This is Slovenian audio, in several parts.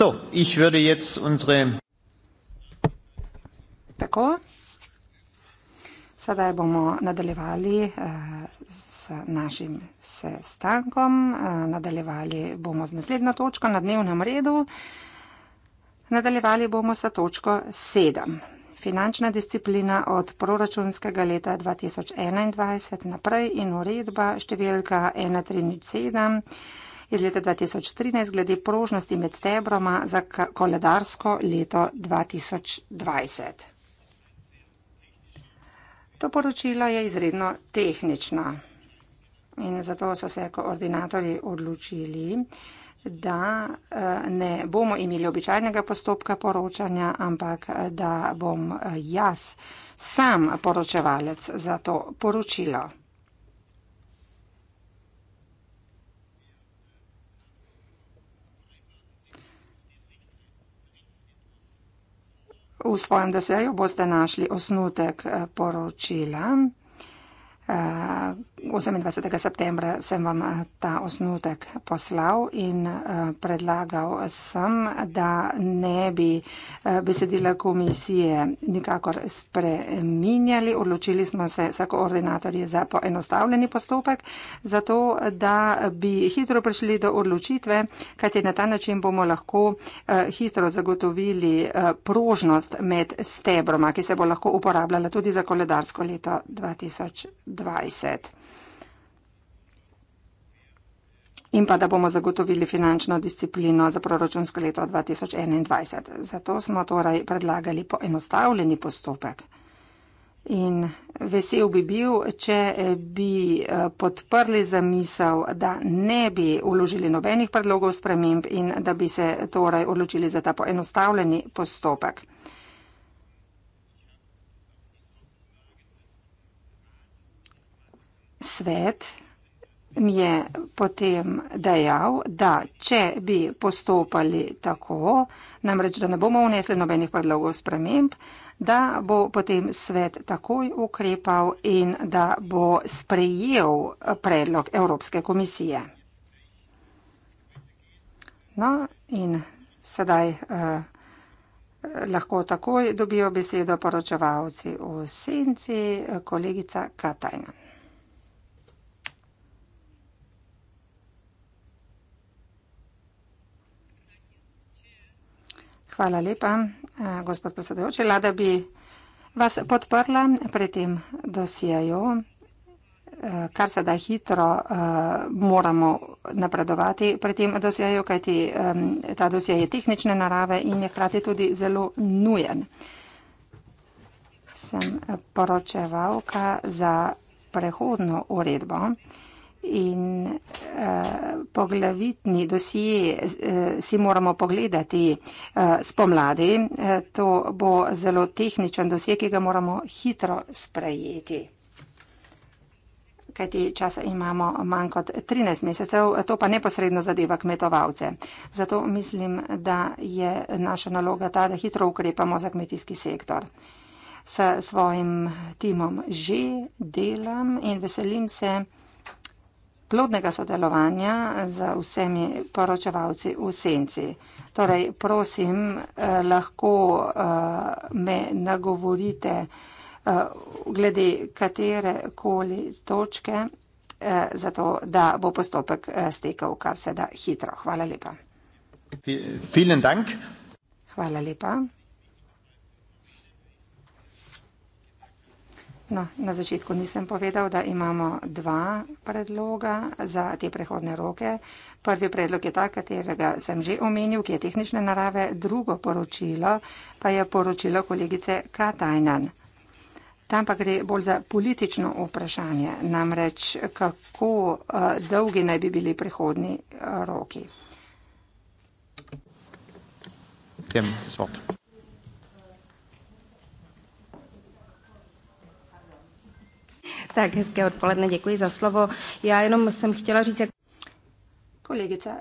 So, ich würde jetzt unsere. Tako. Sedaj bomo nadaljevali z eh, našim sestankom. Eh, nadaljevali bomo z naslednjo točko na dnevnem redu. Nadaljevali bomo sa točko 7. Finančna disciplina od proračunskega leta 2021 naprej in uredba številka 1307 iz leta 2013 glede prožnosti med stebroma za koledarsko leto 2020. To poročilo je izredno tehnično in zato so se koordinatorji odločili, da eh, ne bomo imeli običajnega postopka poročanja, ampak eh, da bom eh, jaz sam poročevalec za to poročilo. V svojem deseju boste našli osnutek eh, poročila, eh, 28. septembra sem vam eh, ta osnutek poslal in eh, predlagal sem, da ne bi eh, besedila komisije nikakor spreminjali. Odločili smo se za koordinatorje za poenostavljeni postopek, zato da bi hitro prišli do odločitve, kajti na ta način bomo lahko hitro zagotovili prožnost med stebroma, ki se bo lahko uporabljala tudi za koledarsko leto 2020 in pa da bomo zagotovili finančno disciplino za proračunsko leto 2021. Zato smo torej predlagali poenostavljeni postopek. In vesel bi bil, če bi eh, podprli zamisel, da ne bi uložili nobenih predlogov sprememb in da bi se torej odločili za ta poenostavljeni postopek. Svet mi je potem dejal, da če bi postopali tako, namreč da ne bomo vnesli nobenih predlogov sprememb, da bo potem svet takoj ukrepal in da bo sprejel predlog Evropske komisije. No, in sedaj eh, lahko takoj dobijo besedo poročevalci v senci, eh, kolegica Katajnan. Hvala lepa, eh, gospod posledujoči. Lada bi vas podprla pri tem dosijaju, eh, kar se da hitro eh, moramo napredovati pri tem dosijaju, kajti ta dosija je tehnične narave in je hkrati tudi zelo nujen. Sem poročevalka za prehodno uredbo in uh, poglavitni dosije uh, eh, si moramo pogledati uh, spomladi. Uh, to bo zelo tehničen dosije, ki ga moramo hitro sprejeti kajti časa imamo manj kot 13 mesecev, to pa neposredno zadeva kmetovalce. Zato mislim, da je naša naloga ta, da hitro ukrepamo za kmetijski sektor. S svojim timom že delam in veselim se, plodnega sodelovanja z vsemi poročevalci v senci. Torej, prosim, eh, lahko eh, me nagovorite eh, glede katere koli točke, zato da bo postopek stekel kar se da hitro. Hvala lepa. Hvala lepa. No, na začetku nisem povedal, da imamo dva predloga za te prehodne roke. Prvi predlog je ta, katerega sem že omenil, ki je tehnične narave. Drugo poročilo pa je poročilo kolegice Katajnan. Tam pa gre bolj za politično vprašanje, namreč kako eh, dolgi naj bi bili prehodni eh, roki. Tem, Tak, hezké odpoledne, děkuji za slovo. Já jenom jsem chtěla říct, jak... Kolegice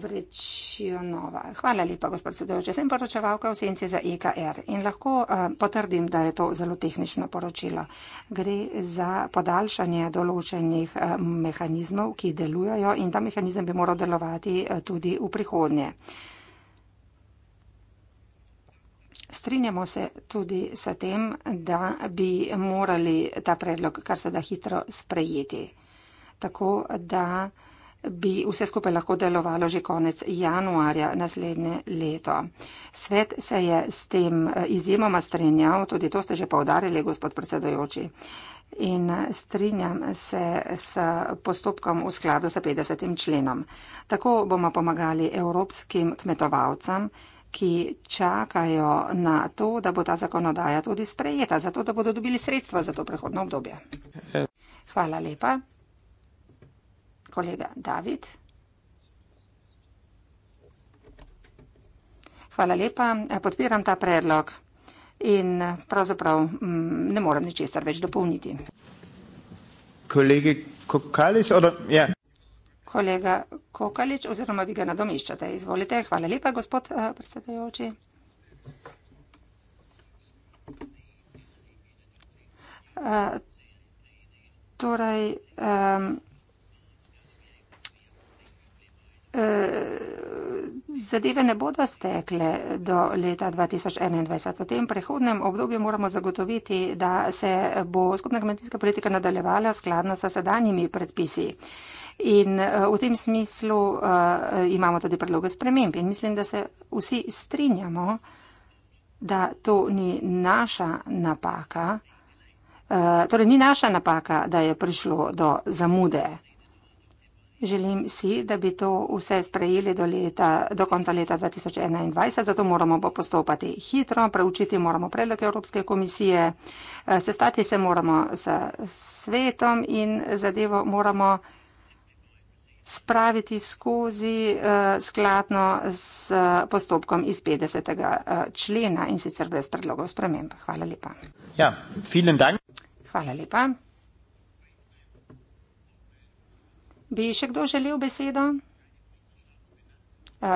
Vričionova, hvala lepa, gospod sedoče. Sem poročevalka v senci za EKR in lahko eh, potrdim, da je to zelo tehnično poročilo. Gre za podaljšanje določenih eh, mehanizmov, ki delujejo in ta mehanizem bi moral delovati eh, tudi v prihodnje. Strinjamo se tudi s tem, da bi morali ta predlog kar se da hitro sprejeti, tako da bi vse skupaj lahko delovalo že konec januarja naslednje leto. Svet se je s tem eh, izjemoma strinjal, tudi to ste že povdarili, gospod predsedojoči. In eh, strinjam se s postopkom v skladu s 50. členom. Tako bomo pomagali evropskim kmetovalcem ki čakajo na to, da bo ta zakonodaja tudi sprejeta, zato da bodo dobili sredstva za to prehodno obdobje. Hvala lepa. Kolega David. Hvala lepa. Podpiram ta predlog in pravzaprav mm, ne morem ničesar več dopolniti. Kolegi Kokalis, ja kolega Kokalič oziroma vi ga nadomiščate. Izvolite. Hvala lepa, gospod eh, predsedajoči. Eh, torej, eh, zadeve ne bodo stekle do leta 2021. V tem prehodnem obdobju moramo zagotoviti, da se bo skupna kmetijska politika nadaljevala skladno s sedanjimi predpisi. In eh, v tem smislu uh, imamo tudi predloge sprememb in mislim, da se vsi strinjamo, da to ni naša napaka, uh, torej ni naša napaka, da je prišlo do zamude. Želim si, da bi to vse sprejeli do, leta, do konca leta 2021, zato moramo postopati hitro, preučiti moramo predlog Evropske komisije, sestati se moramo s svetom in zadevo moramo spraviti skozi uh, skladno s uh, postopkom iz 50. Uh, eh, člena in sicer brez predlogov sprememb. Hvala lepa. Ja, vielen Dank. Hvala lepa. Bi še kdo želel besedo?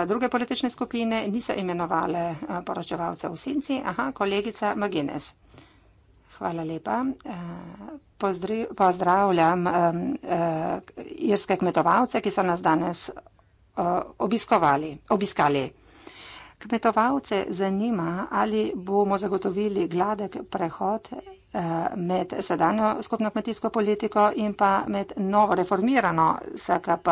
Druge politične skupine niso imenovale poročevalcev v Sinci. Aha, kolegica Magines. Hvala lepa. Eh, pozdravljam eh, irske kmetovalce, ki so nas danes eh, obiskovali, obiskali. Kmetovalce zanima, ali bomo zagotovili gladek prehod med sedanjo skupno kmetijsko politiko in pa med novo reformirano SKP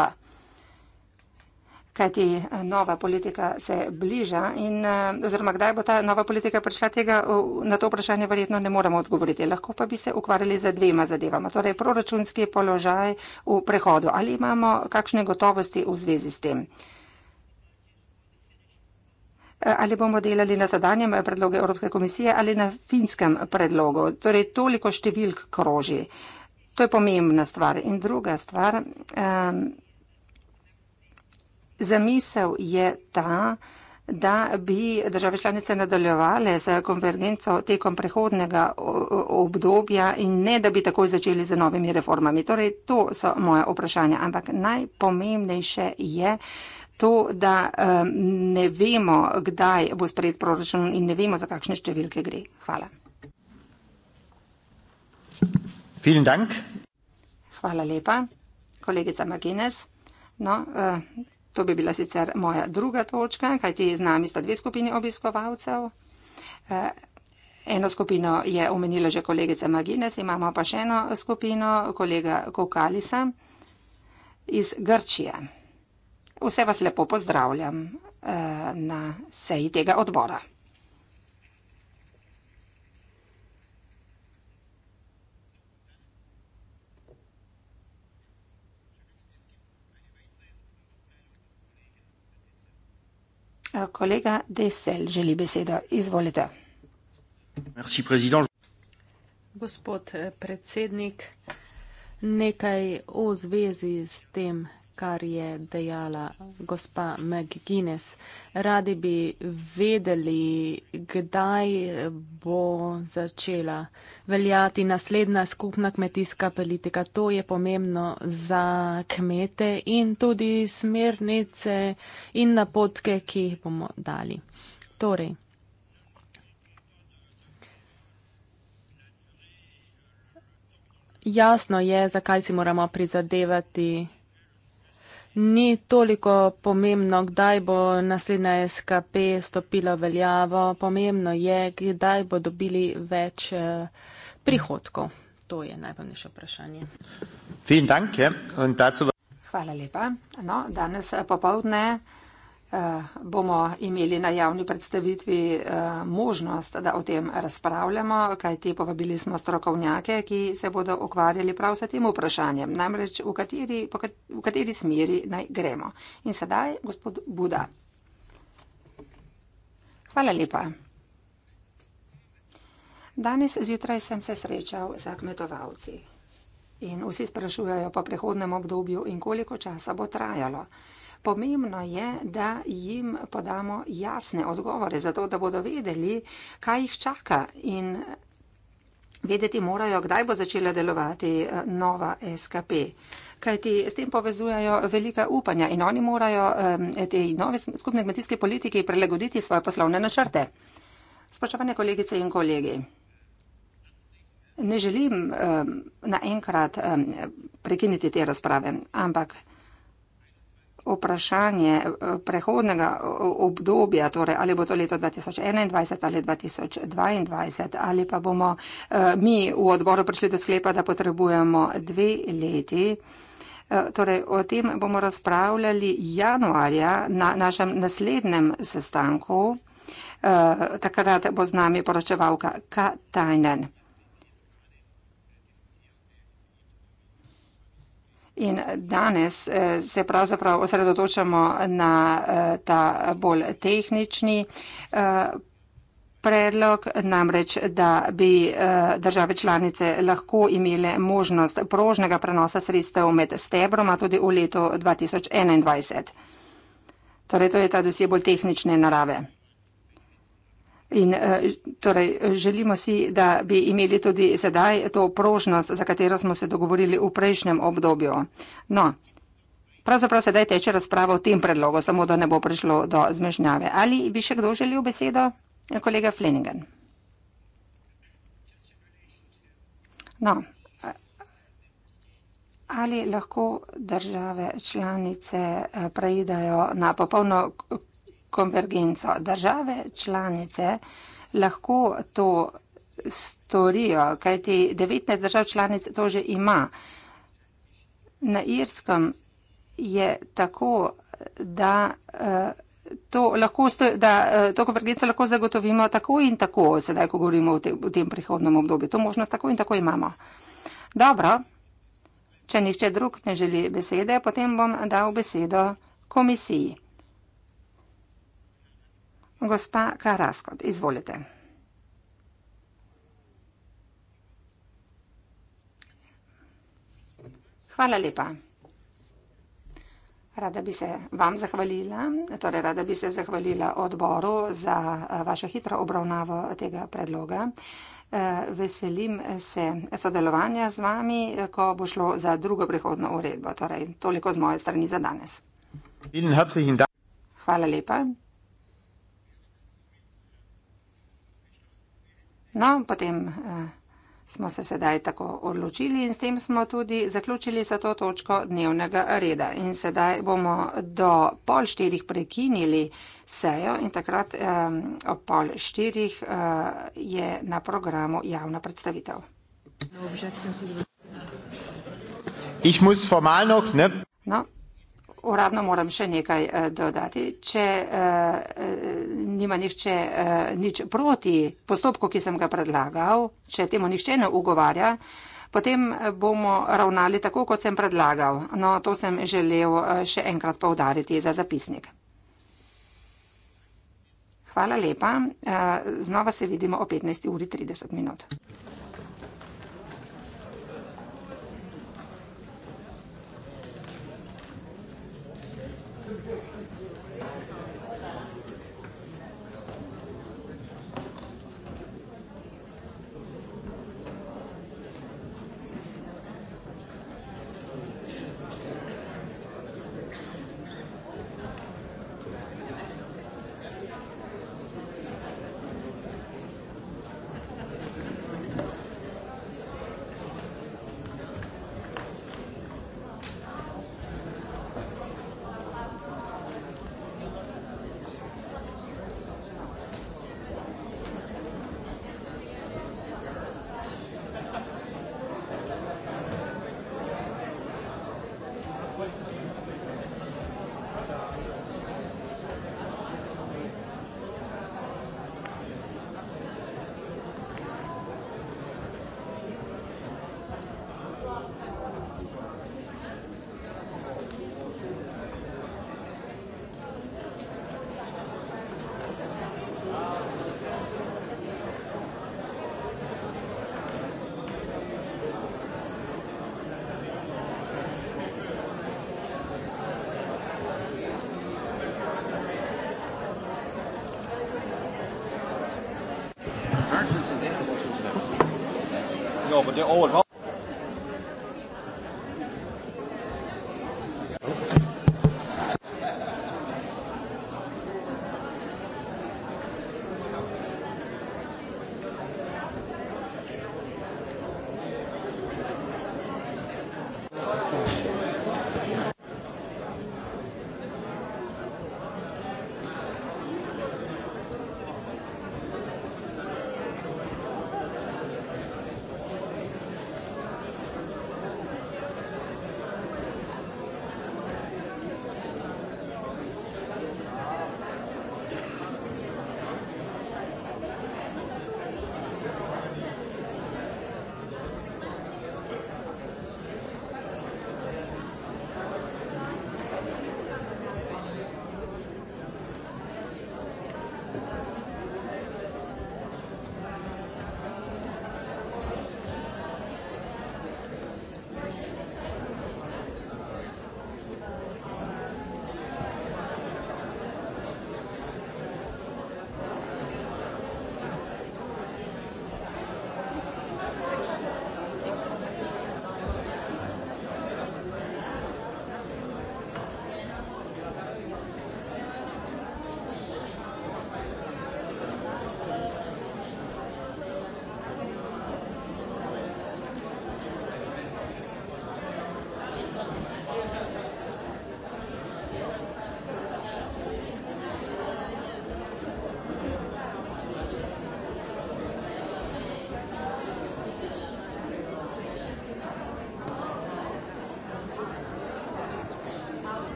kajti eh, nova politika se bliža in eh, oziroma kdaj bo ta nova politika prišla tega, na to vprašanje verjetno ne moremo odgovoriti. Lahko pa bi se ukvarjali za dvema zadevama, torej proračunski položaj v prehodu. Ali imamo kakšne gotovosti v zvezi s tem? Eh, ali bomo delali na zadanjem predloge Evropske komisije ali na finskem predlogu? Torej, toliko številk kroži. To je pomembna stvar. In druga stvar. Um, Zamisel je ta, da bi države članice nadaljevale z konvergenco tekom prehodnega obdobja in ne, da bi takoj začeli z novimi reformami. Torej, to so moje vprašanja, ampak najpomembnejše je to, da ne vemo, kdaj bo sprejet proračun in ne vemo, za kakšne številke gre. Hvala. Hvala lepa, kolegica Maginez. No, eh, To bi bila sicer moja druga točka, kajti z nami sta dve skupini obiskovalcev. Eh, eno skupino je omenila že kolegica Magines, imamo pa še eno skupino, kolega Kokalisa iz Grčije. Vse vas lepo pozdravljam eh, na seji tega odbora. Eh, kolega Desel želi besedo. Izvolite. Gospod eh, predsednik, nekaj o zvezi s tem kar je dejala gospa McGuinness. Radi bi vedeli, kdaj bo začela veljati naslednja skupna kmetijska politika. To je pomembno za kmete in tudi smernice in napotke, ki jih bomo dali. Torej, Jasno je, zakaj si moramo prizadevati ni toliko pomembno, kdaj bo naslednja SKP stopila veljavo, pomembno je, kdaj bo dobili več eh, prihodkov. To je najpomembnejše vprašanje. Ja. Hvala lepa. No, danes eh, popovdne. Eh, bomo imeli na javni predstavitvi eh, možnost, da o tem razpravljamo, kajti povabili smo strokovnjake, ki se bodo ukvarjali prav s tem vprašanjem, namreč v kateri, v kateri smeri naj gremo. In sedaj, gospod Buda. Hvala lepa. Danes zjutraj sem se srečal z kmetovalci in vsi sprašujejo po prehodnem obdobju in koliko časa bo trajalo. Pomembno je, da jim podamo jasne odgovore, zato da bodo vedeli, kaj jih čaka in vedeti morajo, kdaj bo začela delovati eh, nova SKP. Kaj ti s tem povezujajo velika upanja in oni morajo eh, te nove skupne kmetijske politike prilagoditi svoje poslovne načrte. Spoštovane kolegice in kolegi. Ne želim um, naenkrat um, prekiniti te razprave, ampak vprašanje eh, prehodnega eh, obdobja, torej ali bo to leto 2021 ali 2022, ali pa bomo eh, mi v odboru prišli do sklepa, da potrebujemo dve leti. Torej, o tem bomo razpravljali januarja na našem naslednjem sestanku. Takrat bo z nami poročevalka Katajnen. In danes eh, se pravzaprav osredotočamo na eh, ta bolj tehnični eh, predlog, namreč, da bi države članice lahko imele možnost prožnega prenosa sredstev med stebroma tudi v letu 2021. Torej, to je ta dosje bolj tehnične narave. In eh, torej želimo si, da bi imeli tudi sedaj to prožnost, za katero smo se dogovorili v prejšnjem obdobju. No, pravzaprav sedaj teče razprava o tem predlogu, samo da ne bo prišlo do zmešnjave. Ali bi še kdo želel besedo? Ja, kolega Flanagan. No, ali lahko države članice eh, preidajo na popolno konvergenco. Države članice lahko to storijo, kajti 19 držav članic to že ima. Na Irskem je tako, da eh, to, lahko, da eh, to konvergenco lahko zagotovimo tako in tako, sedaj, ko govorimo o tem, o tem prihodnem obdobju. To možnost tako in tako imamo. Dobro, če nihče drug ne želi besede, potem bom dal besedo komisiji. Gospa Karaskot, izvolite. Hvala lepa. Rada bi se vam zahvalila, torej rada bi se zahvalila odboru za eh, vašo hitro obravnavo tega predloga. Eh, veselim se sodelovanja z vami, eh, ko bo šlo za drugo prihodno uredbo. Torej, toliko z moje strani za danes. Hvala lepa. No, potem eh, smo se sedaj tako odločili in s tem smo tudi zaključili za to točko dnevnega reda. In sedaj bomo do pol štirih prekinili sejo in takrat eh, ob pol štirih eh, je na programu javna predstavitev. No, uradno moram še nekaj eh, dodati. Če eh, eh, nima nihče eh, nič proti postopku, ki sem ga predlagal, če temu nihče ne ugovarja, potem eh, bomo ravnali tako, kot sem predlagal. No, to sem želel še enkrat povdariti za zapisnik. Hvala lepa. Znova se vidimo o 15.30 minut. จะโอนเพราะ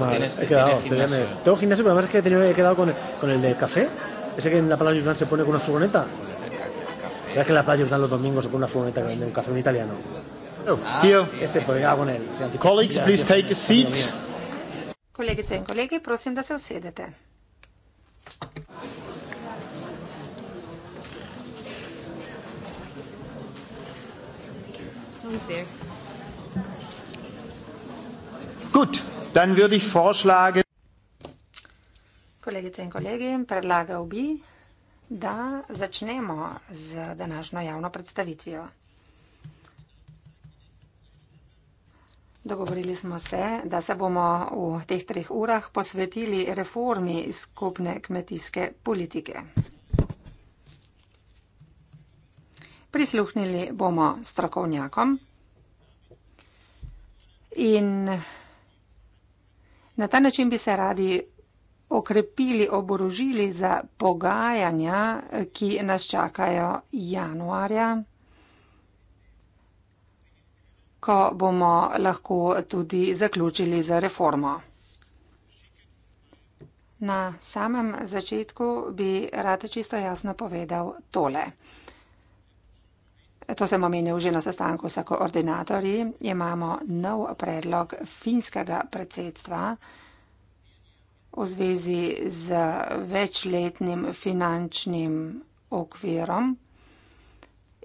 Vale, tienes, he quedado, tienes, gimnasio. tienes. Tengo gimnasio, pero además es que he, tenido, he quedado con, con el de café. Ese que en la Playa Jordán se pone con una furgoneta. Café. ¿Sabes que en la Playa Jordán los domingos se pone una furgoneta que vende un café un italiano? Oh, ah, sí, este, sí, pues sí. he quedado con él. Colegas, please take a seat. Colegas, colegas, prosim, da se usedete. dann würde ich vorschlagen. Kolegice in kolegi, predlagal bi, da začnemo z današnjo javno predstavitvijo. Dogovorili smo se, da se bomo v teh treh urah posvetili reformi skupne kmetijske politike. Prisluhnili bomo strokovnjakom in Na ta način bi se radi okrepili, oborožili za pogajanja, ki nas čakajo januarja, ko bomo lahko tudi zaključili za reformo. Na samem začetku bi rad čisto jasno povedal tole. Tole. To sem omenil že na sestanku s koordinatorji. Imamo nov predlog finskega predsedstva v zvezi z večletnim finančnim okvirom.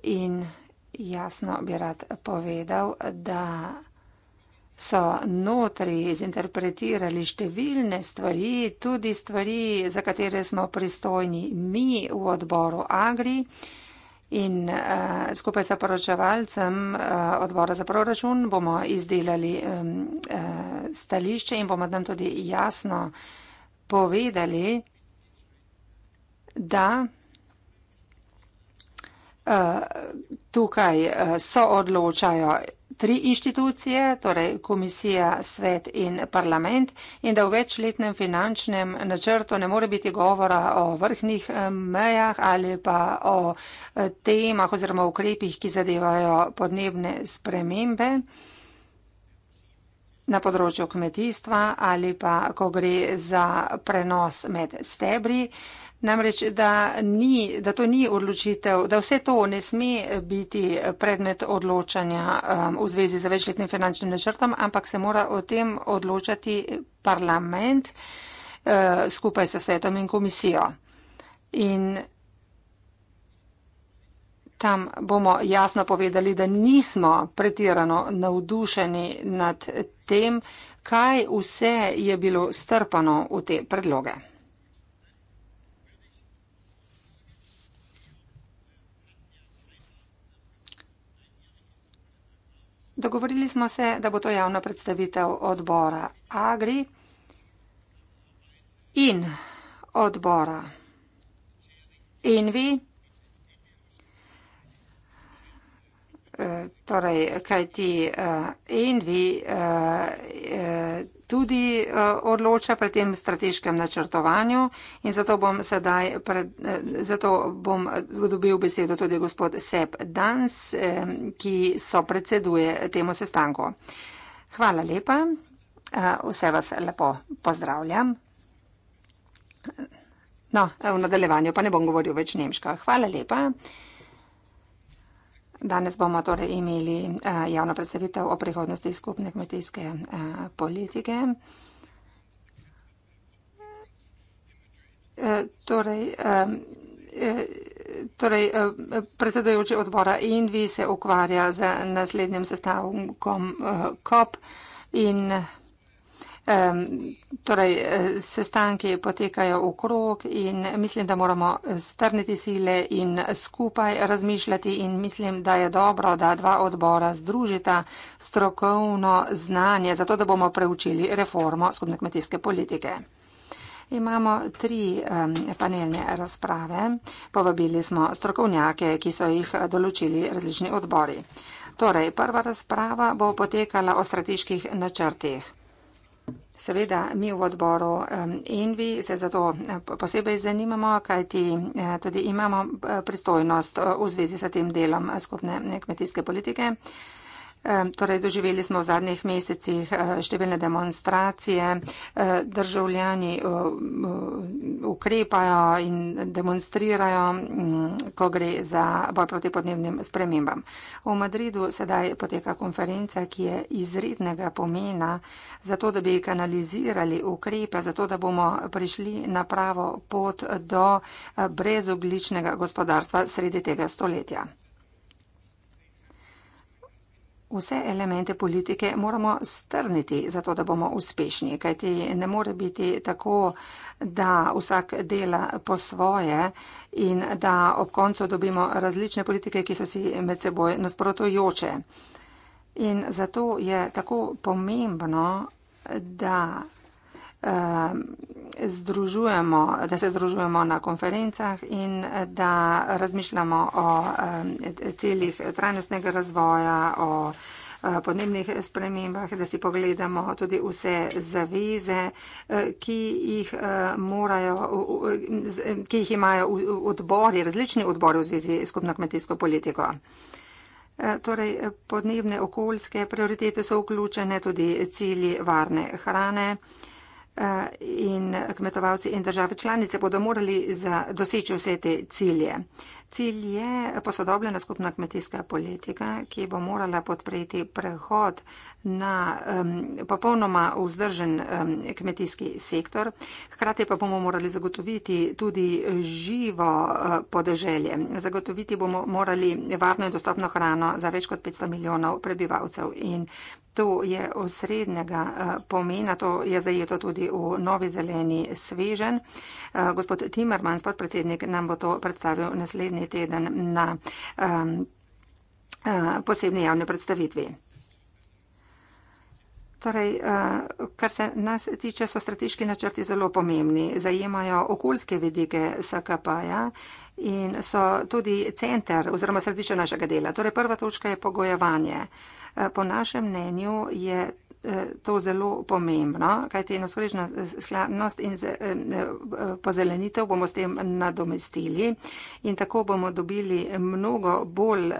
In jasno bi rad povedal, da so notri zinterpretirali številne stvari, tudi stvari, za katere smo pristojni mi v odboru Agri. In uh, skupaj s poročevalcem uh, odbora za proračun bomo izdelali um, uh, stališče in bomo tam tudi jasno povedali, da uh, tukaj uh, eh, so odločajo tri inštitucije, torej komisija, svet in parlament, in da v večletnem finančnem načrtu ne more biti govora o vrhnih eh, mejah ali pa o temah oziroma ukrepih, ki zadevajo podnebne spremembe na področju kmetijstva ali pa, ko gre za prenos med stebri. Uh, Namreč, da, ni, da to ni odločitev, da vse to ne sme biti predmet odločanja um, v zvezi z večletnim finančnim načrtom, ampak se mora o tem odločati parlament uh, skupaj s svetom in komisijo. In tam bomo jasno povedali, da nismo pretirano navdušeni nad tem, kaj vse je bilo strpano v te predloge. Dogovorili smo se, da bo to javna predstavitev odbora Agri in odbora Envi. Eh, torej, kaj ti eh, Envi. Uh, uh, tudi uh, odloča pri tem strateškem načrtovanju in zato bom sedaj, pred, uh, zato bom eh, dobil besedo tudi gospod Sepp Dans, uh, ki so predseduje temu sestanku. Hvala lepa, uh, vse vas lepo pozdravljam. No, v nadaljevanju pa ne bom govoril več nemško. Hvala lepa. Uh, Danes bomo torej imeli eh, javno predstavitev o prihodnosti skupne kmetijske eh, politike. Eh, torej, torej predsedujoči odbora Invi se ukvarja z naslednjim sestavkom COP in Torej, eh, sestanki potekajo v krog in mislim, da moramo strniti sile in skupaj razmišljati in mislim, da je dobro, da dva odbora združita strokovno znanje, zato da bomo preučili reformo skupne kmetijske politike. Imamo tri um, panelne razprave. Povabili smo strokovnjake, ki so jih določili različni odbori. Torej, prva razprava bo potekala o strateških načrtih. Seveda, mi v odboru Envi se zato eh, posebej zanimamo, kajti eh, tudi imamo eh, pristojnost v zvezi s tem delom skupne kmetijske politike. Torej, doživeli smo v zadnjih mesecih eh, številne demonstracije, eh, državljani eh, ukrepajo in demonstrirajo, mm, ko gre za boj proti podnebnim spremembam. V Madridu sedaj poteka konferenca, ki je izrednega pomena za to, da bi kanalizirali ukrepe, za to, da bomo prišli na pravo pot do brezogličnega gospodarstva sredi tega stoletja vse elemente politike moramo strniti, zato da bomo uspešni, kajti ne more biti tako, da vsak dela po svoje in da ob koncu dobimo različne politike, ki so si med seboj nasprotujoče. In zato je tako pomembno, da združujemo, da se združujemo na konferencah in da razmišljamo o celih trajnostnega razvoja, o eh, podnebnih spremembah, da si pogledamo tudi vse zaveze, eh, ki jih, eh, morajo, ki jih imajo odbori, različni odbori v zvezi s skupno kmetijsko politiko. Torej, podnebne okoljske prioritete so vključene tudi cilji varne hrane in kmetovalci in države članice bodo morali doseči vse te cilje. Cilj je posodobljena skupna kmetijska politika, ki bo morala podpreti prehod na um, popolnoma vzdržen um, kmetijski sektor. Hkrati pa bomo morali zagotoviti tudi živo uh, podeželje. Zagotoviti bomo morali varno in dostopno hrano za več kot 500 milijonov prebivalcev. In To je osrednjega eh, pomena, to je zajeto tudi v novi zeleni svežen. Eh, gospod Timerman, spodpredsednik, nam bo to predstavil naslednji teden na um, posebni javni predstavitvi. Torej, kar se nas tiče, so strateški načrti zelo pomembni. Zajemajo okoljske vidike SKP-ja in so tudi center oziroma središče našega dela. Torej, prva točka je pogojevanje. Eh, po našem mnenju je eh, to zelo pomembno, kajti enoskoležna eh, skladnost in pozelenitev bomo s tem nadomestili in tako bomo dobili mnogo bolj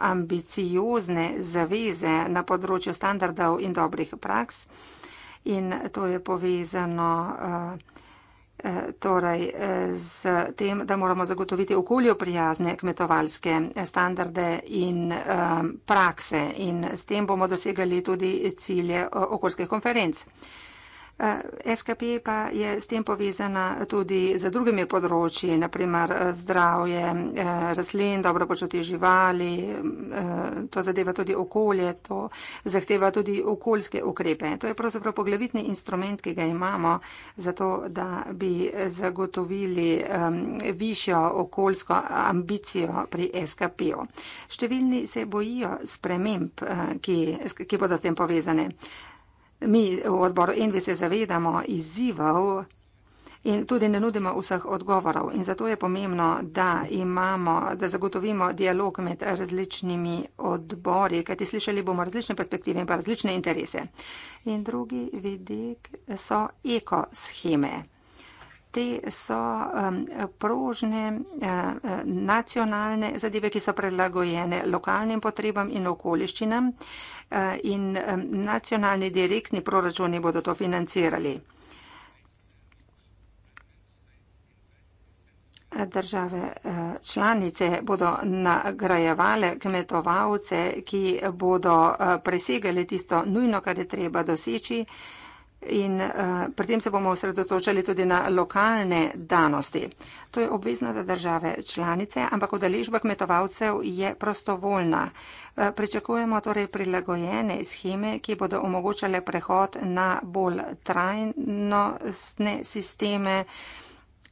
ambiciozne zaveze na področju standardov in dobrih praks. In to je povezano uh, Eh, torej z eh, tem, da moramo zagotoviti okolju prijazne kmetovalske standarde in eh, prakse in s tem bomo dosegali tudi cilje okoljskih konferenc. Eh, SKP pa je s tem povezana tudi z drugimi področji, naprimer eh, zdravje eh, rastlin, dobro počutje živali, to zadeva tudi okolje, to zahteva tudi okoljske ukrepe. To je pravzaprav poglavitni instrument, ki ga imamo za to, da bi zagotovili višjo okoljsko ambicijo pri SKP-u. Številni se bojijo sprememb, ki, ki bodo s tem povezane. Mi v odboru Envi se zavedamo izzivov in tudi ne nudimo vseh odgovorov. In zato je pomembno, da, imamo, da zagotovimo dialog med različnimi odbori, kajti slišali bomo različne perspektive in pa različne interese. In drugi vidik so ekosheme. Te so um, prožne uh, nacionalne zadeve, ki so prilagojene lokalnim potrebam in okoliščinam. Uh, Eh, in nacionalni direktni proračuni bodo to financirali. Eh, države eh, članice bodo nagrajevale kmetovalce, ki bodo presegali tisto nujno, kar je treba doseči in uh, pri tem se bomo osredotočali tudi na lokalne danosti. To je obvezno za države članice, ampak odeležba kmetovalcev je prostovoljna. Eh, pričakujemo torej prilagojene scheme, ki bodo omogočale prehod na bolj trajnostne sisteme. Uh,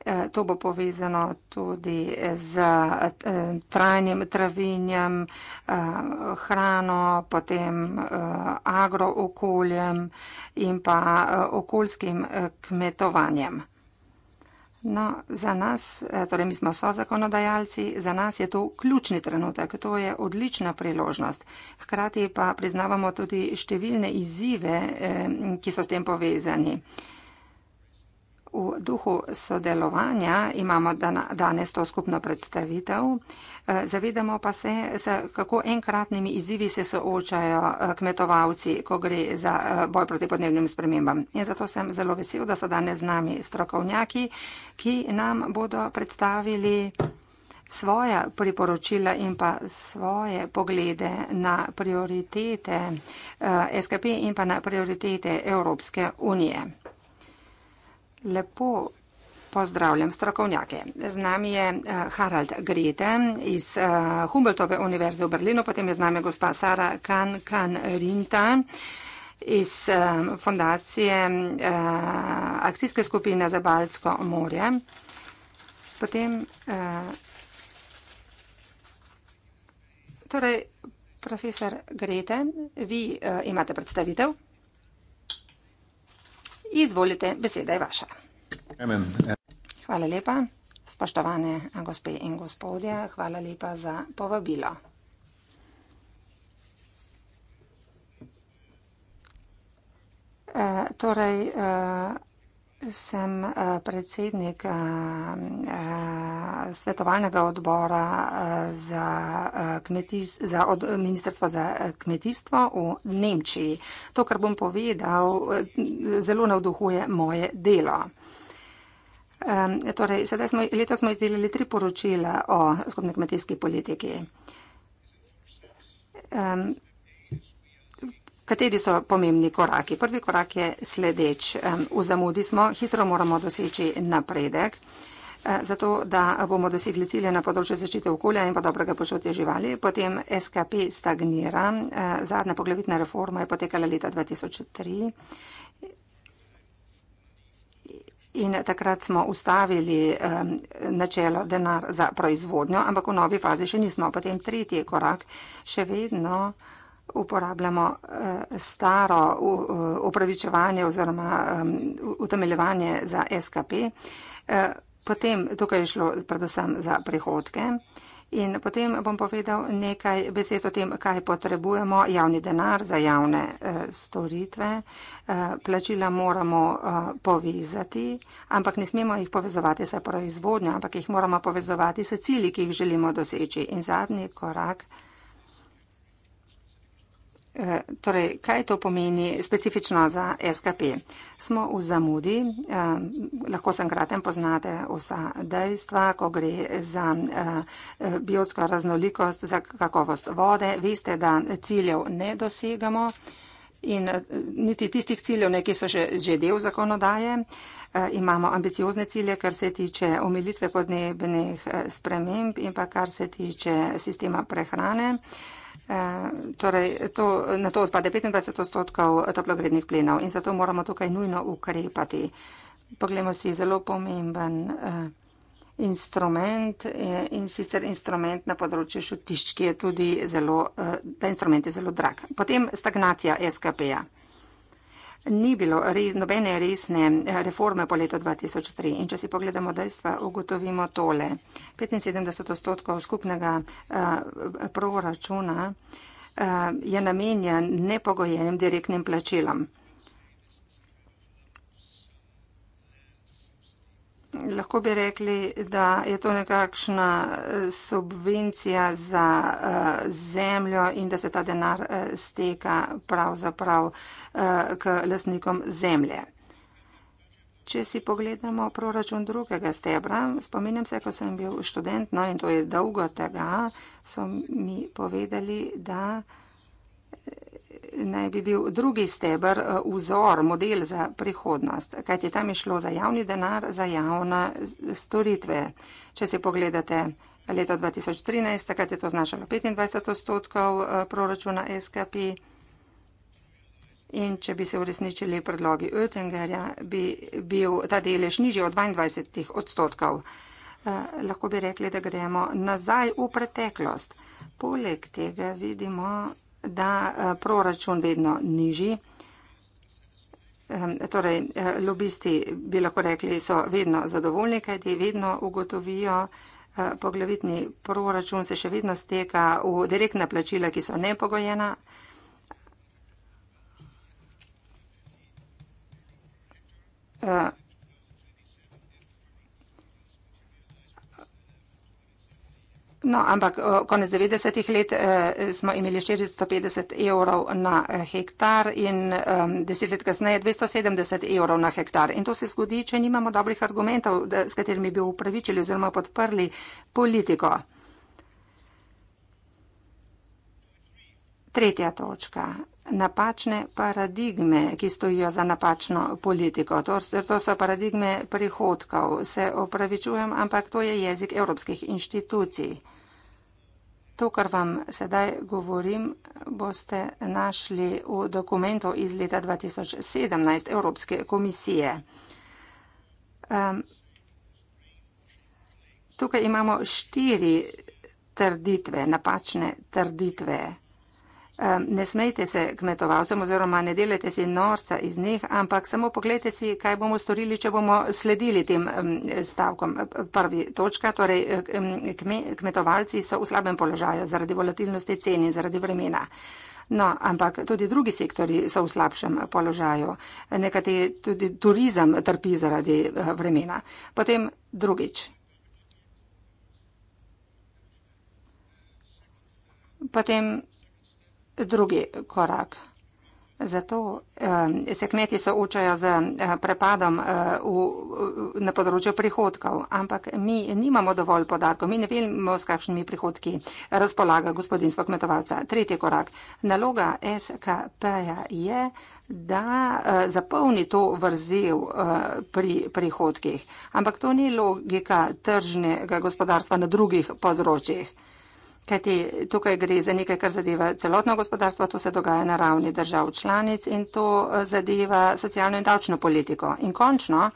Eh, to bo povezano tudi z eh, trajnim travinjem, eh, hrano, potem agrookoljem in pa okoljskim kmetovanjem. No, za nas, torej mi smo sozakonodajalci, za nas je to ključni trenutek, to je odlična priložnost. Hkrati pa priznavamo tudi številne izzive, ki so s tem povezani. V duhu sodelovanja imamo danes to skupno predstavitev. Eh, zavedamo pa se, kako enkratnimi izzivi se soočajo eh, kmetovalci, ko gre za eh, boj proti podnebnim spremembam. In zato sem zelo vesel, da so danes z nami strokovnjaki, ki nam bodo predstavili svoja priporočila in pa svoje poglede na prioritete SKP in pa na prioritete Evropske unije. Lepo pozdravljam strokovnjake. Z nami je eh, Harald Grete iz eh, Humboldtove univerze v Berlinu, potem je z nami gospa Sara Kan-Kan-Rinta iz eh, fondacije Akcijske skupine za Baltsko morje. Potem, torej, profesor Grete, vi imate predstavitev. Izvolite, beseda je vaša. Amen. Hvala lepa, spoštovane gospe in gospodje, hvala lepa za povabilo. E, torej, e, sem eh, predsednik eh, eh, svetovalnega odbora za, kmetiz, za od, Ministrstvo za kmetijstvo v Nemčiji. To, kar bom povedal, zelo navduhuje moje delo. Torej, sedaj smo, leta smo izdelili tri poročila o skupne kmetijski politiki. Kateri so pomembni koraki? Prvi korak je sledeč. V zamudi smo, hitro moramo doseči napredek. E, zato, da bomo dosegli cilje na področju zaščite okolja in pa dobrega počutja živali, potem SKP stagnira. E, zadnja poglavitna reforma je potekala leta 2003 in takrat smo ustavili načelo denar za proizvodnjo, ampak v novi fazi še nismo. Potem tretji korak, še vedno uporabljamo eh, staro upravičevanje oziroma utemeljevanje za SKP. Eh, potem tukaj je šlo predvsem za prihodke. In potem bom povedal nekaj besed o tem, kaj potrebujemo. Javni denar za javne eh, storitve. Plačila moramo povezati, ampak ne smemo jih povezovati s proizvodnjo, ampak jih moramo povezovati s cilji, ki jih želimo doseči. In zadnji korak. Eh, torej, kaj to pomeni specifično za SKP? Smo v zamudi, eh, lahko sem kratem poznate vsa dejstva, ko gre za eh, biotsko raznolikost, za kakovost vode. Veste, da ciljev ne dosegamo in niti tistih ciljev, neki so že, že del zakonodaje. Imamo ambiciozne cilje, kar se tiče omilitve podnebnih sprememb in pa kar se tiče sistema prehrane. Eh, torej to, na to odpade 25 odstotkov toplogrednih plinov in zato moramo tukaj nujno ukrepati. Poglejmo si zelo pomemben uh, instrument uh, in sicer instrument na področju šutišč, ki je tudi zelo, uh, ta instrument je zelo drag. Potem stagnacija SKP-ja ni bilo res, nobene resne reforme po letu 2003. In če si pogledamo dejstva, ugotovimo tole. 75 odstotkov skupnega eh, proračuna eh, je namenjen nepogojenim direktnim plačilom. lahko bi rekli, da je to nekakšna eh, subvencija za uh, zemljo in da se ta denar uh, steka pravzaprav uh, k lasnikom zemlje. Če si pogledamo proračun drugega stebra, spominjam se, ko sem bil študent, no in to je dolgo tega, so mi povedali, da naj bi bil drugi stebr eh, vzor, model za prihodnost, kajti tam je šlo za javni denar, za javne storitve. Če si pogledate leto 2013, takrat je to znašalo 25 odstotkov eh, proračuna SKP. In če bi se uresničili predlogi Oettingerja, bi bil ta delež nižji od 22 odstotkov. Eh, lahko bi rekli, da gremo nazaj v preteklost. Poleg tega vidimo, da eh, proračun vedno nižji. Torej, eh, lobisti, bi lahko rekli, so vedno zadovoljni, kaj ti vedno ugotovijo. Eh, poglavitni proračun se še vedno steka v direktna plačila, ki so nepogojena. Uh, No, ampak konec 90-ih let eh, smo imeli 450 evrov na e, hektar in eh, deset let kasneje 270 evrov na hektar. In to se zgodi, če nimamo dobrih argumentov, da, s katerimi bi upravičili oziroma podprli politiko. Tretja točka napačne paradigme, ki stojijo za napačno politiko. To, to so paradigme prihodkov. Se opravičujem, ampak to je jezik evropskih inštitucij. To, kar vam sedaj govorim, boste našli v dokumentu iz leta 2017 Evropske komisije. Um, tukaj imamo štiri trditve, napačne trditve. Ne smejte se kmetovalcem oziroma ne delajte si norca iz njih, ampak samo pogledajte si, kaj bomo storili, če bomo sledili tem stavkom. Prvi točka, torej kmetovalci so v slabem položaju zaradi volatilnosti cen in zaradi vremena. No, ampak tudi drugi sektori so v slabšem položaju. Nekati tudi turizem trpi zaradi eh, vremena. Potem drugič. Potem drugi korak. Zato se kmeti so učajo z eh, prepadom eh, v, na področju prihodkov, ampak mi nimamo dovolj podatkov, mi ne vemo, s kakšnimi prihodki razpolaga gospodinstvo kmetovalca. Tretji korak. Naloga SKP-ja je, da eh, zapolni to vrzel pri prihodkih, ampak to ni logika tržnega gospodarstva na drugih področjih. Kajti tukaj gre za nekaj, kar zadeva celotno gospodarstvo, to se dogaja na ravni držav članic in to eh, zadeva socialno in davčno politiko. In končno,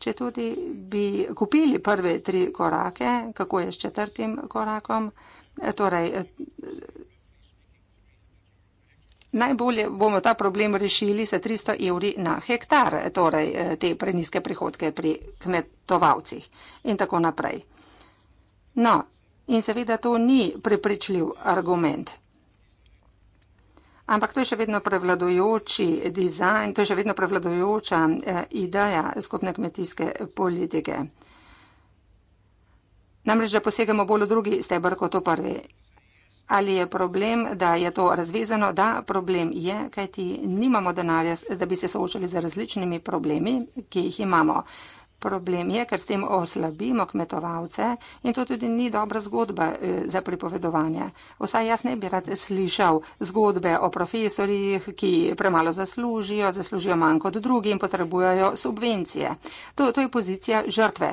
če tudi bi kupili prve tri korake, kako je s četrtim korakom, eh, torej eh, najbolje bomo ta problem rešili sa 300 evri na hektar, torej te preniske prihodke pri kmetovalcih in tako naprej. No, In seveda to ni prepričljiv argument. Ampak to je še vedno prevladojoči dizajn, to je še vedno prevladojoča eh, ideja skupne kmetijske politike. Namreč, da posegamo bolj v drugi stebr kot v prvi. Ali je problem, da je to razvezano? Da, problem je, kajti nimamo denarja, da bi se soočali z različnimi problemi, ki jih imamo. Problem je, ker s tem oslabimo kmetovalce in to tudi ni dobra zgodba eh, za pripovedovanje. Vsaj jaz ne bi rad slišal zgodbe o profesorjih, ki premalo zaslužijo, zaslužijo manj kot drugi in potrebujejo subvencije. To, to je pozicija žrtve.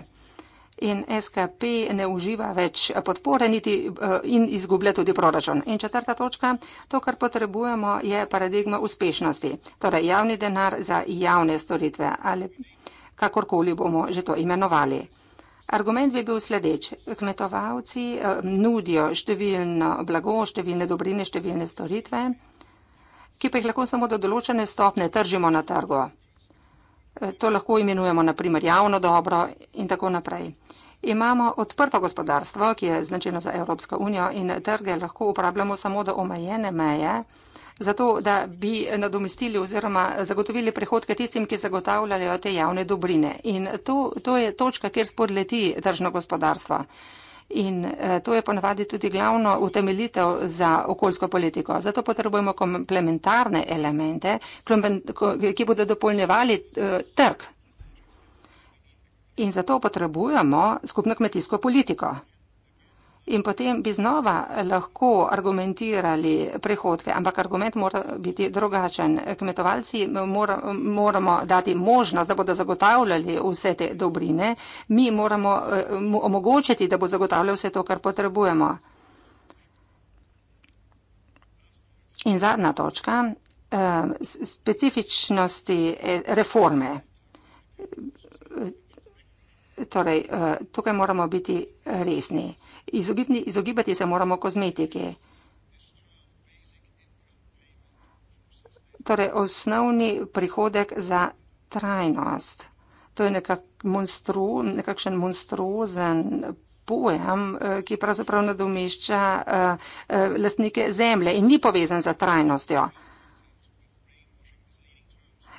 In SKP ne uživa več podpore niti eh, in izgublja tudi proračun. In četrta točka, to, kar potrebujemo, je paradigma uspešnosti, torej javni denar za javne storitve. Ali kakorkoli bomo že to imenovali. Argument bi bil sledeč. Kmetovalci eh, nudijo številno blago, številne dobrine, številne storitve, ki pa jih lahko samo do določene stopne tržimo na trgu. Eh, to lahko imenujemo naprimer javno dobro in tako naprej. Imamo odprto gospodarstvo, ki je značilno za Evropsko unijo in trge lahko uporabljamo samo do omejene meje zato da bi nadomestili oziroma zagotovili prihodke tistim, ki zagotavljajo te javne dobrine. In to, to je točka, kjer spor leti držno gospodarstvo. In eh, to je ponavadi tudi glavno utemeljitev za okoljsko politiko. Zato potrebujemo komplementarne elemente, ki bodo dopolnjevali eh, trg. In zato potrebujemo skupno kmetijsko politiko in potem bi znova lahko argumentirali prihodke, ampak argument mora biti drugačen. Kmetovalci mora, moramo dati možnost, da bodo zagotavljali vse te dobrine, mi moramo eh, omogočiti, da bo zagotavljal vse to, kar potrebujemo. In zadnja točka, eh, specifičnosti eh, reforme. Torej, tukaj moramo biti resni izogibni, izogibati se moramo kozmetike. Torej, osnovni prihodek za trajnost. To je nekak monstru, nekakšen monstruozen pojem, eh, ki pravzaprav nadomešča uh, uh, lastnike zemlje in ni povezan za trajnostjo. Uh,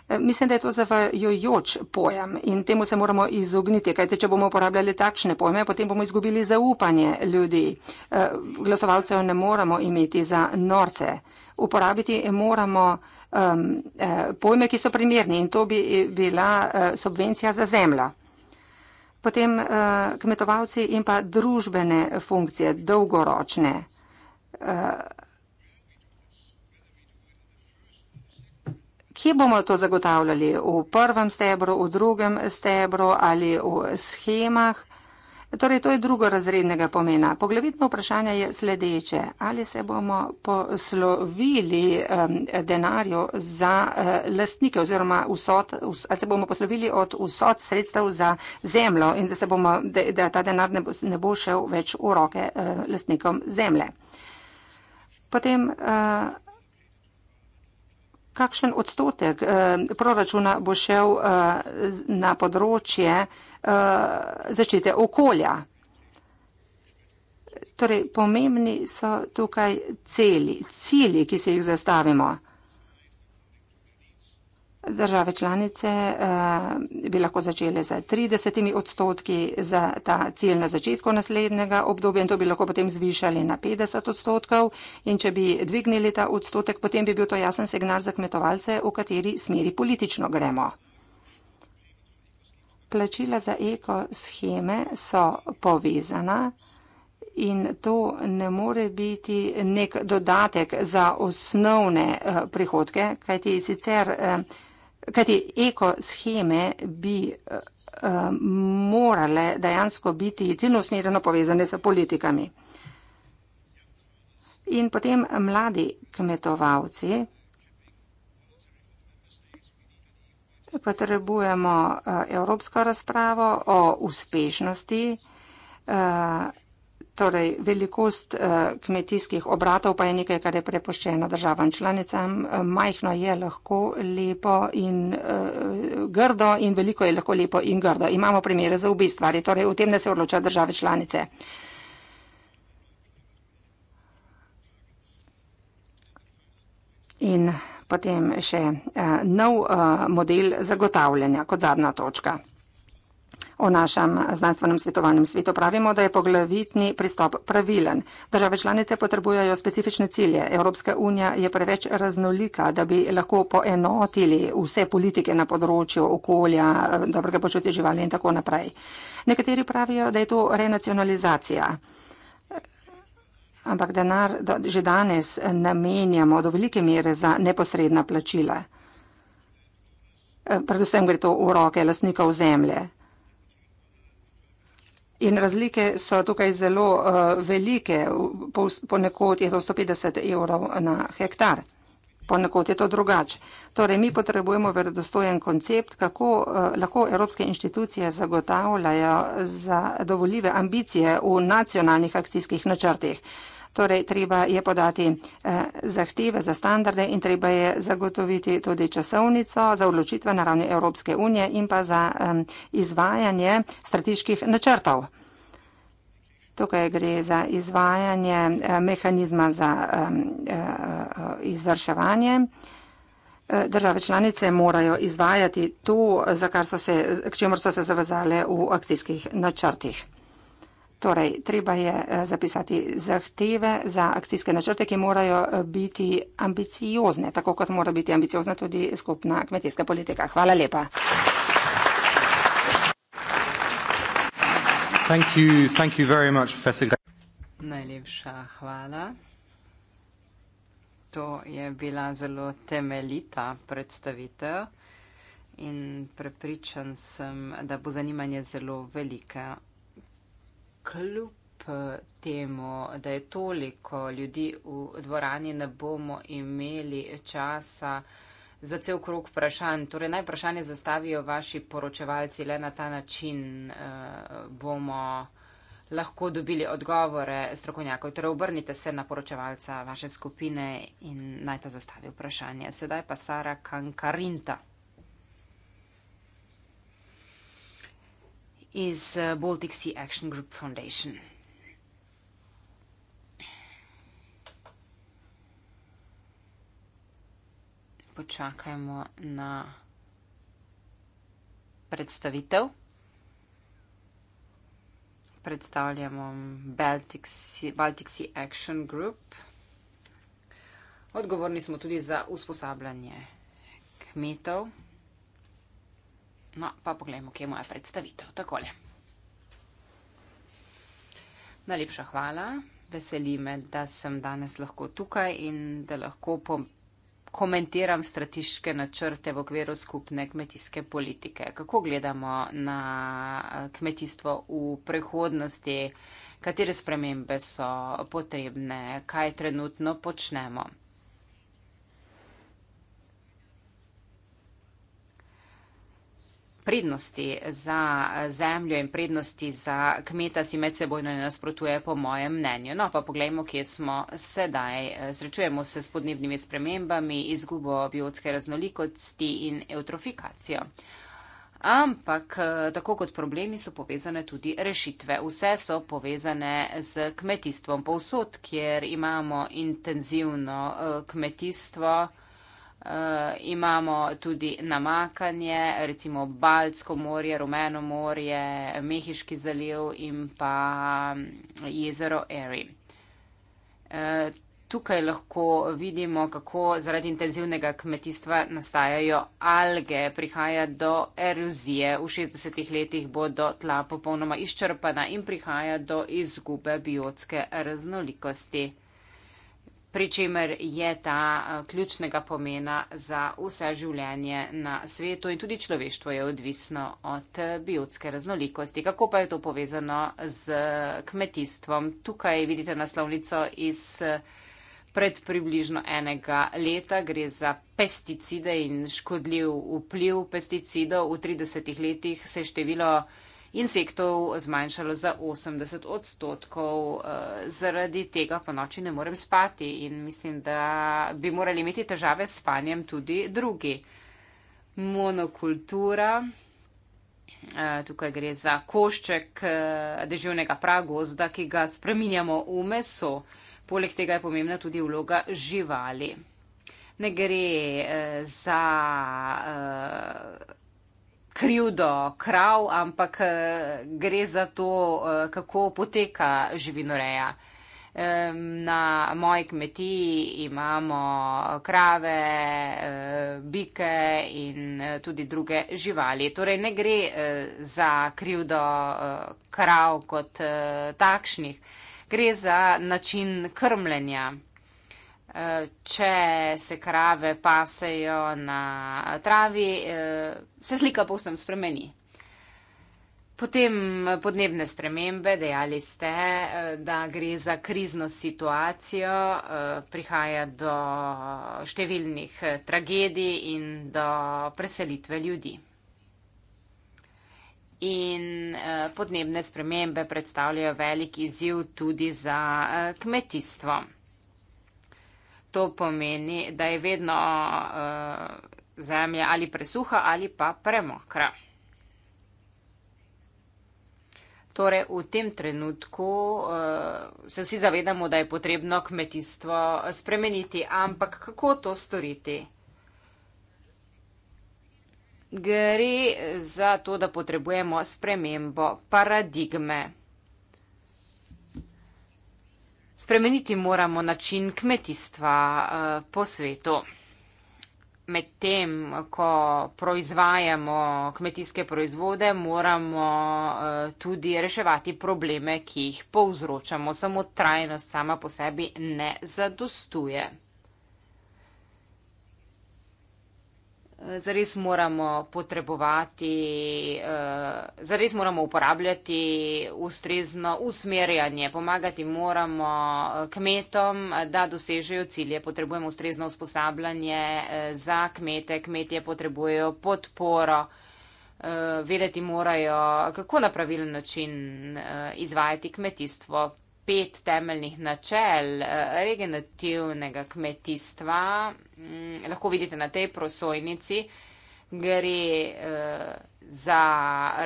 mislim, da je to zavajojoč pojem in temu se moramo izogniti, kajte če bomo uporabljali takšne pojme, potem bomo izgubili zaupanje ljudi. Eh, glasovalcev ne moramo imeti za norce. Uporabiti moramo um, pojme, ki so primerni in to bi eh, bila subvencija za zemljo. Potem uh, kmetovalci in pa družbene funkcije, dolgoročne. Uh, ki bomo to zagotavljali v prvem stebru, v drugem stebru ali v schemah. Torej, to je drugorazrednega pomena. Poglavitno vprašanje je sledeče. Ali se bomo poslovili denarju za eh, lastnike oziroma vsot, ali se bomo poslovili od vsot sredstev za zemljo in da, bomo, da ta denar ne bo, ne bo šel več v roke eh, lastnikom zemlje. Potem eh, kakšen odstotek eh, proračuna bo šel eh, na področje eh, zaščite okolja. Torej, pomembni so tukaj celi, cilji, ki se jih zastavimo države članice eh, bi lahko začele za 30 odstotki za ta cilj na začetku naslednjega obdobja in to bi lahko potem zvišali na 50 odstotkov in če bi dvignili ta odstotek, potem bi bil to jasen signal za kmetovalce, v kateri smeri politično gremo. Plačila za eko scheme so povezana in to ne more biti nek dodatek za osnovne eh, prihodke, kajti sicer eh, Kajti ekosheme bi uh, morale dejansko biti ciljno usmerjeno povezane s politikami. In potem mladi kmetovalci potrebujemo uh, evropsko razpravo o uspešnosti. Uh, Torej, velikost uh, kmetijskih obratov pa je nekaj, kar je prepoščeno državam članicam. Eh, majhno je lahko lepo in uh, grdo in veliko je lahko lepo in grdo. Imamo primere za obi stvari, torej v tem, da se odločajo države članice. In potem še uh, nov uh, model zagotavljanja kot zadnja točka. O našem znanstvenem svetovalnem svetu pravimo, da je poglavitni pristop pravilen. Države članice potrebujejo specifične cilje. Evropska unija je preveč raznolika, da bi lahko poenotili vse politike na področju okolja, dobrega počutja živali in tako naprej. Nekateri pravijo, da je to renacionalizacija. Ampak denar da že danes namenjamo do velike mere za neposredna plačila. Predvsem gre to v roke lasnikov zemlje. In razlike so tukaj zelo uh, velike, ponekod je to 150 evrov na hektar, ponekod je to drugače. Torej, mi potrebujemo verodostojen koncept, kako uh, lahko evropske inštitucije zagotavljajo za dovoljive ambicije v nacionalnih akcijskih načrtih. Uh, Torej, treba je podati eh, zahteve za standarde in treba je zagotoviti tudi časovnico za odločitve na ravni Evropske unije in pa za eh, izvajanje strateških načrtov. Tukaj gre za izvajanje eh, mehanizma za eh, eh, izvrševanje. Eh, države članice morajo izvajati to, za kar so se, k čemu so se zavezale v akcijskih načrtih. Torej, treba je eh, zapisati zahteve za akcijske načrte, ki morajo eh, biti ambiciozne, tako kot mora biti ambiciozna tudi skupna kmetijska politika. Hvala lepa. Thank you, thank you much, Najlepša hvala. To je bila zelo temeljita predstavitev in prepričan sem, da bo zanimanje zelo velika kljub eh, temu, da je toliko ljudi v dvorani, ne bomo imeli časa za cel krok vprašanj. Torej, naj vprašanje zastavijo vaši poročevalci, le na ta način eh, bomo lahko dobili odgovore strokovnjakov. Torej, obrnite se na poročevalca vaše skupine in naj ta zastavi vprašanje. Sedaj pa Sara Kankarinta. iz uh, Baltic Sea Action Group Foundation. Počakajmo na predstavitev. Predstavljamo Baltic sea, Baltic sea Action Group. Odgovorni smo tudi za usposabljanje kmetov. No, pa pogledajmo, kje je moja predstavitev. Takole. Najlepša hvala. Veseli me, da sem danes lahko tukaj in da lahko komentiram strateške načrte v okviru skupne kmetijske politike. Kako gledamo na eh, kmetijstvo v prihodnosti, katere spremembe so potrebne, kaj trenutno počnemo. prednosti za zemljo in prednosti za kmeta si medsebojno ne nasprotuje, po mojem mnenju. No, pa poglejmo, kje smo sedaj. Srečujemo se s podnebnimi spremembami, izgubo biotske raznolikosti in eutrofikacijo. Ampak tako kot problemi so povezane tudi rešitve. Vse so povezane z kmetijstvom. Povsod, kjer imamo intenzivno eh, kmetijstvo, Uh, imamo tudi namakanje, recimo Baltsko morje, Rumeno morje, Mehiški zaliv in pa mm, jezero Eri. Eh, tukaj lahko vidimo, kako zaradi intenzivnega kmetijstva nastajajo alge, prihaja do erozije, v 60 letih bodo tla popolnoma izčrpana in prihaja do izgube biotske raznolikosti pri čemer je ta eh, ključnega pomena za vse življenje na svetu in tudi človeštvo je odvisno od eh, biotske raznolikosti. Kako pa je to povezano z eh, kmetijstvom? Tukaj vidite naslovnico iz pred približno enega leta. Gre za pesticide in škodljiv vpliv pesticidov. V 30 letih se je število insektov zmanjšalo za 80 odstotkov. Eh, zaradi tega po noči ne morem spati in mislim, da bi morali imeti težave s spanjem tudi drugi. Monokultura. Eh, tukaj gre za košček eh, deževnega pragozda, ki ga spreminjamo v meso. Poleg tega je pomembna tudi vloga živali. Ne gre za krivdo krav, ampak eh, gre za to, eh, kako poteka živinoreja. Na moji kmetiji imamo krave, eh, bike in tudi druge živali. Torej ne gre za krivdo krav kot takšnih, gre za način krmljenja če se krave pasejo na travi, eh, se slika povsem spremeni. Potem podnebne spremembe, dejali ste, eh, da gre za krizno situacijo, eh, prihaja do številnih tragedij in do preselitve ljudi. In podnebne spremembe predstavljajo velik izziv tudi za kmetijstvo to pomeni, da je vedno uh, zemlja ali presuha ali pa premokra. Torej, v tem trenutku uh, se vsi zavedamo, da je potrebno kmetijstvo spremeniti, ampak kako to storiti? Gre za to, da potrebujemo spremembo paradigme. Spremeniti moramo način kmetijstva eh, po svetu. Medtem, ko proizvajamo kmetijske proizvode, moramo eh, tudi reševati probleme, ki jih povzročamo. Samo trajnost sama po sebi ne zadostuje. Eh, zares moramo potrebovati, eh, zares moramo uporabljati ustrezno usmerjanje. Pomagati moramo eh, kmetom, da dosežejo cilje. Potrebujemo ustrezno usposabljanje za kmete. Kmetje potrebujejo podporo. Vedeti morajo, kako na pravilen način izvajati kmetijstvo pet temeljnih načel eh, regenerativnega kmetijstva, mm, lahko vidite na tej prosojnici, gre eh, za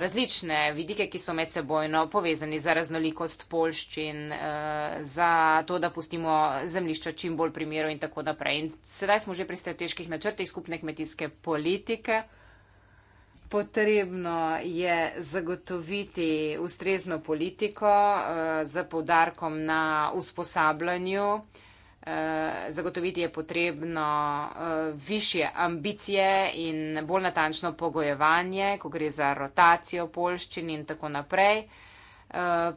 različne vidike, ki so medsebojno povezani za raznolikost polščin, eh, za to, da pustimo zemljišča čim bolj primero in tako naprej. In sedaj smo že pri strateških načrtih skupne kmetijske politike. Potrebno je zagotoviti ustrezno politiko eh, z povdarkom na usposabljanju. Eh, zagotoviti je potrebno eh, više ambicije in bolj natančno pogojevanje, ko gre za rotacijo polščin in tako naprej.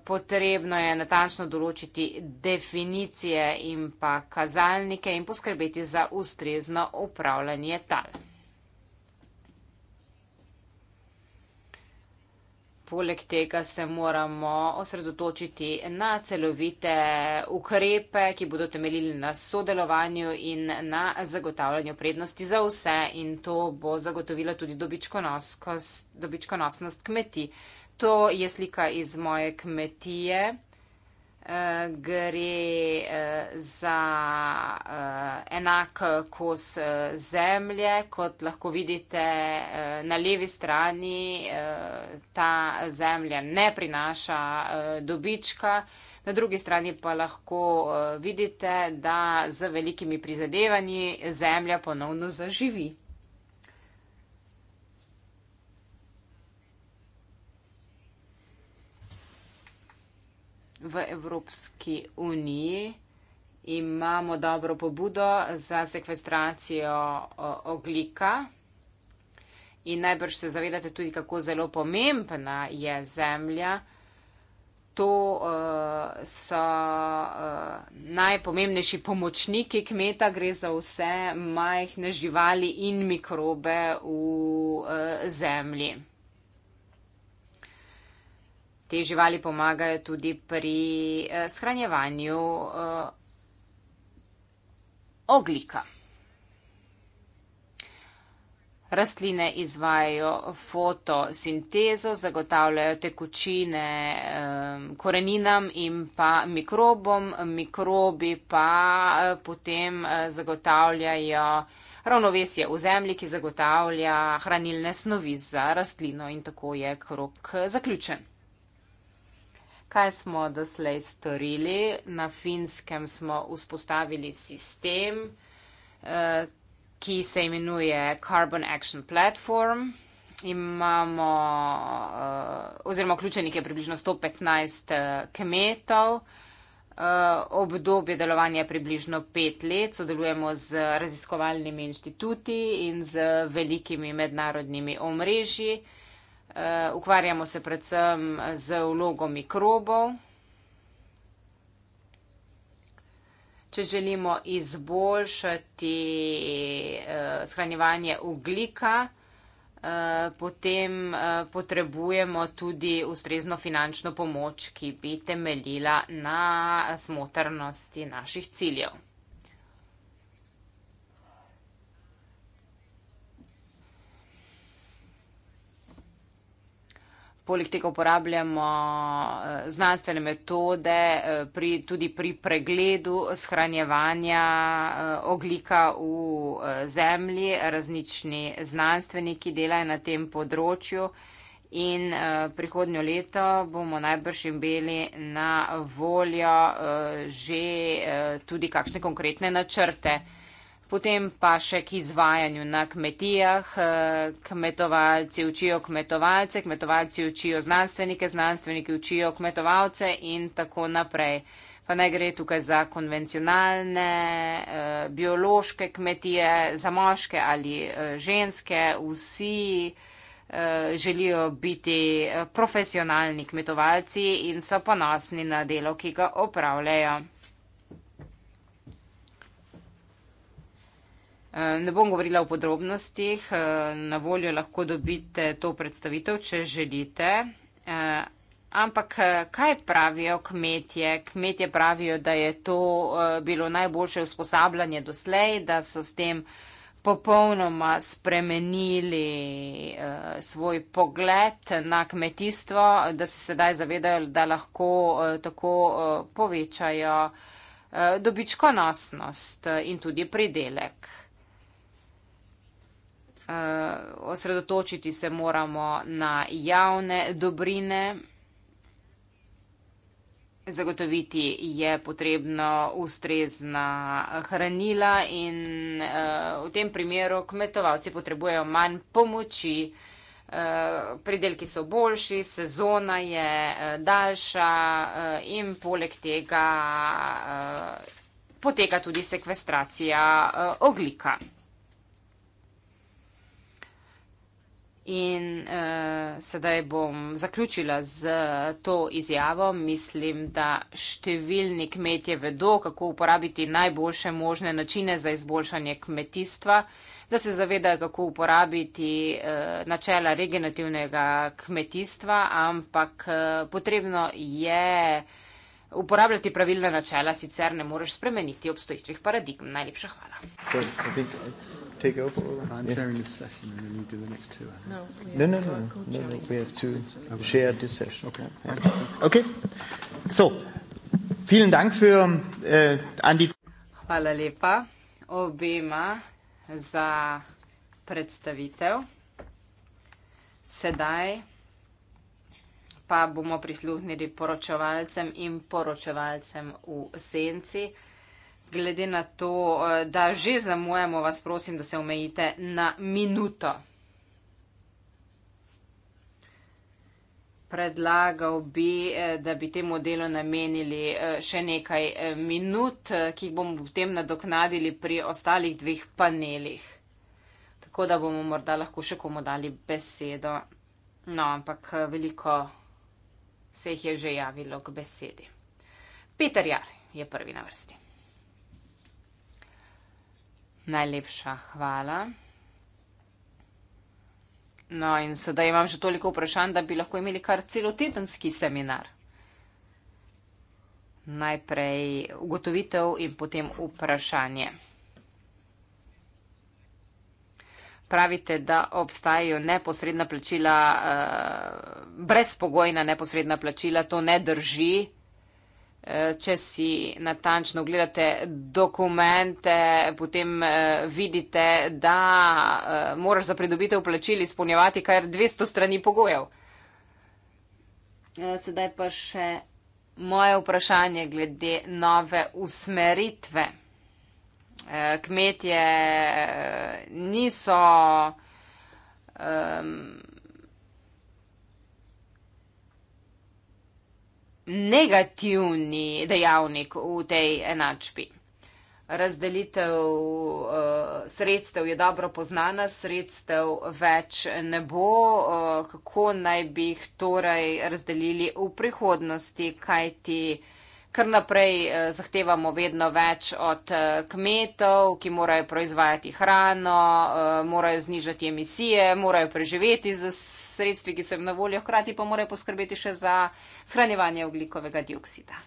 Potrebno je natančno določiti definicije in pa kazalnike in poskrbeti za ustrezno upravljanje tal. Poleg tega se moramo osredotočiti na celovite ukrepe, ki bodo temeljili na sodelovanju in na zagotavljanju prednosti za vse in to bo zagotovilo tudi dobičkonosnost kmetij. To je slika iz moje kmetije gre eh, za eh, enak kos eh, zemlje, kot lahko vidite na levi strani, ta zemlja ne prinaša dobička. Na drugi strani pa lahko vidite, da z velikimi prizadevanji zemlja ponovno zaživi. v Evropski uniji imamo dobro pobudo za sekvestracijo oglika in najbrž se zavedate tudi, kako zelo pomembna je zemlja. To uh, so uh, najpomembnejši pomočniki kmeta, gre za vse majhne živali in mikrobe v uh, zemlji. Te živali pomagajo tudi pri eh, shranjevanju uh, oglika. Rastline izvajajo fotosintezo, zagotavljajo tekočine eh, koreninam in pa mikrobom, mikrobi pa eh, potem eh, zagotavljajo ravnovesje v zemlji, ki zagotavlja hranilne snovi za rastlino in tako je krok zaključen kaj smo doslej storili. Na finskem smo vzpostavili sistem, eh, ki se imenuje Carbon Action Platform. Imamo, eh, oziroma vključenih je približno 115 eh, kmetov. Obdobje delovanja je približno pet let, sodelujemo z raziskovalnimi inštituti in z velikimi mednarodnimi omrežji. Eh, ukvarjamo se predvsem z vlogo mikrobov. Če želimo izboljšati eh, shranjevanje uglika, eh, potem potrebujemo tudi ustrezno finančno pomoč, ki bi temeljila na smotrnosti naših ciljev. Poleg tega uporabljamo eh, znanstvene metode eh, pri, tudi pri pregledu shranjevanja eh, oglika v zemlji, različni znanstveniki delajo na tem področju in prihodnjo leto bomo najbrž imeli na voljo že tudi kakšne konkretne načrte potem pa še k izvajanju na kmetijah. Eh, kmetovalci učijo kmetovalce, kmetovalci učijo znanstvenike, znanstveniki učijo kmetovalce in tako naprej. Pa ne gre tukaj za konvencionalne, eh, biološke kmetije, za moške ali eh, ženske. Vsi želijo biti profesionalni kmetovalci in so ponosni na delo, ki ga opravljajo. Eh, ne bom govorila o podrobnostih, eh, na voljo lahko dobite to predstavitev, če želite. Eh, ampak kaj pravijo kmetje? Kmetje pravijo, da je to bilo najboljše usposabljanje doslej, da so s tem popolnoma spremenili svoj pogled na kmetijstvo, da se sedaj zavedajo, da lahko tako povečajo dobičkonosnost in tudi pridelek uh, osredotočiti se moramo na javne dobrine. Zagotoviti je potrebno ustrezna hranila in uh, v tem primeru kmetovalci potrebujejo manj pomoči. Eh, pridelki so boljši, sezona je daljša in poleg tega poteka tudi sekvestracija oglika. In uh, sedaj bom zaključila z eh, to izjavo. Mislim, da številni kmetje vedo, kako uporabiti najboljše možne načine za izboljšanje kmetijstva, da se zavedajo, kako uporabiti uh, načela regenerativnega kmetijstva, ampak uh, potrebno je uporabljati pravilna načela, sicer ne moreš spremeniti obstoječih paradigm. Najlepša hvala. Okay, okay take over? Or? I'm yeah. chairing this session and then you do the next two. No, we no, no, no, no, no, no. We have to share this session. Okay. Yeah. okay. So, vielen Dank für uh, äh, Andi. Hvala lepa obema za predstavitev. Sedaj pa bomo prisluhnili poročevalcem in poročevalcem v senci glede na to, eh, da že zamujamo, vas prosim, da se omejite na minuto. Predlagal bi, eh, da bi temu delu namenili eh, še nekaj minut, ki jih bomo potem nadoknadili pri ostalih dveh panelih. Tako da bomo morda lahko še komu dali besedo. No, ampak veliko se jih je že javilo k besedi. Peter Jar je prvi na vrsti. Najlepša hvala. No, in sedaj imam še toliko vprašanj, da bi lahko imeli kar celotedenski seminar. Najprej ugotovitev in potem vprašanje. Pravite, da obstajajo neposredna plačila, eh, brezpogojna neposredna plačila, to ne drži. Eh, če si natančno gledate dokumente, potem eh, vidite, da eh, moraš za pridobitev plačil izpolnjevati kar 200 strani pogojev. Sedaj pa še moje vprašanje glede nove usmeritve. Kmetje niso. Um, negativni dejavnik v tej enačbi. Razdelitev uh, sredstev je dobro poznana, sredstev več ne bo, uh, kako naj bi jih torej razdelili v prihodnosti, kajti uh, kar naprej eh, zahtevamo vedno več od eh, kmetov, ki morajo proizvajati hrano, eh, morajo znižati emisije, morajo preživeti z sredstvi, ki so jim na voljo, hkrati pa morajo poskrbeti še za shranjevanje oglikovega dioksida.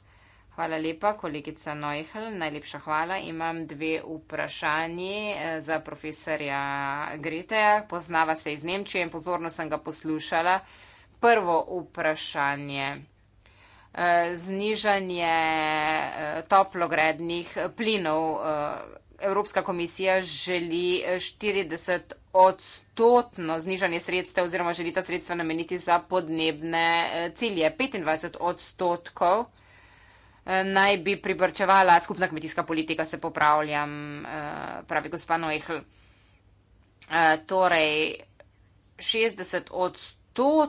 Hvala lepa, kolegica Neuhl, najlepša hvala. Imam dve vprašanje za profesorja Greteja. Poznava se iz Nemčije in pozorno sem ga poslušala. Prvo vprašanje. Eh, znižanje eh, toplogrednih plinov. Eh, Evropska komisija želi 40 odstotno znižanje sredstev oziroma želi ta sredstva nameniti za podnebne cilje. 25 odstotkov naj bi pribrčevala skupna kmetijska politika, se popravljam, pravi gospa Noehl. Torej, 60 odstotkov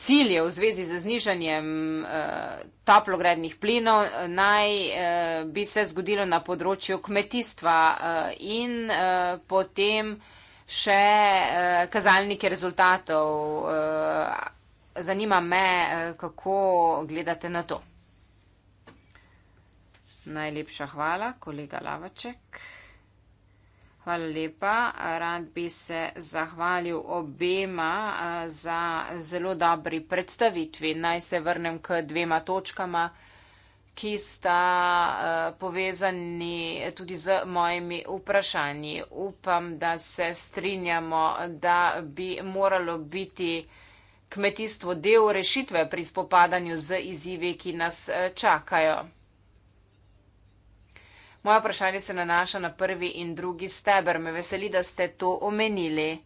cilje v zvezi z znižanjem uh, toplogrednih plinov eh, naj uh, bi se zgodilo na področju kmetijstva uh, in uh, potem še uh, kazalnike rezultatov. Uh, zanima me, uh, kako gledate na to. Najlepša hvala, kolega Lavaček. Hvala lepa. Rad bi se zahvalil obema za zelo dobri predstavitvi. Naj se vrnem k dvema točkama, ki sta povezani tudi z mojimi vprašanji. Upam, da se strinjamo, da bi moralo biti kmetijstvo del rešitve pri spopadanju z izzivi, ki nas čakajo. Moje vprašanje se nanaša na prvi in drugi steber. Me veseli, da ste to omenili,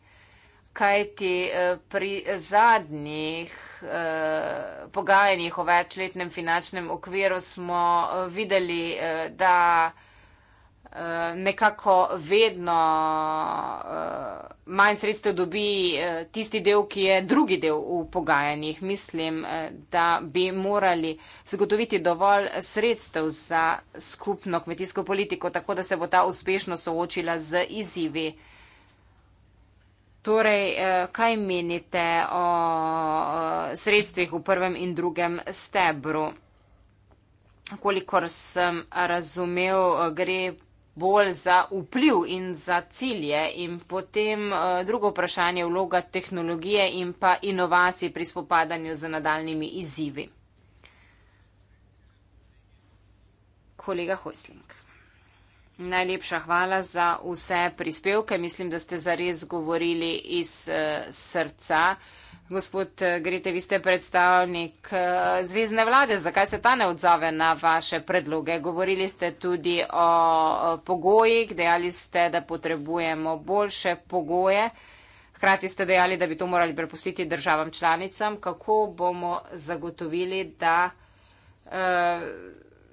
kaj ti eh, pri zadnjih eh, pogajanjih o večletnem finančnem okviru smo eh, videli, da. Eh, nekako vedno eh, manj sredstev dobi eh, tisti del, ki je drugi del v pogajanjih. Mislim, da bi morali zagotoviti dovolj sredstev za skupno kmetijsko politiko, tako da se bo ta uspešno soočila z izzivi. Torej, kaj menite o sredstvih v prvem in drugem stebru? Kolikor sem razumel, gre bolj za vpliv in za cilje. In potem eh, drugo vprašanje je vloga tehnologije in pa inovacij pri spopadanju z nadaljnimi izzivi. Kolega Hojsling. Najlepša hvala za vse prispevke. Mislim, da ste zares govorili iz eh, srca. Gospod eh, Grete, vi ste predstavnik eh, Zvezdne vlade, zakaj se ta ne odzove na vaše predloge? Govorili ste tudi o pogojih, dejali ste, da potrebujemo boljše pogoje, hkrati ste dejali, da bi to morali prepustiti državam članicam. Kako bomo zagotovili, da eh,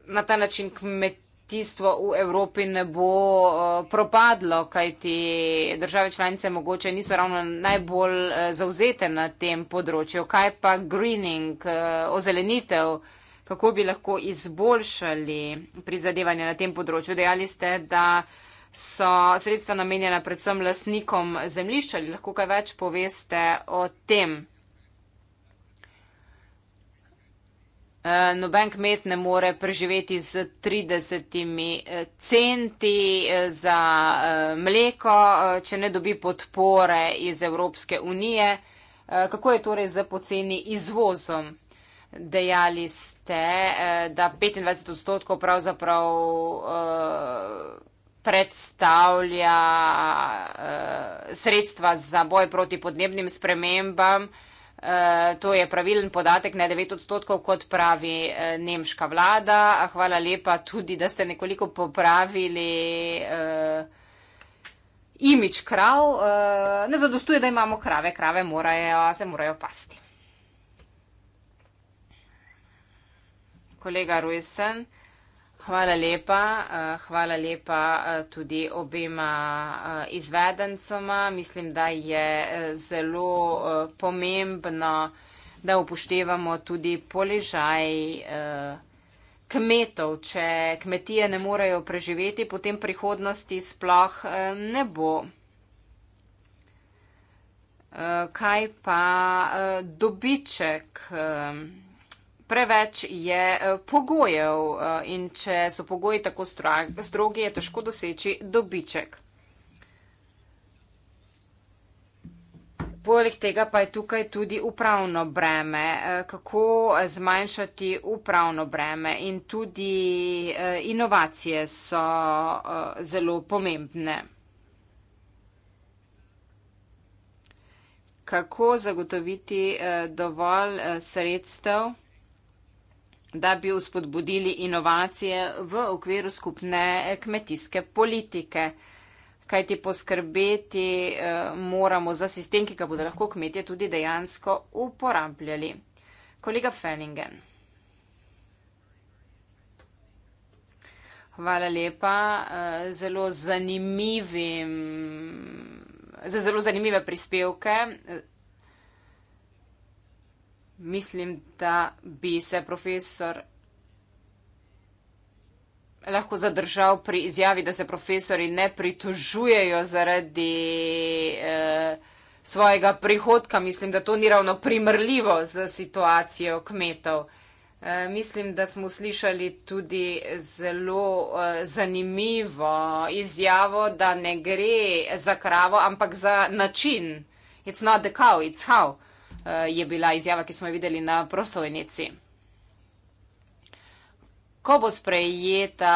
na ta način kmetijstvo kmetijstvo v Evropi ne bo eh, propadlo, kajti države članice mogoče niso ravno najbolj eh, zauzete na tem področju. Kaj pa greening, eh, ozelenitev, kako bi lahko izboljšali prizadevanje na tem področju? Dejali ste, da so sredstva namenjena predvsem lasnikom zemljišča ali lahko kaj več poveste o tem? Eh, noben kmet ne more preživeti z 30 eh, centi eh, za mleko, če ne dobi podpore iz Evropske unije. Kako je torej z poceni izvozom? Dejali ste, da 25 odstotkov pravzaprav predstavlja sredstva za boj proti podnebnim spremembam. Eh, to je pravilen podatek, ne 9 odstotkov, kot pravi eh, nemška vlada. Hvala lepa tudi, da ste nekoliko popravili. Eh, Imič krav ne zadostuje, da imamo krave, krave morajo, se morajo pasti. Kolega Rujsen. Hvala lepa. Eh, hvala lepa eh, tudi obema eh, izvedencoma. Mislim, da je zelo pomembno, da upoštevamo tudi položaj kmetov. Če kmetije ne morejo preživeti, potem prihodnosti sploh ne bo. Kaj pa dobiček? preveč je eh, pogojev eh, in če so pogoji tako strogi, je težko doseči dobiček. Poleg tega pa je tukaj tudi upravno breme, eh, kako zmanjšati upravno breme in tudi inovacije so zelo pomembne. Kako zagotoviti dovolj sredstev? da bi vzpodbudili inovacije v okviru skupne eh, kmetijske politike. Kaj ti poskrbeti eh, moramo za sistem, ki ga bodo lahko kmetje tudi dejansko uporabljali. Kolega Fenningen. Hvala lepa eh, zelo zanimivim, za zelo zanimive prispevke, mislim, da bi se profesor lahko zadržal pri izjavi, da se profesori ne pritožujejo zaradi eh, svojega prihodka. Mislim, da to ni ravno primrljivo z situacijo kmetov. Eh, mislim, da smo slišali tudi zelo eh, zanimivo izjavo, da ne gre za kravo, ampak za način. It's not the cow, it's how. Eh, Eh, je bila izjava, ki smo jo videli na prosojnici. Ko bo sprejeta,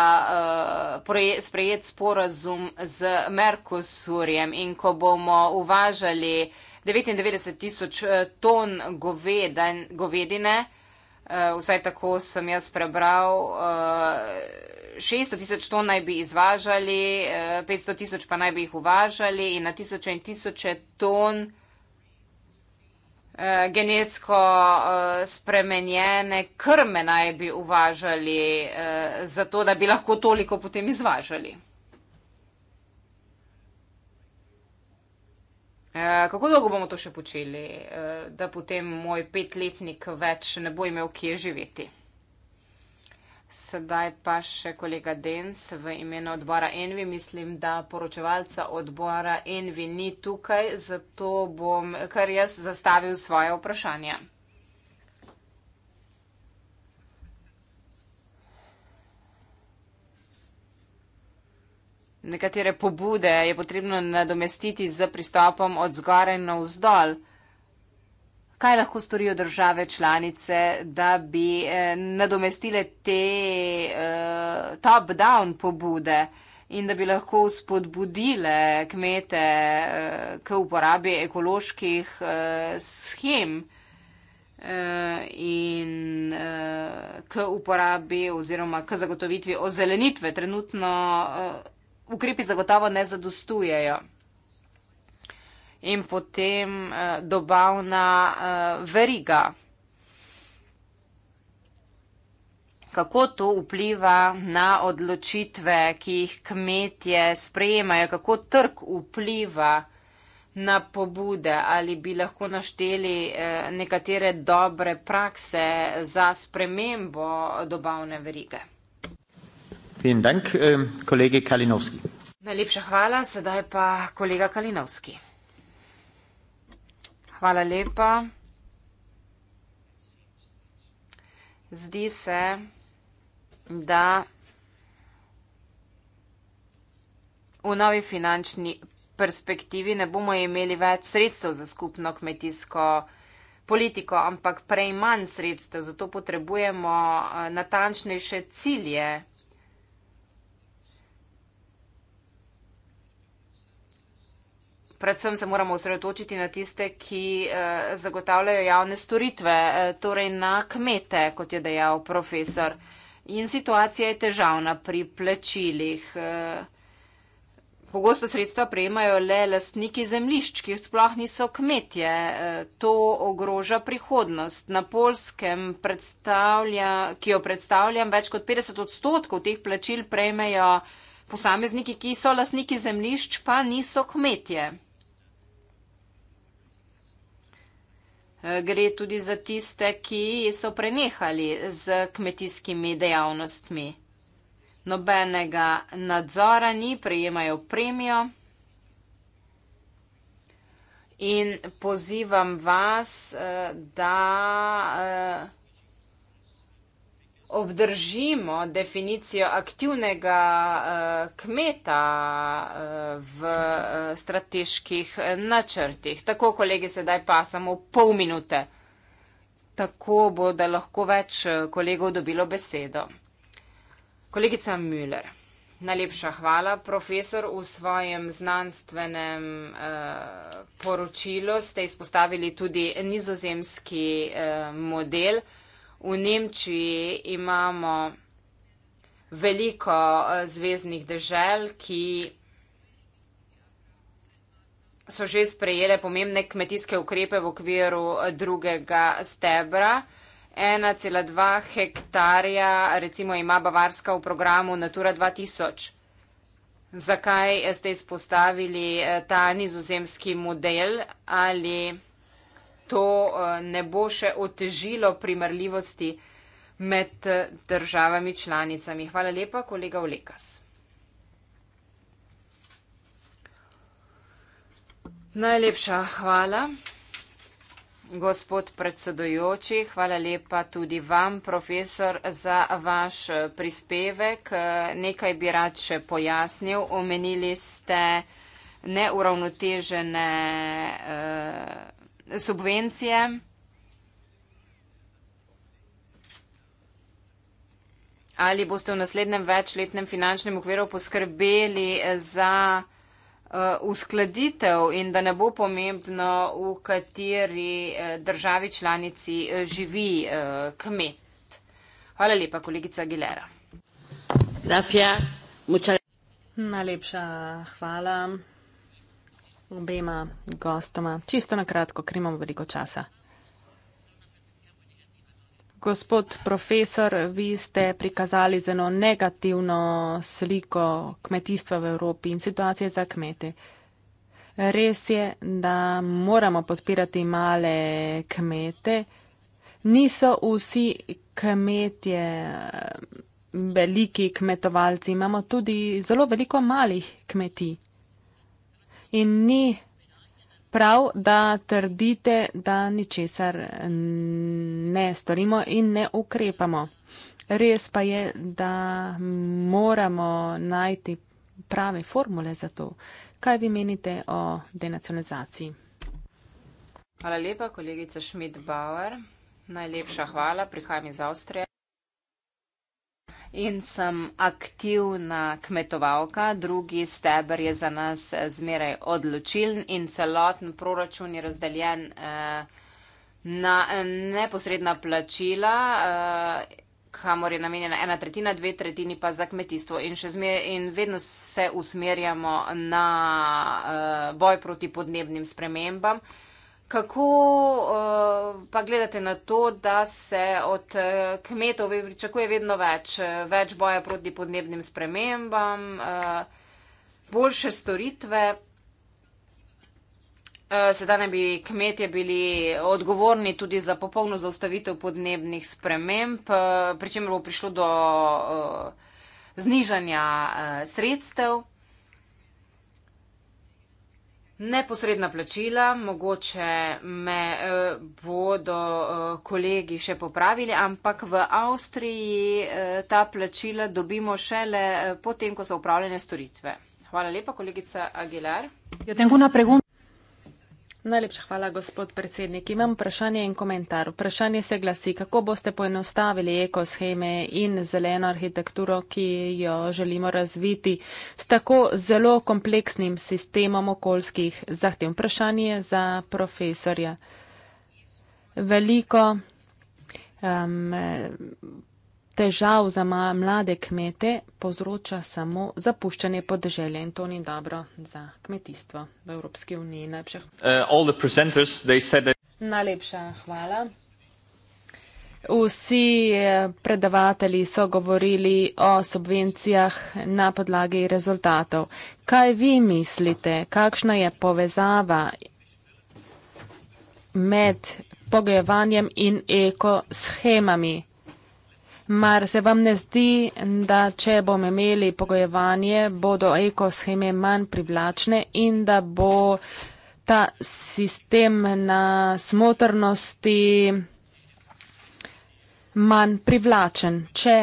eh, sprejet sporazum z Merkosurjem in ko bomo uvažali 99 tisoč eh, ton goveden, govedine, vsaj tako sem jaz prebral, 600 tisoč ton naj bi izvažali, 500 tisoč pa naj bi jih uvažali in na tisoče in tisoče ton. Eh, genetsko eh, spremenjene krme naj bi uvažali, eh, zato da bi lahko toliko potem izvažali. Kako dolgo bomo to še počeli, da potem moj petletnik več ne bo imel kje živeti? Sedaj pa še kolega Dens v imenu odbora Envi. Mislim, da poročevalca odbora Envi ni tukaj, zato bom kar jaz zastavil svoje vprašanje. Nekatere pobude je potrebno nadomestiti z pristopom od zgoraj na vzdolj. Kaj lahko storijo države članice, da bi eh, nadomestile te uh, top-down pobude in da bi lahko spodbudile kmete uh, k uporabi ekoloških uh, schem uh, in uh, k uporabi oziroma k zagotovitvi ozelenitve? Trenutno uh, ukrepi zagotovo ne zadostujejo in potem uh, dobavna uh, veriga. Kako to vpliva na odločitve, ki jih kmetje sprejemajo, kako trg vpliva na pobude ali bi lahko našteli eh, nekatere dobre prakse za spremembo dobavne verige. Dank, kolegi Kalinovski. Najlepša hvala, sedaj pa kolega Kalinovski. Hvala lepa. Zdi se, da v novi finančni perspektivi ne bomo imeli več sredstev za skupno kmetijsko politiko, ampak prej manj sredstev. Zato potrebujemo eh, natančnejše cilje predvsem se moramo osredotočiti na tiste, ki eh, zagotavljajo javne storitve, eh, torej na kmete, kot je dejal profesor. In situacija je težavna pri plačilih. Eh, pogosto sredstva prejemajo le lastniki zemlišč, ki sploh niso kmetje. Eh, to ogroža prihodnost. Na polskem, ki jo predstavljam, več kot 50 odstotkov teh plačil prejmejo posamezniki, ki so lastniki zemlišč, pa niso kmetje. gre tudi za tiste, ki so prenehali z kmetijskimi dejavnostmi. Nobenega nadzora ni, prejemajo premijo. In pozivam vas, eh, da. Eh, obdržimo definicijo aktivnega uh, kmeta uh, v uh, strateških načrtih. Tako, kolegi, sedaj pa samo pol minute. Tako bo, da lahko več kolegov dobilo besedo. Kolegica Müller, najlepša hvala. Profesor, v svojem znanstvenem uh, poročilu ste izpostavili tudi nizozemski uh, model v Nemčiji imamo veliko eh, zvezdnih dežel, ki so že sprejele pomembne kmetijske ukrepe v okviru eh, drugega stebra. 1,2 hektarja recimo ima Bavarska v programu Natura 2000. Zakaj ste izpostavili eh, ta nizozemski model ali to eh, ne bo še otežilo primerljivosti med eh, državami članicami. Hvala lepa, kolega Olekas. Najlepša hvala, gospod predsedojoči. Hvala lepa tudi vam, profesor, za vaš eh, prispevek. Nekaj bi rad še pojasnil. Omenili ste neuravnotežene eh, subvencije. Ali boste v naslednjem večletnem finančnem okviru poskrbeli za eh, uskladitev in da ne bo pomembno, v kateri eh, državi članici eh, živi kmet. Hvala lepa, kolegica Gilera. Najlepša hvala obema gostoma. Čisto na kratko, ker imamo veliko časa. Gospod profesor, vi ste prikazali zelo negativno sliko kmetijstva v Evropi in situacije za kmete. Res je, da moramo podpirati male kmete. Niso vsi kmetje eh, veliki kmetovalci, imamo tudi zelo veliko malih kmetij in ni prav, da trdite, da ničesar ne storimo in ne ukrepamo. Res pa je, da moramo najti prave formule za to. Kaj vi menite o denacionalizaciji? Hvala lepa, kolegica Schmidt-Bauer. Najlepša hvala, prihajam iz Avstrije in sem aktivna kmetovalka. Drugi steber je za nas eh, zmeraj odločilen in celoten proračun je razdeljen eh, na eh, neposredna plačila, kamor je namenjena ena tretjina, dve tretjini pa za kmetijstvo. In, zmer, in vedno se usmerjamo na boj proti podnebnim spremembam. Kako uh, pa gledate na to, da se od eh, kmetov pričakuje vedno več, eh, več boja proti podnebnim spremembam, uh, boljše storitve? Uh, sedaj ne bi kmetje bili odgovorni tudi za popolno zaustavitev podnebnih sprememb, uh, pri čemer bo prišlo do uh, znižanja uh, sredstev. Neposredna plačila, mogoče me eh, bodo eh, kolegi še popravili, ampak v Avstriji eh, ta plačila dobimo šele potem, ko so upravljene storitve. Hvala lepa, kolegica Aguilar. Najlepša hvala, gospod predsednik. Imam vprašanje in komentar. Vprašanje se glasi, kako boste poenostavili ekosheme in zeleno arhitekturo, ki jo želimo razviti s tako zelo kompleksnim sistemom okoljskih zahtev. Vprašanje za profesorja. Veliko um, težav za mlade kmete povzroča samo zapuščanje podeželja in to ni dobro za kmetijstvo v Evropski uniji. Najlepša, uh, that... Najlepša hvala. Vsi eh, predavateli so govorili o subvencijah na podlagi rezultatov. Kaj vi mislite, kakšna je povezava med pogojevanjem in ekoshemami? Mar se vam ne zdi, da če bomo imeli pogojevanje, bodo ekosheme manj privlačne in da bo ta sistem na smotrnosti manj privlačen? Če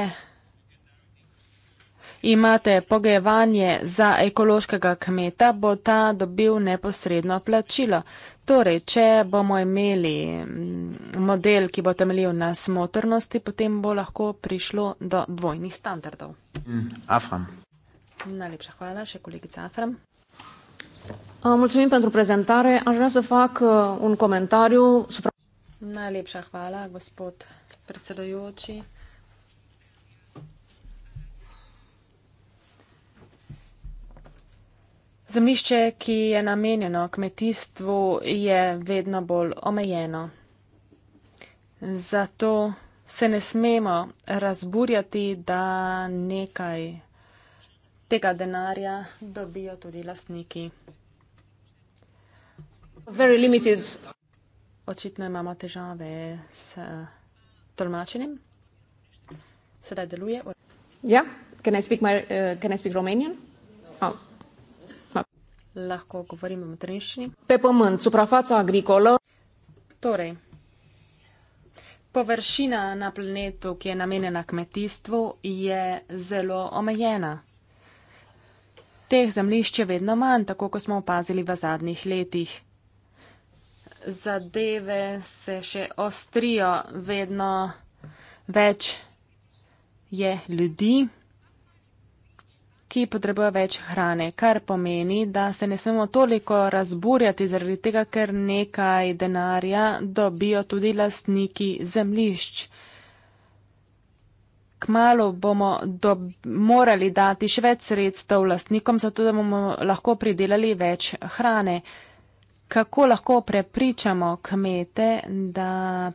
imate pogajevanje za ekološkega kmeta, bo ta dobil neposredno plačilo. Torej, če bomo imeli mm, model, ki bo temeljil na smotrnosti, potem bo lahko prišlo do dvojnih standardov. Mm, Afram. Najlepša hvala, še kolegica Afram. Mulțumim pentru prezentare. Aș vrea să fac uh, un comentariu. Najlepša hvala, gospod predsedujoči. Zemljišče, ki je namenjeno kmetijstvu, je vedno bolj omejeno. Zato se ne smemo razburjati, da nekaj tega denarja dobijo tudi lastniki. Očitno imamo težave s tolmačenjem. Sedaj deluje. Ja, yeah. can I speak my, uh, can I speak Romanian? No. Oh lahko govorim v materinščini. Pe pomen, suprafaca agricola. Torej, površina na planetu, ki je namenjena kmetijstvu, je zelo omejena. Teh zemljišč je vedno manj, tako kot smo opazili v zadnjih letih. Zadeve se še ostrijo, vedno več je ljudi, ki potrebujejo več hrane, kar pomeni, da se ne smemo toliko razburjati zaradi tega, ker nekaj denarja dobijo tudi lastniki zemlišč. Kmalo bomo dob morali dati še več sredstev lastnikom, zato da bomo lahko pridelali več hrane. Kako lahko prepričamo kmete, da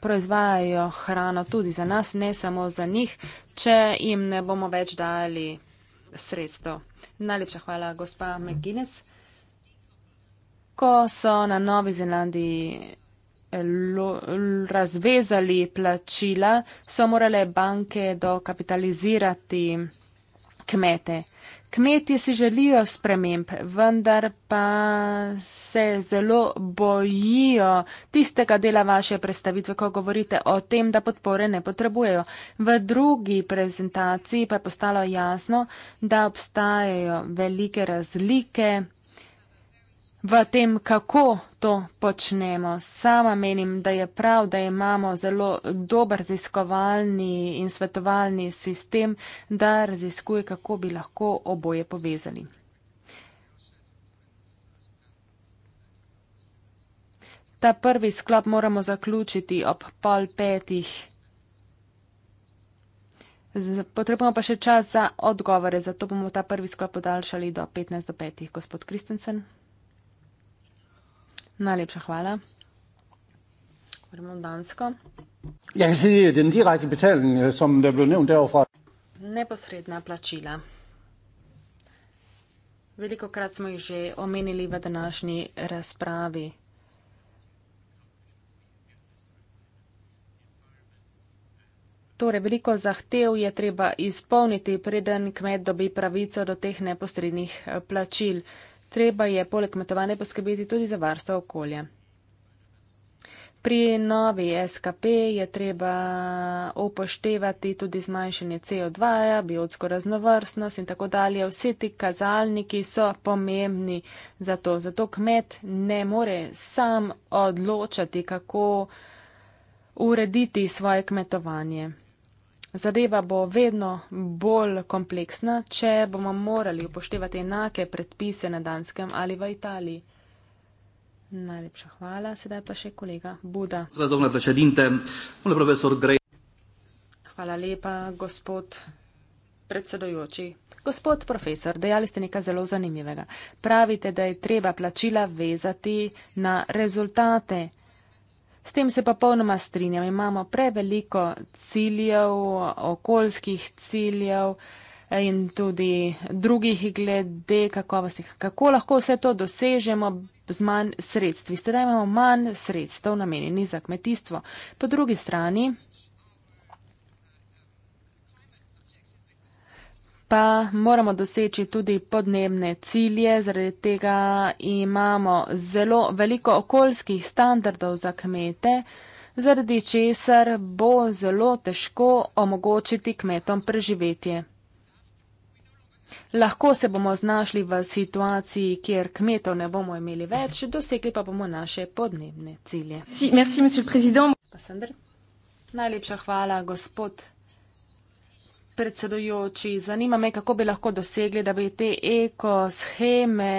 proizvajajo hrano tudi za nas, ne samo za njih, če jim ne bomo več dali sredstev. Najlepša hvala, gospa McGuinness. Ko so na Novi Zelandiji eh, razvezali plačila, so morale banke dokapitalizirati kmete. Kmetje si želijo sprememb, vendar pa se zelo bojijo tistega dela vaše predstavitve, ko govorite o tem, da podpore ne potrebujejo. V drugi prezentaciji pa je postalo jasno, da obstajajo velike razlike v tem, kako to počnemo. Sama menim, da je prav, da imamo zelo dober raziskovalni in svetovalni sistem, da raziskuje, kako bi lahko oboje povezali. Ta prvi sklop moramo zaključiti ob pol petih. Potrebujemo pa še čas za odgovore, zato bomo ta prvi sklop podaljšali do 15 do 5. Gospod Kristensen. Najlepša hvala. Gremo v Dansko. Ja, den direkte betaling, øh, som der er blev nævnt derovre. Neposredna plačila. Veliko krat smo jih že omenili v današnji razpravi. Torej, veliko zahtev je treba izpolniti, preden kmet dobi pravico do teh neposrednih eh, plačil. Treba je poleg kmetovanja poskrbeti tudi za varstvo okolja. Pri novi SKP je treba upoštevati tudi zmanjšanje CO2, biotsko raznovrstnost in tako dalje. Vsi ti kazalniki so pomembni za to. Zato kmet ne more sam odločati, kako urediti svoje kmetovanje. Zadeva bo vedno bolj kompleksna, če bomo morali upoštevati enake predpise na Danskem ali v Italiji. Najlepša hvala, sedaj pa še kolega Buda. Hvala lepa, gospod predsedojoči. Gospod profesor, dejali ste nekaj zelo zanimivega. Pravite, da je treba plačila vezati na rezultate S tem se pa polnoma strinjam. Imamo preveliko ciljev, okoljskih ciljev eh, in tudi drugih glede kakovosti. Kako lahko vse to dosežemo z manj sredstvi? Sedaj imamo manj sredstev namenjenih za kmetijstvo. Po drugi strani pa moramo doseči tudi podnebne cilje, zaradi tega imamo zelo veliko okoljskih standardov za kmete, zaradi česar bo zelo težko omogočiti kmetom preživetje. Lahko se bomo znašli v situaciji, kjer kmetov ne bomo imeli več, dosegli pa bomo naše podnebne cilje. Si, merci, Najlepša hvala, gospod predsedujoči, zanima me, kako bi lahko dosegli, da bi te ekosheme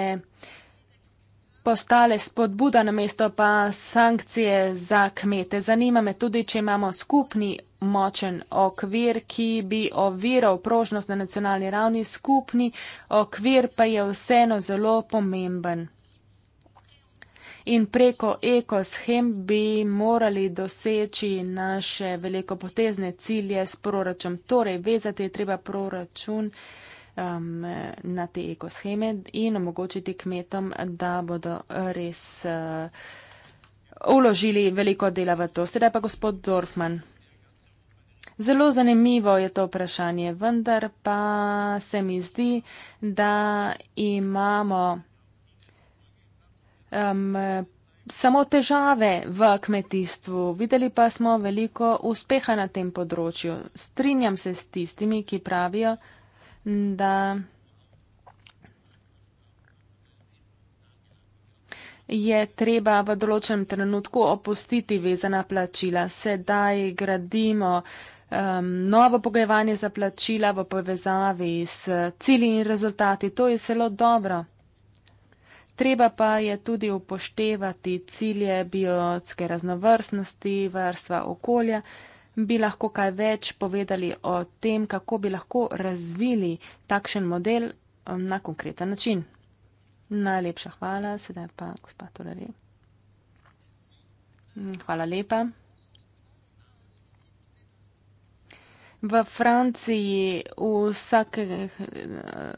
postale spodbuda na mesto pa sankcije za kmete. Zanima me tudi, če imamo skupni močen okvir, ki bi oviral prožnost na nacionalni ravni. Skupni okvir pa je vseeno zelo pomemben in preko ekoshem bi morali doseči naše velikopotezne cilje s proračun. Torej, vezati je treba proračun um, na te ekosheme in omogočiti kmetom, da bodo res uložili uh, veliko dela v to. Sedaj pa gospod Dorfman. Zelo zanimivo je to vprašanje, vendar pa se mi zdi, da imamo um, samo težave v kmetijstvu, videli pa smo veliko uspeha na tem področju. Strinjam se s tistimi, ki pravijo, da je treba v določenem trenutku opustiti vezana plačila. Sedaj gradimo. Um, novo pogojevanje za plačila v povezavi s cilji in rezultati, to je zelo dobro. Treba pa je tudi upoštevati cilje biotske raznovrstnosti, varstva okolja. Bi lahko kaj več povedali o tem, kako bi lahko razvili takšen model um, na konkreten način? Najlepša hvala, sedaj pa gospod Tolerij. Hvala lepa. V Franciji vsak,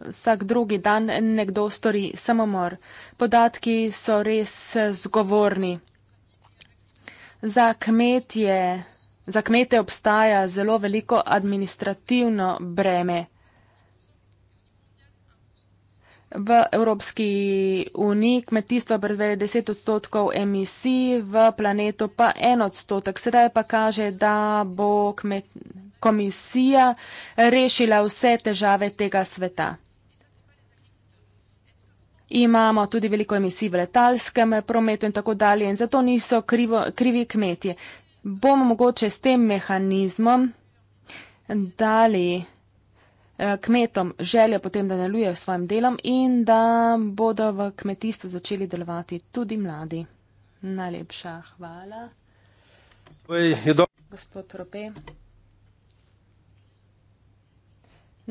vsak drugi dan nekdo stori samomor. Podatki so res zgovorni. Za kmetje, za kmete obstaja zelo veliko administrativno breme. V Evropski uniji kmetijstvo predvede 10 odstotkov emisij, v planetu pa 1 odstotek. Sedaj pa kaže, da bo kmet, komisija rešila vse težave tega sveta. Imamo tudi veliko emisij v letalskem prometu in tako dalje in zato niso krivo, krivi kmetje. Bomo mogoče s tem mehanizmom dali eh, kmetom želje potem, da nalujejo svojim delom in da bodo v kmetijstvu začeli delovati tudi mladi. Najlepša hvala. Gospod Rope.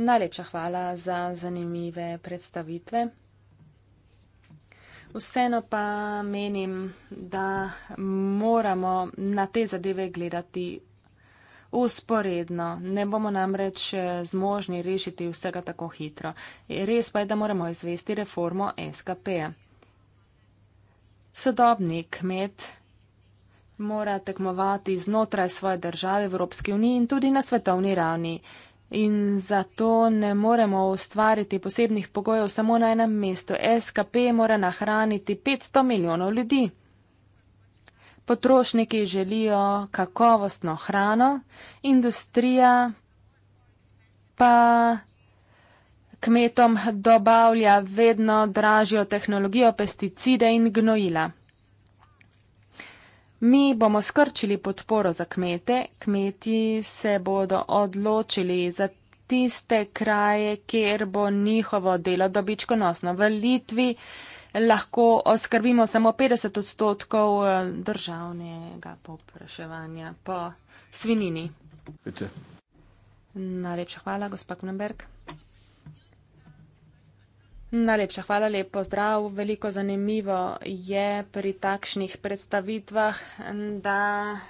Najlepša hvala za zanimive predstavitve. Vseeno pa menim, da moramo na te zadeve gledati usporedno. Ne bomo namreč eh, zmožni rešiti vsega tako hitro. Res pa je, da moramo izvesti reformo SKP. Sodobni kmet mora tekmovati znotraj svoje države v Evropski uniji in tudi na svetovni ravni in zato ne moremo ustvariti posebnih pogojev samo na enem mestu. SKP mora nahraniti 500 milijonov ljudi. Potrošniki želijo kakovostno hrano, industrija pa kmetom dobavlja vedno dražjo tehnologijo, pesticide in gnojila. Mi bomo skrčili podporo za kmete, kmeti se bodo odločili za tiste kraje, kjer bo njihovo delo dobičkonosno. V Litvi lahko oskrbimo samo 50 odstotkov eh, državnega popraševanja po svinini. Najlepša hvala, gospod Knemberg. Najlepša hvala, lep pozdrav. Veliko zanimivo je pri takšnih predstavitvah, da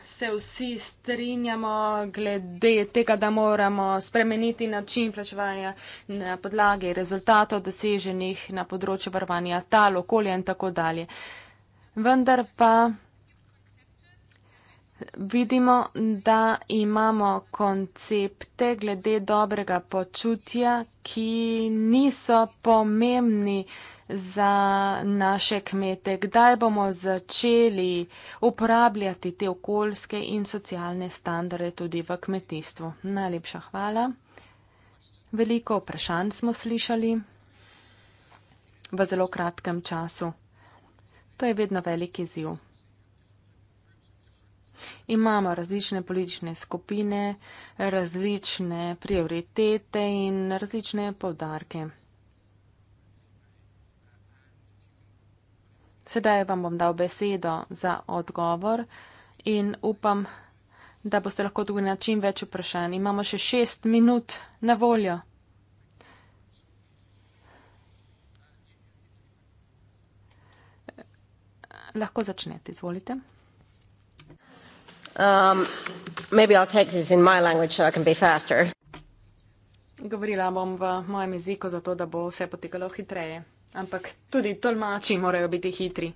se vsi strinjamo glede tega, da moramo spremeniti način plačevanja na podlagi rezultatov doseženih na področju varovanja tal, okolja in tako dalje. Vendar pa vidimo, da imamo koncepte glede dobrega počutja, ki niso pomembni za naše kmete. Kdaj bomo začeli uporabljati te okoljske in socialne standarde tudi v kmetijstvu? Najlepša hvala. Veliko vprašanj smo slišali v zelo kratkem času. To je vedno veliki ziv imamo različne politične skupine, različne prioritete in različne povdarke. Sedaj vam bom dal besedo za odgovor in upam, da boste lahko tudi na čim več vprašanj. Imamo še šest minut na voljo. Lahko začnete, izvolite. Um, maybe I'll take this in my language so I can be faster. Govorila bom v mojem jeziku, zato da bo vse potekalo hitreje. Ampak tudi tolmači morajo biti hitri.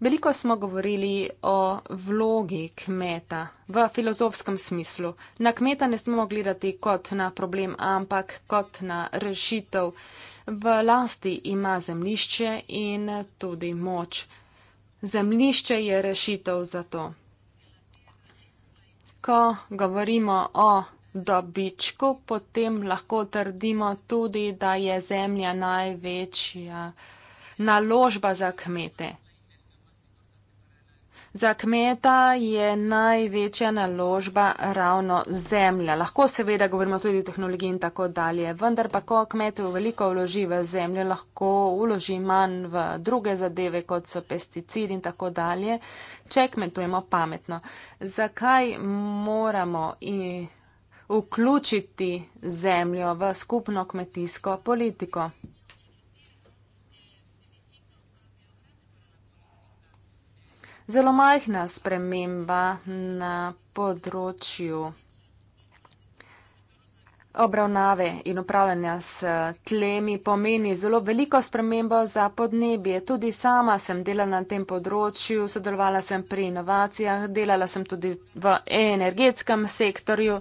Veliko smo govorili o vlogi kmeta v filozofskem smislu. Na kmeta ne smemo gledati kot na problem, ampak kot na rešitev. V lasti ima zemlišče in tudi moč. Zemlišče je rešitev za to. Ko govorimo o dobičku, potem lahko trdimo tudi, da je zemlja največja naložba za kmete. Za kmeta je največja naložba ravno zemlja. Lahko seveda govorimo tudi o tehnologiji in tako dalje, vendar pa ko kmet veliko vloži v zemljo, lahko vloži manj v druge zadeve, kot so pesticidi in tako dalje, če kmetujemo pametno. Zakaj moramo vključiti zemljo v skupno kmetijsko politiko? zelo majhna sprememba na področju obravnave in upravljanja s tlemi pomeni zelo veliko spremembo za podnebje. Tudi sama sem delala na tem področju, sodelovala sem pri inovacijah, delala sem tudi v energetskem sektorju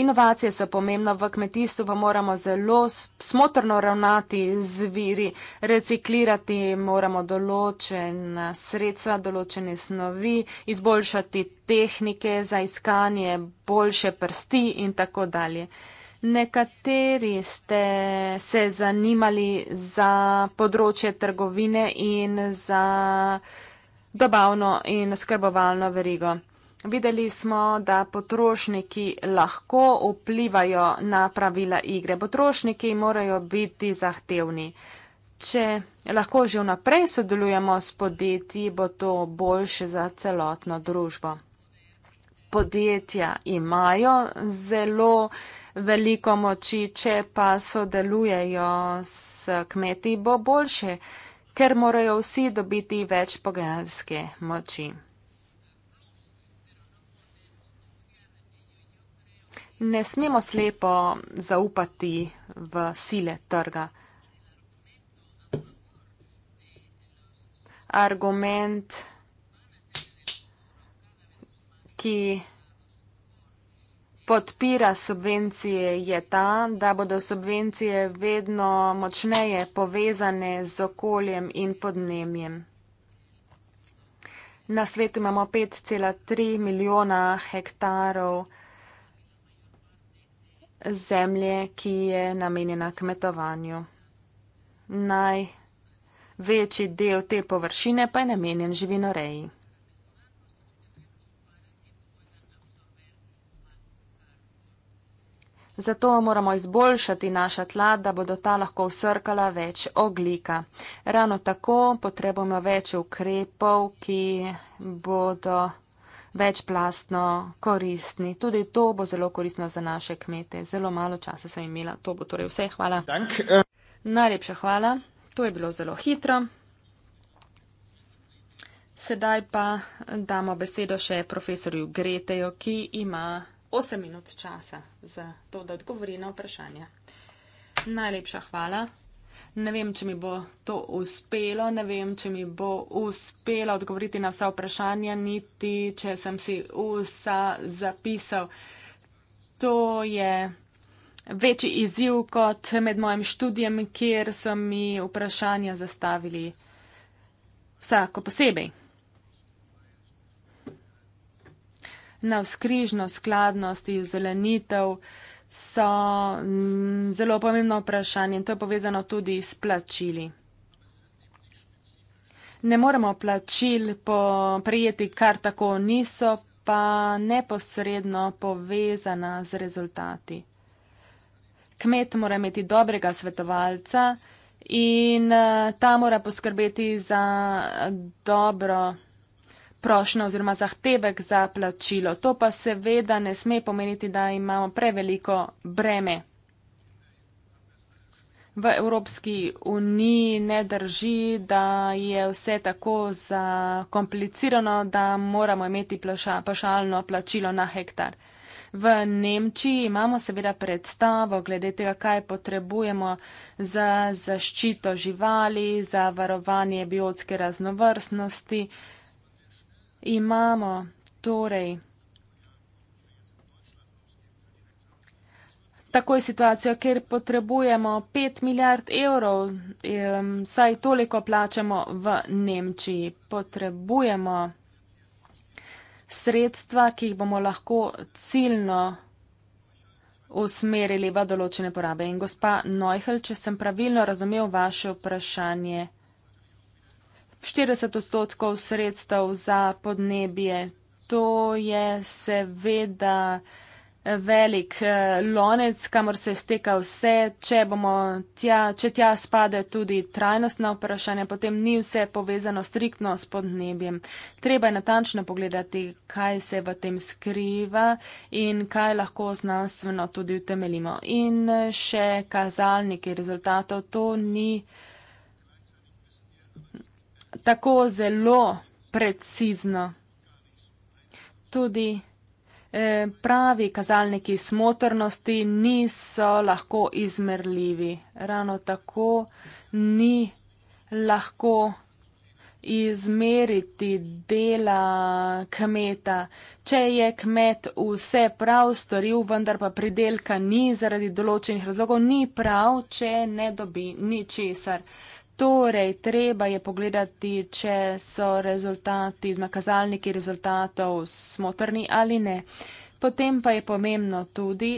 inovacije so pomembne v kmetijstvu, pa moramo zelo smotrno ravnati z viri, reciklirati moramo določena sredstva, določene snovi, izboljšati tehnike za iskanje boljše prsti in tako dalje. Nekateri ste se zanimali za področje trgovine in za dobavno in skrbovalno verigo. Videli smo, da potrošniki lahko vplivajo na pravila igre. Potrošniki morajo biti zahtevni. Če lahko že vnaprej sodelujemo s podjetji, bo to boljše za celotno družbo. Podjetja imajo zelo veliko moči, če pa sodelujejo s kmeti, bo boljše, ker morajo vsi dobiti več pogajalske moči. ne smemo slepo zaupati v sile trga. Argument, ki podpira subvencije, je ta, da bodo subvencije vedno močneje povezane z okoljem in podnemjem. Na svetu imamo 5,3 milijona hektarov kmetij zemlje, ki je namenjena kmetovanju. Največji del te površine pa je namenjen živinoreji. Zato moramo izboljšati naša tla, da bodo ta lahko vsrkala več oglika. Ravno tako potrebujemo več ukrepov, ki bodo večplastno, koristni. Tudi to bo zelo koristno za naše kmete. Zelo malo časa sem imela. To bo torej vse. Hvala. Dank. Najlepša hvala. To je bilo zelo hitro. Sedaj pa damo besedo še profesorju Greteju, ki ima 8 minut časa za to, da odgovori na vprašanje. Najlepša hvala. Ne vem, če mi bo to uspelo, ne vem, če mi bo uspelo odgovoriti na vsa vprašanja, niti če sem si vsa zapisal. To je večji izziv kot med mojim študijem, kjer so mi vprašanja zastavili vsako posebej. Na vzkrižno skladnost in zelenitev so mm, zelo pomembno vprašanje in to je povezano tudi s plačili. Ne moremo plačil prijeti kar tako, niso pa neposredno povezana z rezultati. Kmet mora imeti dobrega svetovalca in eh, ta mora poskrbeti za eh, dobro prošnja oziroma zahtevek za plačilo. To pa seveda ne sme pomeniti, da imamo preveliko breme. V Evropski uniji ne drži, da je vse tako zakomplicirano, da moramo imeti pašalno plačilo na hektar. V Nemčiji imamo seveda predstavo glede tega, kaj potrebujemo za zaščito živali, za varovanje biotske raznovrstnosti imamo torej takoj situacijo, ker potrebujemo 5 milijard evrov, saj toliko plačamo v Nemčiji. Potrebujemo sredstva, ki jih bomo lahko ciljno usmerili v določene porabe. In gospa Neuhel, če sem pravilno razumel vaše vprašanje, 40 odstotkov sredstev za podnebje. To je seveda velik eh, lonec, kamor se steka vse. Če, tja, če tja spade tudi trajnostna vprašanja, potem ni vse povezano striktno s podnebjem. Treba je natančno pogledati, kaj se v tem skriva in kaj lahko znanstveno tudi utemelimo. In eh, še kazalniki rezultatov, to ni tako zelo precizno. Tudi eh, pravi kazalniki smotrnosti niso lahko izmerljivi. Ravno tako ni lahko izmeriti dela kmeta. Če je kmet vse prav storil, vendar pa pridelka ni zaradi določenih razlogov, ni prav, če ne dobi ničesar. Torej, treba je pogledati, če so rezultati, kazalniki rezultatov smotrni ali ne. Potem pa je pomembno tudi,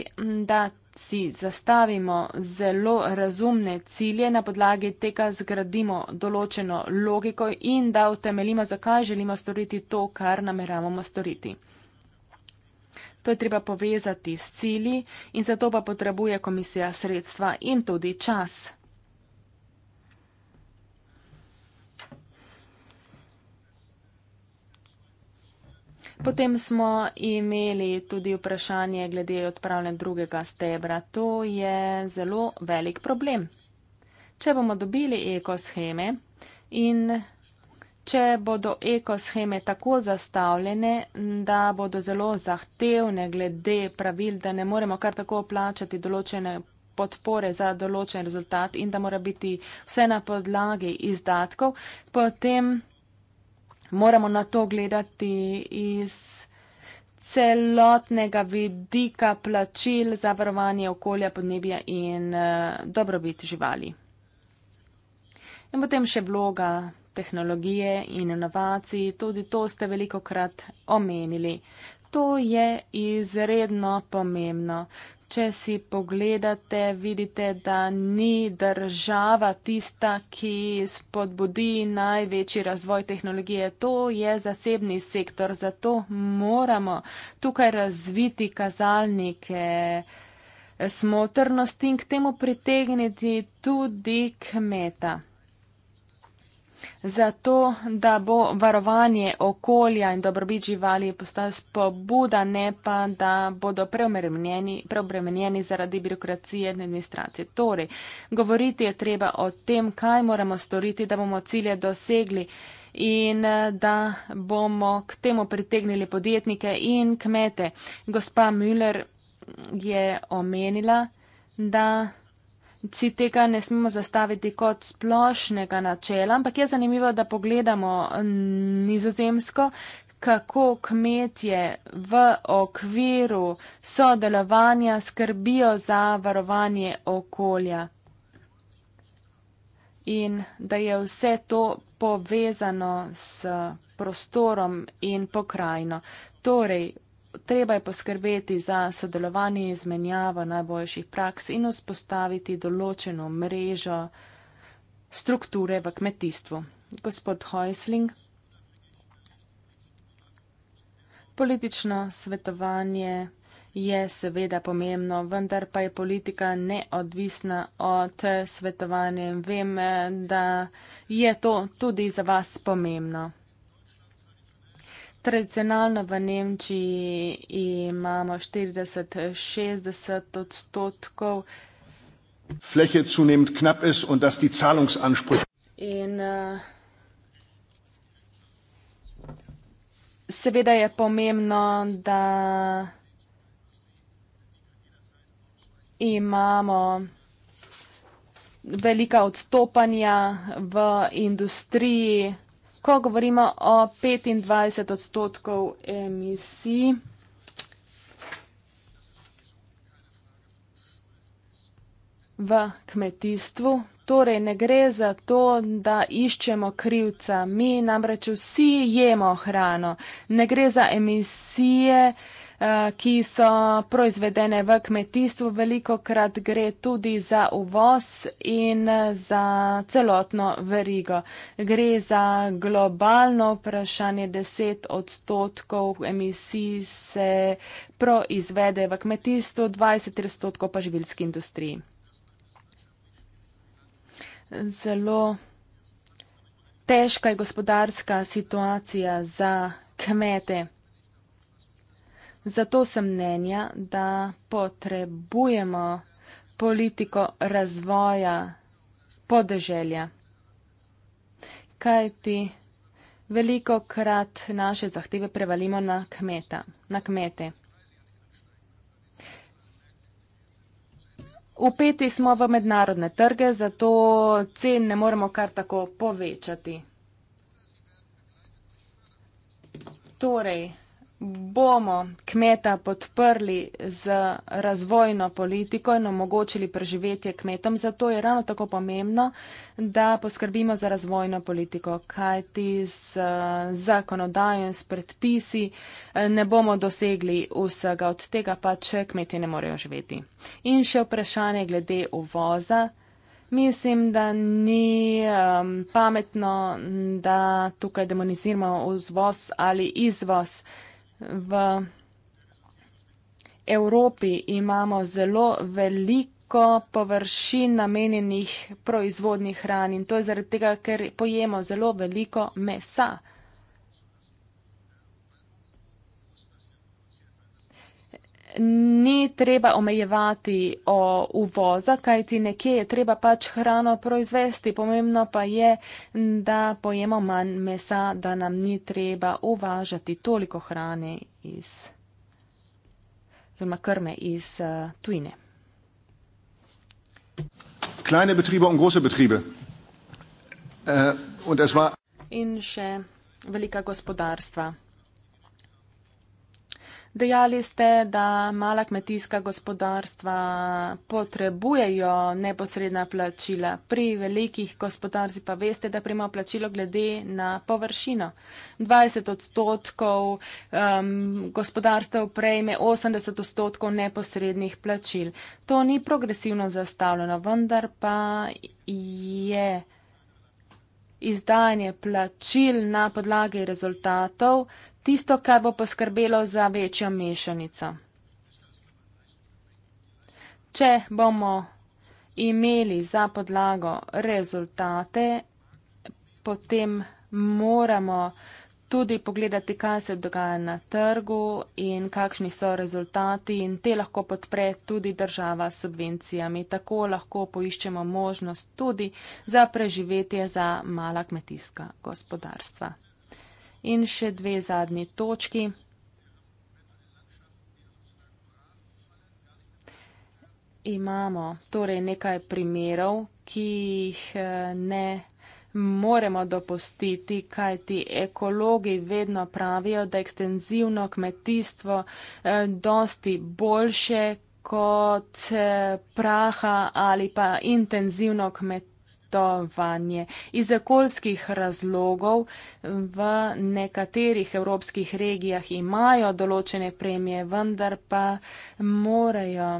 da si zastavimo zelo razumne cilje, na podlagi tega zgradimo določeno logiko in da utemelimo, zakaj želimo storiti to, kar nameravamo storiti. To je treba povezati s cilji in zato pa potrebuje komisija sredstva in tudi čas. Potem smo imeli tudi vprašanje glede odpravljanja drugega stebra. To je zelo velik problem. Če bomo dobili ekosheme in če bodo ekosheme tako zastavljene, da bodo zelo zahtevne glede pravil, da ne moremo kar tako plačati določene podpore za določen rezultat in da mora biti vse na podlagi izdatkov, potem moramo na to gledati iz celotnega vidika plačil za varovanje okolja, podnebja in uh, dobrobit živali. In potem še vloga tehnologije in inovacij, tudi to ste veliko krat omenili. To je izredno pomembno če si pogledate, vidite, da ni država tista, ki spodbudi največji razvoj tehnologije. To je zasebni sektor, zato moramo tukaj razviti kazalnike smotrnosti in k temu pritegniti tudi kmeta zato da bo varovanje okolja in dobrobit živali postala spobuda, ne pa da bodo preobremenjeni, preobremenjeni zaradi birokracije in administracije. Torej, govoriti je treba o tem, kaj moramo storiti, da bomo cilje dosegli in da bomo k temu pritegnili podjetnike in kmete. Gospa Müller je omenila, da si tega ne smemo zastaviti kot splošnega načela, ampak je zanimivo, da pogledamo nizozemsko, kako kmetje v okviru sodelovanja skrbijo za varovanje okolja. In da je vse to povezano s prostorom in pokrajino. Torej, treba je poskrbeti za sodelovanje izmenjavo najboljših praks in vzpostaviti določeno mrežo strukture v kmetijstvu. Gospod Heusling. Politično svetovanje je seveda pomembno, vendar pa je politika neodvisna od svetovanja in vem, da je to tudi za vas pomembno. Tradicionalno v Nemčiji imamo 40-60 odstotkov. Fläche zunehmend knapp ist und dass die Zahlungsansprüche. In, uh, seveda je pomembno, da imamo velika odstopanja v industriji ko govorimo o 25 odstotkov emisij. V kmetijstvu. Torej, ne gre za to, da iščemo krivca. Mi namreč vsi jemo hrano. Ne gre za emisije. Eh, ki so proizvedene v kmetijstvu, veliko krat gre tudi za uvoz in eh, za celotno verigo. Gre za globalno vprašanje, 10 odstotkov emisij se proizvede v kmetijstvu, 20 odstotkov pa živilski industriji. Zelo težka je gospodarska situacija za kmete. Zato sem mnenja, da potrebujemo politiko razvoja podeželja. Kaj ti veliko krat naše zahteve prevalimo na kmeta, na kmete. Upeti smo v mednarodne trge, zato cen ne moremo kar tako povečati. Torej, bomo kmeta podprli z razvojno politiko in omogočili preživetje kmetom. Zato je ravno tako pomembno, da poskrbimo za razvojno politiko, kajti z zakonodajo in s predpisi eh, ne bomo dosegli vsega od tega, pa če kmeti ne morejo živeti. In še vprašanje glede uvoza. Mislim, da ni um, pametno, da tukaj demoniziramo vzvoz ali izvoz v Evropi imamo zelo veliko površin namenjenih proizvodni hrani in to je zaradi tega, ker pojemo zelo veliko mesa. ni treba omejevati o uvoza, kajti nekje je treba pač hrano proizvesti. Pomembno pa je, da pojemo manj mesa, da nam ni treba uvažati toliko hrane iz, oziroma krme iz uh, tujine. Kleine betribe in große betribe. Uh, äh, und es war... In še velika gospodarstva. Dejali ste, da mala kmetijska gospodarstva potrebujejo neposredna plačila, pri velikih gospodarstvi pa veste, da prima plačilo glede na površino. 20 odstotkov um, gospodarstv prejme 80 odstotkov neposrednih plačil. To ni progresivno zastavljeno, vendar pa je izdajanje plačil na podlagi rezultatov, tisto, kar bo poskrbelo za večjo mešanico. Če bomo imeli za podlago rezultate, potem moramo uh, tudi pogledati, kaj se dogaja na trgu in kakšni so rezultati in te lahko podpre tudi država s subvencijami. Tako lahko poiščemo možnost tudi za preživetje za mala kmetijska gospodarstva. In še dve zadnji točki. Imamo torej nekaj primerov, ki jih eh, ne moremo dopustiti, kaj ti ekologi vedno pravijo, da ekstenzivno kmetijstvo eh, dosti boljše kot eh, praha ali pa intenzivno kmetovanje. Iz okoljskih razlogov v nekaterih evropskih regijah imajo določene premije, vendar pa morajo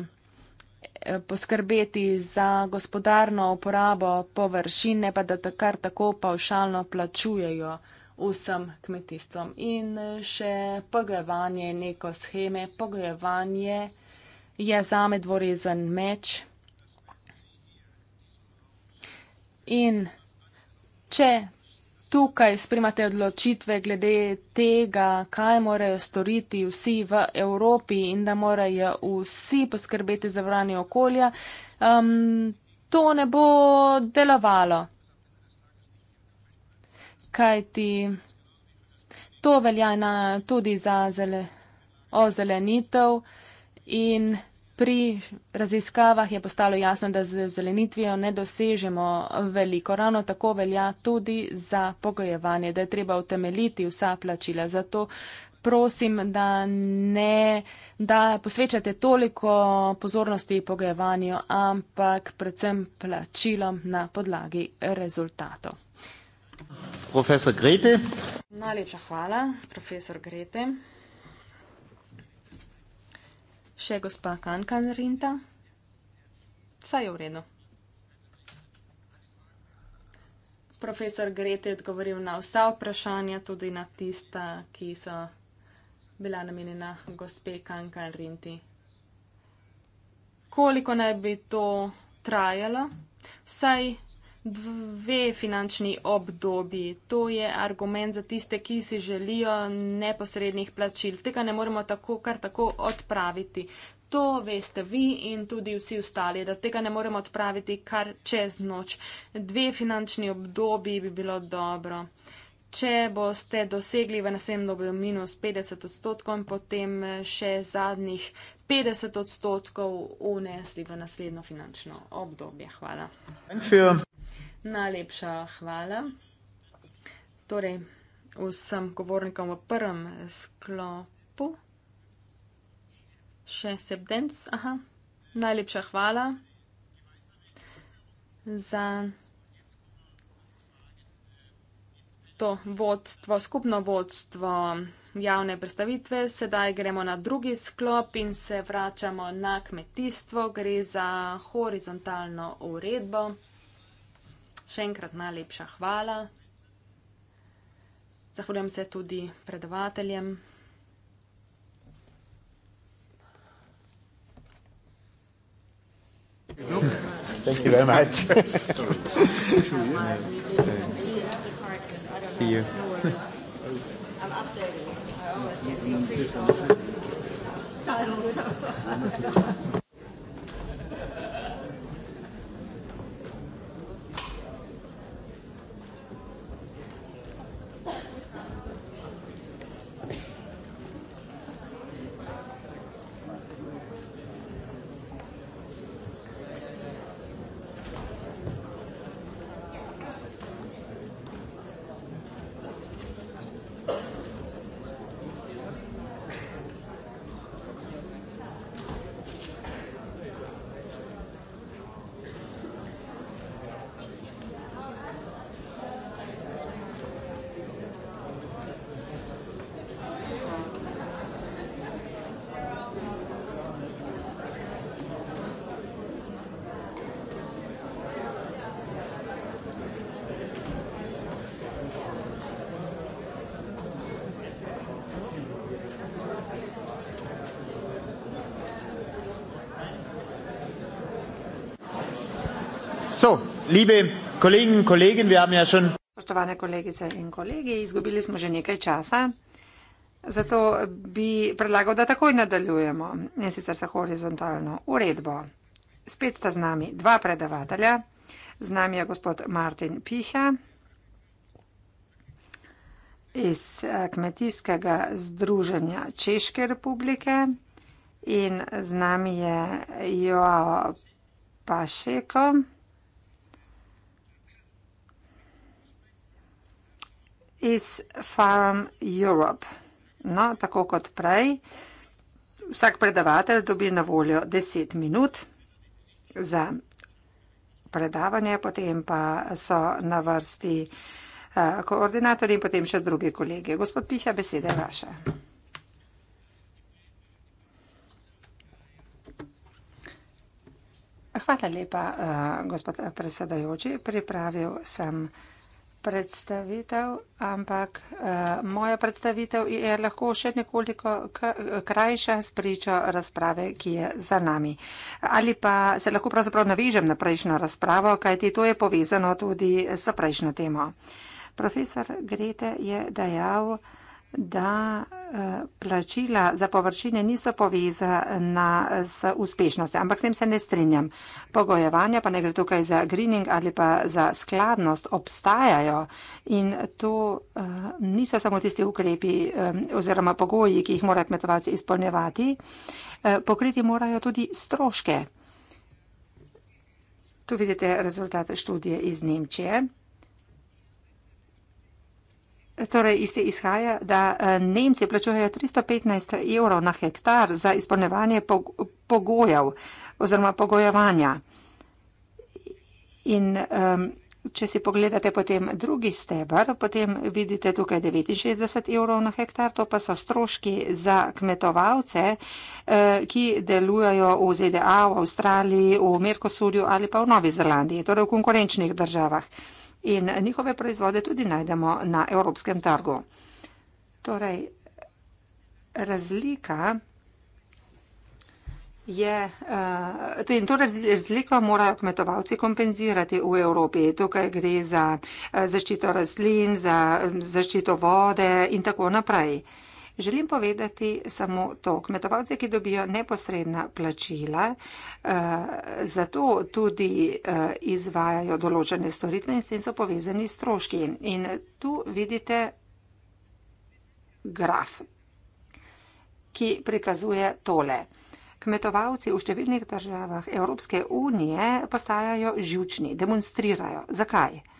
poskrbeti za gospodarno uporabo površine, pa da kar tako paušalno plačujejo vsem kmetijstvom. In še pogojevanje neko scheme, pogojevanje je zame dvorezen meč. In če tukaj sprimate odločitve glede tega, kaj morajo storiti vsi v Evropi in da morajo vsi poskrbeti za vranje okolja, um, to ne bo delovalo. Kaj ti to velja na, tudi za zele, ozelenitev in pri raziskavah je postalo jasno, da z zelenitvijo ne dosežemo veliko. Ravno tako velja tudi za pogojevanje, da je treba utemeliti vsa plačila. Zato prosim, da, ne, da posvečate toliko pozornosti pogojevanju, ampak predvsem plačilom na podlagi rezultatov. Profesor Grete. Najlepša hvala, profesor Grete še gospa Kankan Rinta. Saj je v redu. Profesor Gret je odgovoril na vsa vprašanja, tudi na tista, ki so bila namenjena gospe Kankan Rinti. Koliko naj bi to trajalo? Vsaj dve finančni obdobji. To je argument za tiste, ki si želijo neposrednih plačil. Tega ne moremo tako, kar tako odpraviti. To veste vi in tudi vsi ostali, da tega ne moremo odpraviti kar čez noč. Dve finančni obdobji bi bilo dobro. Če boste dosegli v naslednjem dobu minus 50 odstotkov in potem še zadnjih 50 odstotkov unesli v naslednjo finančno obdobje. Hvala. Najlepša hvala. Torej, vsem govornikom v prvem sklopu, še sebdens, aha, najlepša hvala za. to vodstvo, skupno vodstvo javne predstavitve. Sedaj gremo na drugi sklop in se vračamo na kmetijstvo. Gre za horizontalno uredbo. Še enkrat najlepša hvala. Zahvaljujem se tudi predavateljem. Thank you very much. See you. No I'm updating. I always do. Titles. Liebe Kolleginnen und Kollegen, wir haben ja schon. Spoštovane kolegice in kolegi, izgubili smo že nekaj časa, zato bi predlagal, da takoj nadaljujemo in sicer sa horizontalno uredbo. Spet sta z nami dva predavatelja, z nami je gospod Martin Piha iz eh, Kmetijskega združenja Češke republike in z nami je Joao Pašeko. iz Farm Europe. No, tako kot prej, vsak predavatelj dobi na voljo 10 minut za predavanje, potem pa so na vrsti eh, koordinatorji in potem še drugi kolege. Gospod Piša, beseda je vaša. Hvala lepa, eh, gospod eh, predsedajoči. Pripravil sem predavanje predstavitev, ampak uh, moja predstavitev je lahko še nekoliko krajša s pričo razprave, ki je za nami. Ali pa se lahko pravzaprav navežem na prejšnjo razpravo, kajti to je povezano tudi s prejšnjo temo. Profesor Grete je dejal, da eh, plačila za površine niso povezana z uspešnostjo, ampak s tem se ne strinjam. Pogojevanja pa ne gre tukaj za greening ali pa za skladnost, obstajajo in to eh, niso samo tisti ukrepi eh, oziroma pogoji, ki jih morajo kmetovalci izpolnjevati, pokriti morajo tudi stroške. Tu vidite rezultate študije iz Nemčije. Torej, iz te izhaja, da eh, Nemci plačujejo 315 evrov na hektar za izpolnevanje pogojev oziroma pogojevanja. In um, če si pogledate potem drugi stebr, potem vidite tukaj 69 evrov na hektar, to pa so stroški za kmetovalce, eh, ki delujejo v ZDA, v Avstraliji, v Merkosurju ali pa v Novi Zelandiji, torej v konkurenčnih državah in njihove proizvode tudi najdemo na evropskem trgu. Torej, razlika je, eh, in to razliko morajo kmetovalci kompenzirati v Evropi. Tukaj gre za eh, zaščito rastlin, za eh, zaščito vode in tako naprej. Želim povedati samo to. Kmetovalci, ki dobijo neposredna plačila, eh, zato tudi eh, izvajajo določene storitve in s tem so povezani stroški. In tu vidite graf, ki prikazuje tole. Kmetovalci v številnih državah Evropske unije postajajo žučni, demonstrirajo. Zakaj? Zakaj?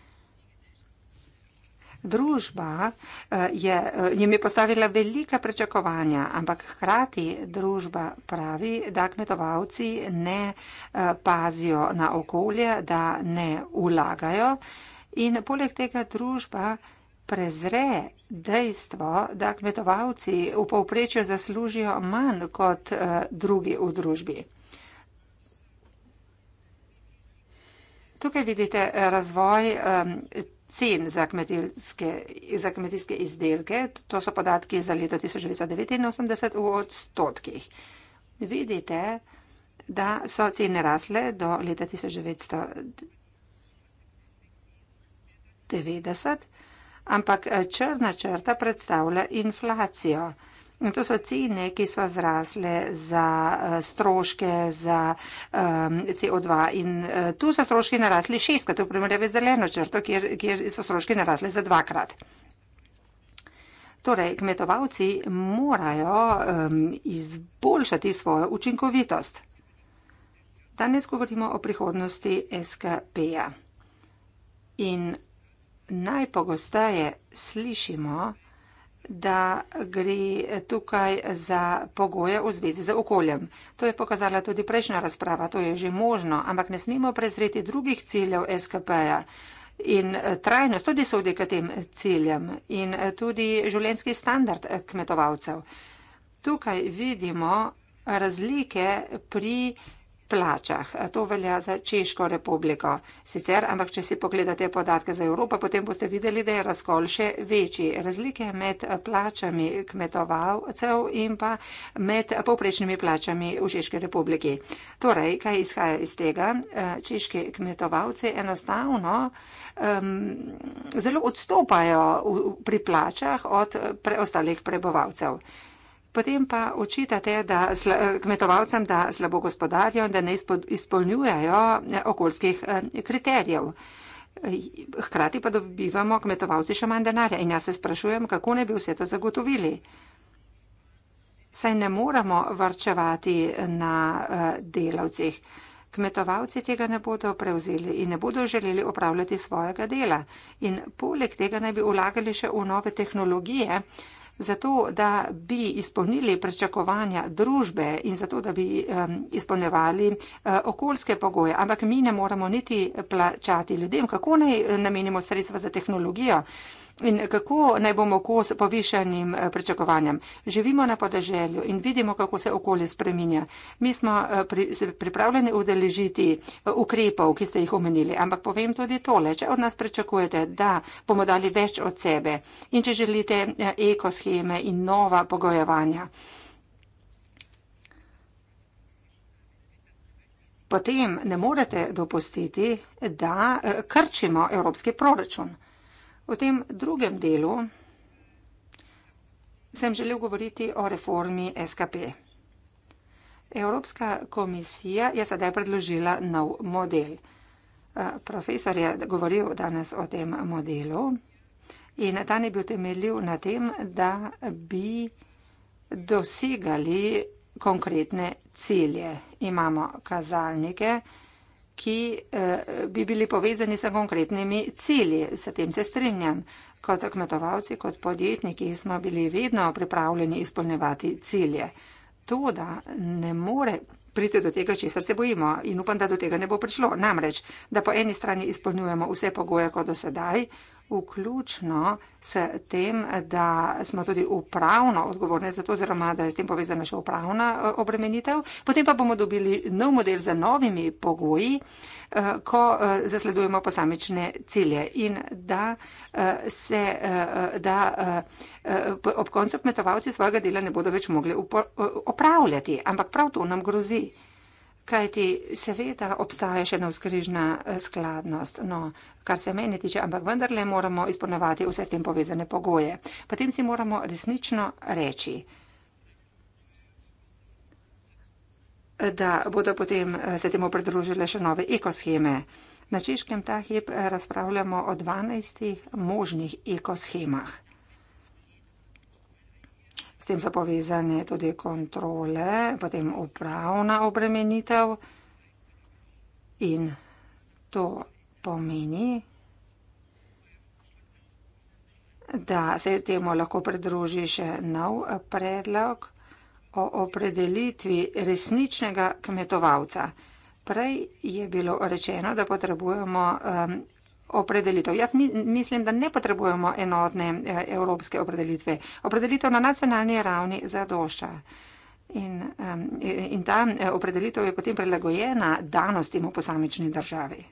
Družba eh, je, eh, jim je postavila velika prečakovanja, ampak hkrati družba pravi, da kmetovalci ne eh, pazijo na okolje, da ne ulagajo in poleg tega družba prezre dejstvo, da kmetovalci v povprečju zaslužijo manj kot drugi v družbi. Tukaj vidite razvoj cen za kmetijske, za kmetijske izdelke, to so podatki za leto 1989 v odstotkih. Vidite, da so cene rasle do leta 1990, ampak eh, črna črta predstavlja inflacijo. To so cene, ki so zrasle za eh, stroške za ehm, CO2 in eh, tu so stroški narasli šestkrat, v primerjavi z zeleno črto, kjer, kjer so stroški narasli za dvakrat. Torej, kmetovalci morajo um, izboljšati svojo učinkovitost. Danes govorimo o prihodnosti SKP-ja. In najpogosteje slišimo, da gre tukaj za pogoje v zvezi z okoljem. To je pokazala tudi prejšnja razprava, to je že možno, ampak ne smemo prezreti drugih ciljev SKP-ja. In eh, trajnost tudi sodi k tem ciljem in eh, tudi življenski standard eh, kmetovalcev. Tukaj vidimo razlike pri plačah. To velja za Češko republiko. Sicer, ampak če si pogledate podatke za Evropo, potem boste videli, da je razkol še večji. Razlike med plačami kmetovalcev in pa med poprečnimi plačami v Češki republiki. Torej, kaj izhaja iz tega? Eh, Češki kmetovalci enostavno um, zelo odstopajo pri plačah od preostalih prebovalcev potem pa očitate da, kmetovalcem, da slabo gospodarijo in da ne izpolnjujejo eh, okoljskih eh, kriterijev. Hkrati pa dobivamo kmetovalci še manj denarja in jaz se sprašujem, kako ne bi vse to zagotovili. Saj ne moramo varčevati na eh, delavcih. Kmetovalci tega ne bodo prevzeli in ne bodo želeli upravljati svojega dela. In poleg tega naj bi ulagali še v nove tehnologije, zato da bi izpolnili prečakovanja družbe in zato da bi um, izpolnevali um, e, okoljske pogoje. Ampak mi ne moramo niti plačati ljudem, kako naj e, namenimo sredstva za tehnologijo. In kako naj bomo kos povišanim eh, pričakovanjem? Živimo na podeželju in vidimo, kako se okolje spreminja. Mi smo eh, pri, pripravljeni udeležiti eh, ukrepov, ki ste jih omenili, ampak povem tudi tole. Če od nas pričakujete, da bomo dali več od sebe in če želite ekosheme in nova pogojevanja. Potem ne morete dopustiti, da krčimo evropski proračun. V tem drugem delu sem želel govoriti o reformi SKP. Evropska komisija je sedaj predložila nov model. Eh, profesor je govoril danes o tem modelu in ta ne bi temeljil na tem, da bi dosegali konkretne cilje. Imamo kazalnike, ki eh, bi bili povezani s konkretnimi cilji. S tem se strinjam. Kot kmetovalci, kot podjetniki smo bili vedno pripravljeni izpolnjevati cilje. To, da ne more priti do tega, česar se bojimo in upam, da do tega ne bo prišlo. Namreč, da po eni strani izpolnjujemo vse pogoje kot do sedaj, vključno s tem, da smo tudi upravno odgovorni za to, oziroma da je s tem povezana še upravna eh, obremenitev. Potem pa bomo dobili nov model za novimi pogoji, eh, ko eh, zasledujemo posamične cilje in da se da ob koncu kmetovalci svojega dela ne bodo več mogli upravljati, ampak prav to nam grozi. Kajti, seveda, obstaja še navzkrižna eh, skladnost, no, kar se meni tiče, ampak vendarle moramo izpolnjevati vse s tem povezane pogoje. Potem si moramo resnično reči, da bodo potem eh, se temu pridružile še nove ekosheme. Na češkem ta hip eh, razpravljamo o 12 možnih ekoshemah tem so povezane tudi kontrole, potem upravna obremenitev in to pomeni, da se temu lahko pridruži še nov predlog o opredelitvi resničnega kmetovalca. Prej je bilo rečeno, da potrebujemo um, opredelitev. Jaz mi, mislim, da ne potrebujemo enotne eh, evropske opredelitve. Opredelitev na nacionalni ravni zadošča. In, in ta eh, opredelitev je potem prilagojena danostim v posamični državi.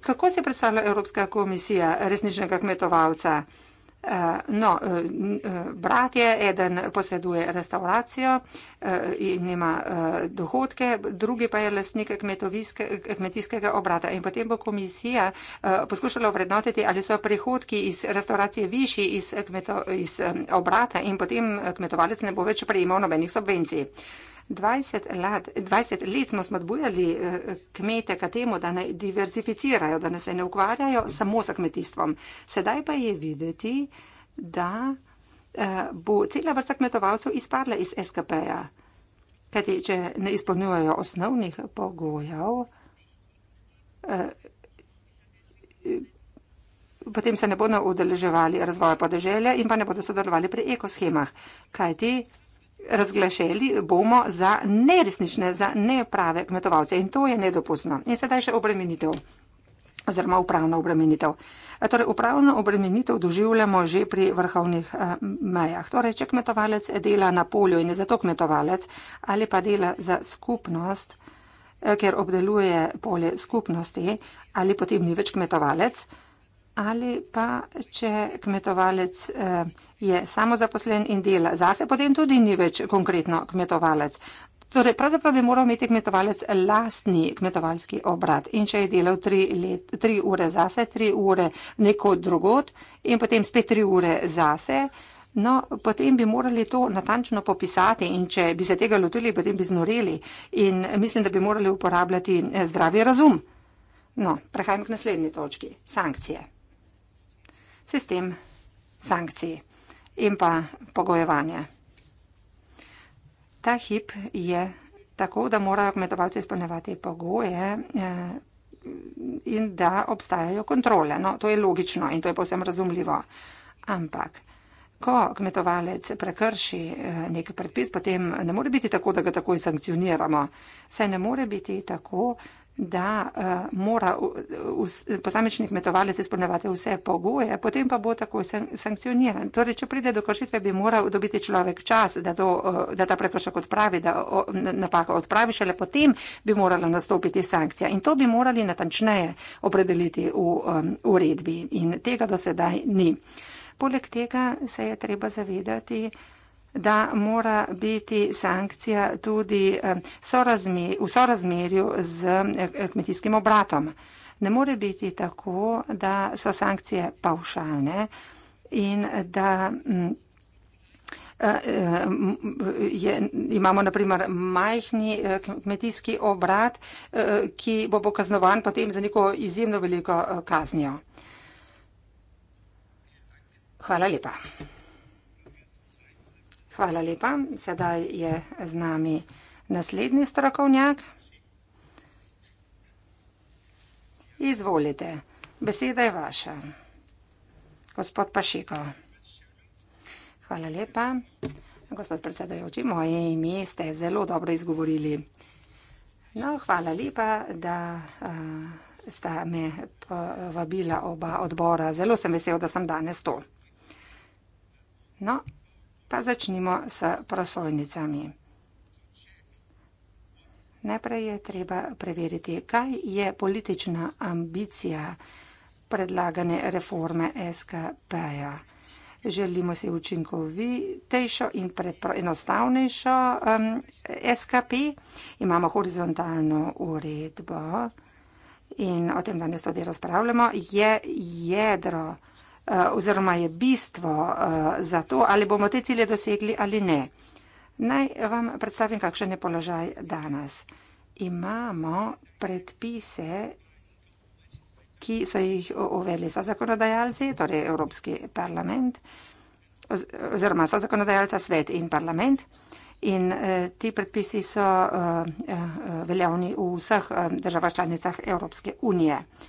Kako se predstavlja Evropska komisija resničnega kmetovalca? Eh, no, eh, eh, bratje, eden poseduje restauracijo in ima dohodke, drugi pa je lasnik kmetijskega obrata. In potem bo komisija poskušala vrednotiti, ali so prihodki iz restauracije višji iz, kmeto, iz obrata in potem kmetovalec ne bo več prejemal nobenih subvencij. 20 let, 20 let smo spodbujali eh, kmete k temu, da ne diverzificirajo, da ne se ne ukvarjajo samo z kmetijstvom. Sedaj pa je videti, da eh, bo cela vrsta kmetovalcev izpadla iz SKP-ja. Kajti, če ne izpolnjujejo osnovnih pogojev, eh, potem se ne bodo udeleževali razvoja podeželja in pa ne bodo sodelovali pri ekoshemah. Kajti, razglašeli bomo za neresnične, za neprave kmetovalce in to je nedopustno. In sedaj še obremenitev oziroma upravna obremenitev. Torej, upravno obremenitev doživljamo že pri vrhovnih eh, mejah. Torej, če kmetovalec dela na polju in je zato kmetovalec ali pa dela za skupnost, eh, ker obdeluje polje skupnosti ali potem ni več kmetovalec, ali pa če kmetovalec eh, je samozaposlen in dela zase, potem tudi ni več konkretno kmetovalec. Torej, pravzaprav bi moral imeti kmetovalec lastni kmetovalski obrat in če je delal tri, let, tri ure zase, tri ure neko drugot in potem spet tri ure zase, no, potem bi morali to natančno popisati in če bi se tega lotili, potem bi znoreli in mislim, da bi morali uporabljati eh, zdravi razum. No, prehajam k naslednji točki. Sankcije sistem sankcij in pa pogojevanja. Ta hip je tako, da morajo kmetovalci izpolnjevati pogoje eh, in da obstajajo kontrole. No, to je logično in to je povsem razumljivo. Ampak, ko kmetovalec prekrši eh, nek predpis, potem ne more biti tako, da ga takoj sankcioniramo. Saj ne more biti tako, da uh, mora posamični kmetovalec izpolnjevati vse pogoje, potem pa bo tako san sankcioniran. Torej, če pride do kršitve, bi moral dobiti človek čas, da, do, uh, eh, da ta prekršek odpravi, da o, napako odpravi, šele potem bi morala nastopiti sankcija. In to bi morali natančneje opredeliti v um, uredbi. In tega do sedaj ni. Poleg tega se je treba zavedati, da mora biti sankcija tudi eh, v sorazmerju z eh, kmetijskim obratom. Ne more biti tako, da so sankcije paušalne in da mm, eh, je, imamo naprimer majhni kmetijski obrat, ki bo bo kaznovan potem za neko izjemno veliko kaznjo. Hvala lepa. Hvala lepa. Sedaj je z nami naslednji strokovnjak. Izvolite, beseda je vaša. Gospod Pašiko. Hvala lepa. Gospod predsedajoči, moje ime ste zelo dobro izgovorili. No, hvala lepa, da uh, sta me vabila oba odbora. Zelo sem vesel, da sem danes to. No, pa začnimo s prosojnicami. Najprej je treba preveriti, kaj je politična ambicija predlagane reforme SKP-ja. Želimo si učinkovitejšo in enostavnejšo um, SKP. Imamo horizontalno uredbo in o tem danes tudi razpravljamo. Je jedro. Eh, oziroma je bistvo eh, za to, ali bomo te cilje dosegli ali ne. Naj vam predstavim, kakšen je položaj danes. Imamo predpise, ki so jih uvedli so zakonodajalci, torej Evropski parlament, oziroma so zakonodajalca svet in parlament. In eh, ti predpisi so eh, eh veljavni v vseh eh, državah članicah Evropske unije. Eh,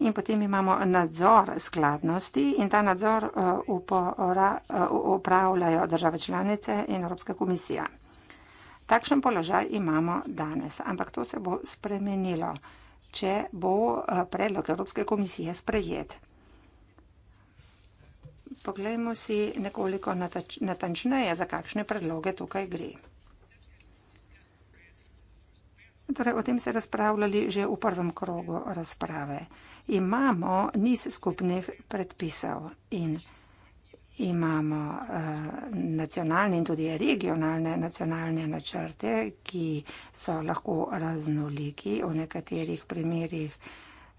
In potem imamo nadzor skladnosti in ta nadzor eh, upora, eh, upravljajo države članice in Evropska komisija. Takšen položaj imamo danes, ampak to se bo spremenilo, če bo eh, predlog Evropske komisije sprejet. Poglejmo si nekoliko natančneje, za kakšne predloge tukaj gre. Torej, o tem se razpravljali že v prvem krogu razprave. Imamo niz skupnih predpisov in imamo uh, nacionalne in tudi regionalne nacionalne načrte, ki so lahko raznoliki, v nekaterih primerjih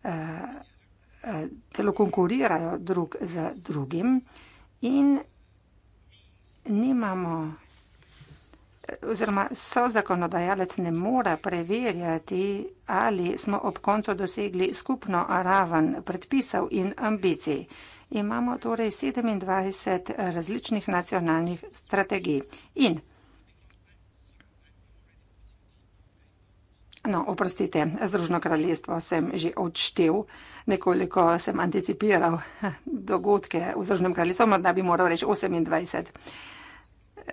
eh, eh, celo uh, uh, konkurirajo drug z drugim in nimamo oziroma so zakonodajalec ne more preverjati, ali smo ob koncu dosegli skupno raven predpisov in ambicij. Imamo torej 27 različnih nacionalnih strategij. In No, oprostite, Združno kraljestvo sem že odštev, nekoliko sem anticipiral dogodke v Združnem kraljestvu, morda bi moral reči 28.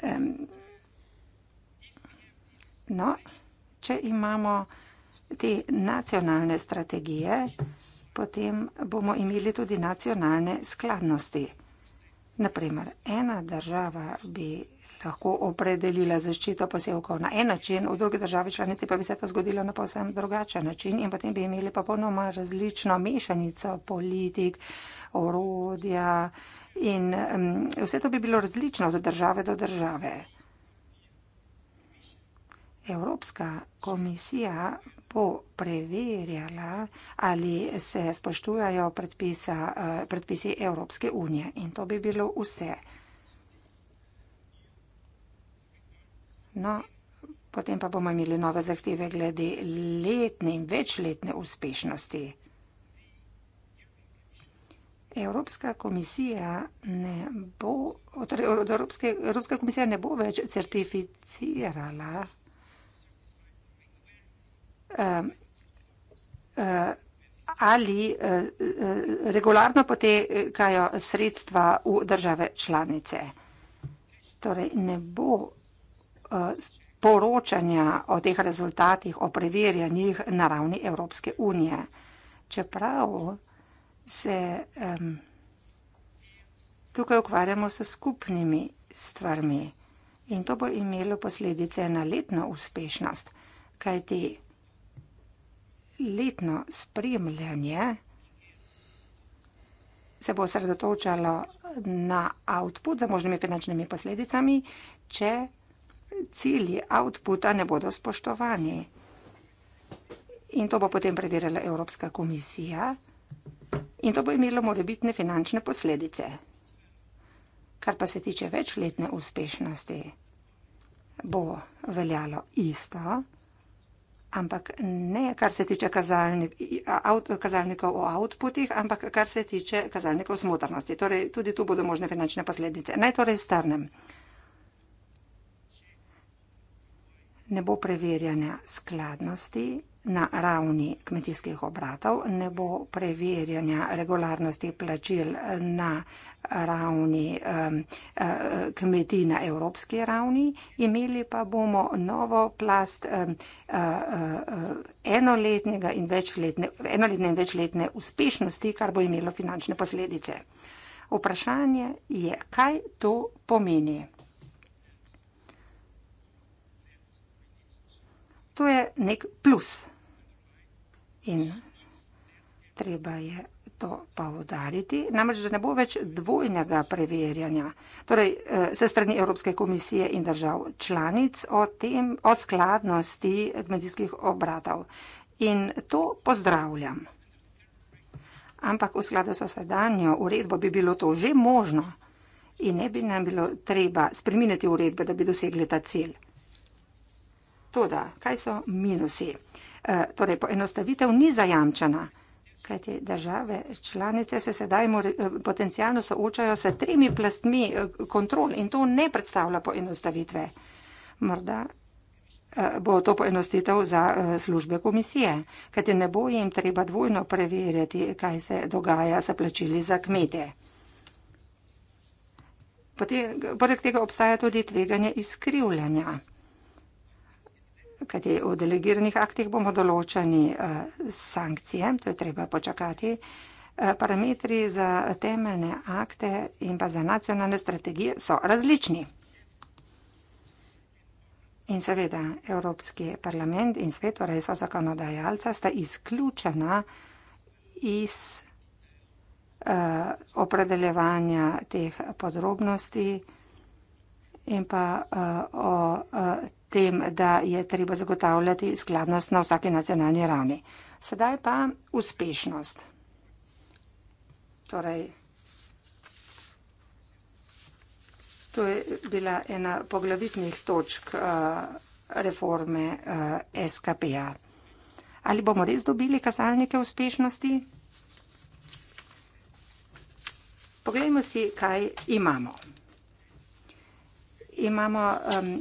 Um, No, če imamo te nacionalne strategije, potem bomo imeli tudi nacionalne skladnosti. Naprimer, ena država bi lahko opredelila zaščito posevkov na en način, v drugi državi članici pa bi se to zgodilo na povsem drugačen način in potem bi imeli popolnoma različno mešanico politik, orodja in um, vse to bi bilo različno od države do države. Evropska komisija bo preverjala, ali se spoštujajo predpisa, eh, predpisi Evropske unije. In to bi bilo vse. No, potem pa bomo imeli nove zahteve glede letne in večletne uspešnosti. Evropska komisija ne bo, torej, Evropska, Evropska komisija ne bo več certificirala uh, ali uh, regularno potekajo sredstva v države članice. Torej ne bo uh, poročanja o teh rezultatih, o preverjanjih na ravni Evropske unije. Čeprav se um, tukaj ukvarjamo s skupnimi stvarmi in to bo imelo posledice na letno uspešnost, kajti letno spremljanje se bo osredotočalo na output za možnimi finančnimi posledicami, če cilji outputa ne bodo spoštovani. In to bo potem preverjala Evropska komisija in to bo imelo morebitne finančne posledice. Kar pa se tiče večletne uspešnosti, bo veljalo isto ampak ne kar se tiče kazalnik, out, kazalnikov o outputih, ampak kar se tiče kazalnikov smotrnosti. Torej, tudi tu bodo možne finančne posledice. Naj torej strnem. Ne bo preverjanja skladnosti Na ravni kmetijskih obratov ne bo preverjanja regularnosti plačil na ravni eh, kmetij na evropski ravni. Imeli pa bomo novo plast eh, eh, enoletnega in večletne, enoletne in večletne uspešnosti, kar bo imelo finančne posledice. Vprašanje je, kaj to pomeni. To je nek plus. In treba je to pa udariti, namreč, da ne bo več dvojnega preverjanja, torej eh, se strani Evropske komisije in držav članic o tem, o skladnosti medijskih obratov. In to pozdravljam. Ampak v skladu s sedanjo uredbo bi bilo to že možno in ne bi nam bilo treba spreminjati uredbe, da bi dosegli ta cilj. Toda, kaj so minusi? Eh, torej poenostavitev ni zajamčena. Kajti države članice se sedaj mora, eh, potencijalno soočajo s tremi plastmi eh, kontrol in to ne predstavlja poenostavitve. Morda bo to poenostitev za službe komisije, kajti ne bo jim treba dvojno preverjati, kaj se dogaja s plačili za kmete. Potem, poleg tega obstaja tudi tveganje izkrivljanja kajti v delegiranih aktih bomo določeni eh, sankcije, to je treba počakati. Eh, parametri za temeljne akte in pa za nacionalne strategije so različni. In seveda, Evropski parlament in svet, torej so zakonodajalca, sta izključena iz uh, opredeljevanja teh podrobnosti in pa uh, o uh, tem, da je treba zagotavljati skladnost na vsaki nacionalni ravni. Sedaj pa uspešnost. Torej, to je bila ena poglavitnih točk uh, reforme uh, eh, SKP-a. Ali bomo res dobili kazalnike uspešnosti? Poglejmo si, kaj imamo. Imamo um,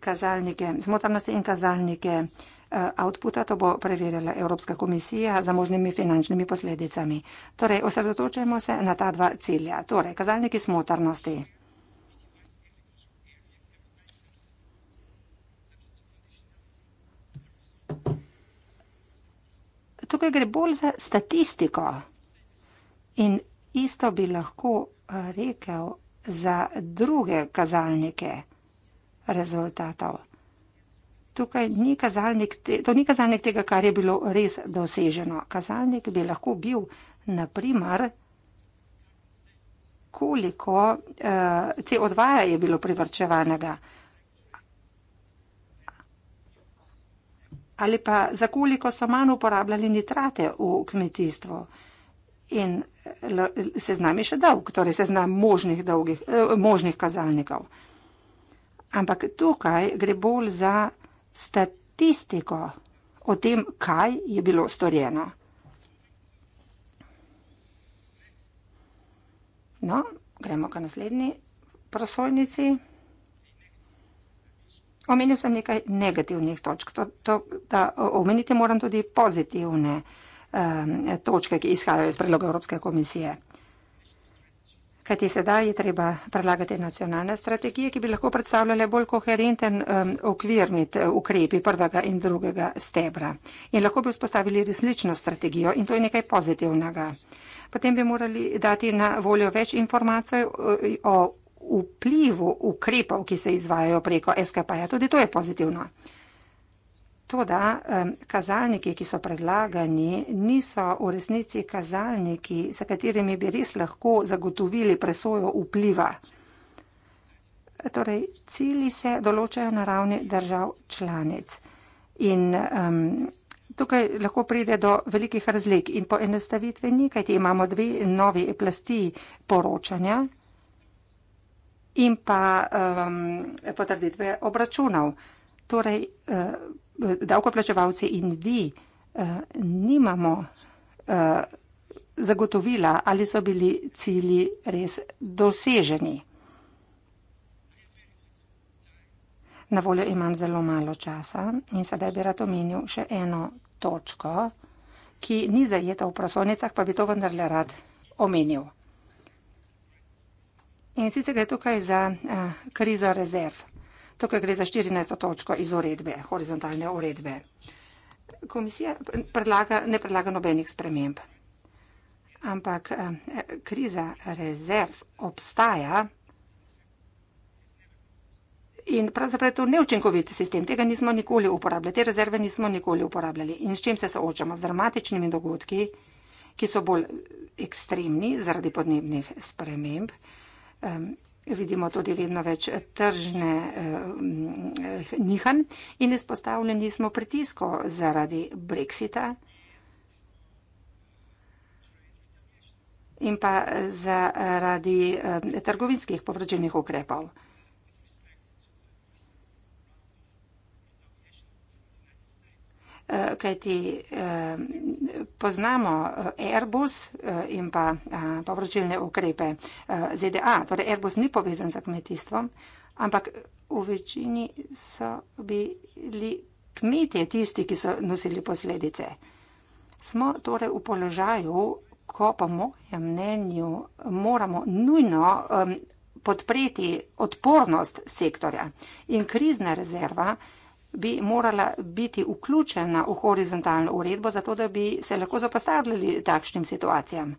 kazalnike, zmotanosti in kazalnike eh, outputa, to bo preverila Evropska komisija za možnimi finančnimi posledicami. Torej, osredotočimo se na ta dva cilja. Torej, kazalniki smotarnosti. Tukaj gre bolj za statistiko in isto bi lahko eh, rekel za druge kazalnike rezultatov. Tukaj ni kazalnik, to ni kazalnik tega, kar je bilo res doseženo. Kazalnik bi lahko bil, naprimer, koliko uh, eh, CO2 je bilo privrčevanega ali pa za koliko so manj uporabljali nitrate v kmetijstvu. In eh, se z nami še dolg, torej se z nami možnih, dolgih, eh, možnih kazalnikov ampak tukaj gre bolj za statistiko o tem, kaj je bilo storjeno. No, gremo ka naslednji prosojnici. Omenil sem nekaj negativnih točk, to, to, da omeniti moram tudi pozitivne um, točke, ki izhajajo iz predloga Evropske komisije kajti sedaj je treba predlagati nacionalne strategije, ki bi lahko predstavljale bolj koherenten um, okvir med eh, ukrepi prvega in drugega stebra. In lahko bi vzpostavili resnično strategijo in to je nekaj pozitivnega. Potem bi morali dati na voljo več informacij eh, o vplivu ukrepov, ki se izvajajo preko SKP-ja. Tudi to je pozitivno. To, da kazalniki, ki so predlagani, niso v resnici kazalniki, s katerimi bi res lahko zagotovili presojo vpliva. Torej, cili se določajo na ravni držav članic. In um, tukaj lahko pride do velikih razlik in poenostavitve nekaj, ti imamo dve novi plasti poročanja in pa um, potrditve obračunov. Torej, uh, davkoplačevalci in vi eh, nimamo eh, zagotovila, ali so bili cilji res doseženi. Na voljo imam zelo malo časa in sedaj bi rad omenil še eno točko, ki ni zajeta v prosovnicah, pa bi to vendarle rad omenil. In sicer gre tukaj za eh, krizo rezerv. Tukaj gre za 14. točko iz uredbe, horizontalne uredbe. Komisija predlaga, ne predlaga nobenih sprememb, ampak eh, kriza rezerv obstaja in pravzaprav je to neučinkovit sistem. Tega nismo nikoli uporabljali, te rezerve nismo nikoli uporabljali. In s čim se soočamo? Z dramatičnimi dogodki, ki so bolj ekstremni zaradi podnebnih sprememb vidimo tudi vedno več tržne eh, nihanj in izpostavljeni smo pritisko zaradi Brexita in pa zaradi eh, trgovinskih povrženih ukrepov. Eh, kajti eh, poznamo eh, Airbus in pa povračilne ukrepe ZDA. Torej Airbus ni povezan za kmetijstvom, ampak v večini so bili kmetje tisti, ki so nosili posledice. Smo torej v položaju, ko po mojem mnenju moramo nujno podpreti odpornost sektorja in krizna rezerva bi morala biti vključena v horizontalno uredbo, zato da bi se lahko zapostavljali takšnim situacijam.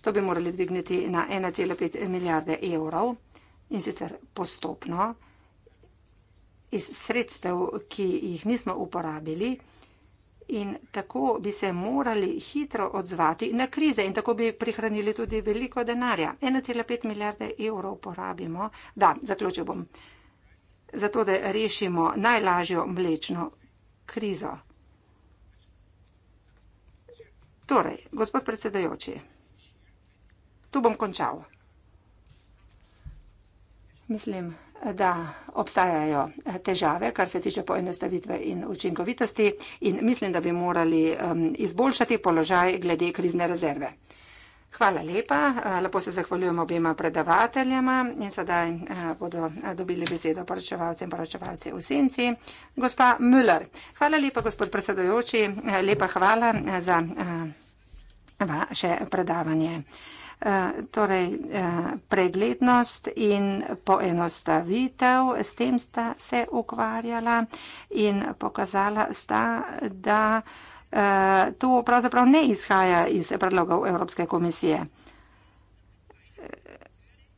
To bi morali dvigniti na 1,5 milijarde evrov in sicer postopno iz sredstev, ki jih nismo uporabili in tako bi se morali hitro odzvati na krize in tako bi prihranili tudi veliko denarja. 1,5 milijarde evrov porabimo. Da, zaključil bom zato da rešimo najlažjo mlečno krizo. Torej, gospod predsedajoči, tu bom končal. Mislim, da obstajajo težave, kar se tiče poenostavitve in učinkovitosti in mislim, da bi morali um, izboljšati položaj glede krizne rezerve. Hvala lepa. Eh, lepo se zahvaljujemo obima predavateljama in sedaj eh, bodo eh, dobili besedo poročevalci in poročevalci v senci. Gospa Müller. Hvala lepa, gospod predsedojoči. Lepa hvala za vaše predavanje. Torej, preglednost in poenostavitev, s tem sta se ukvarjala in pokazala sta, da. Eh, to pravzaprav ne izhaja iz predlogov Evropske komisije.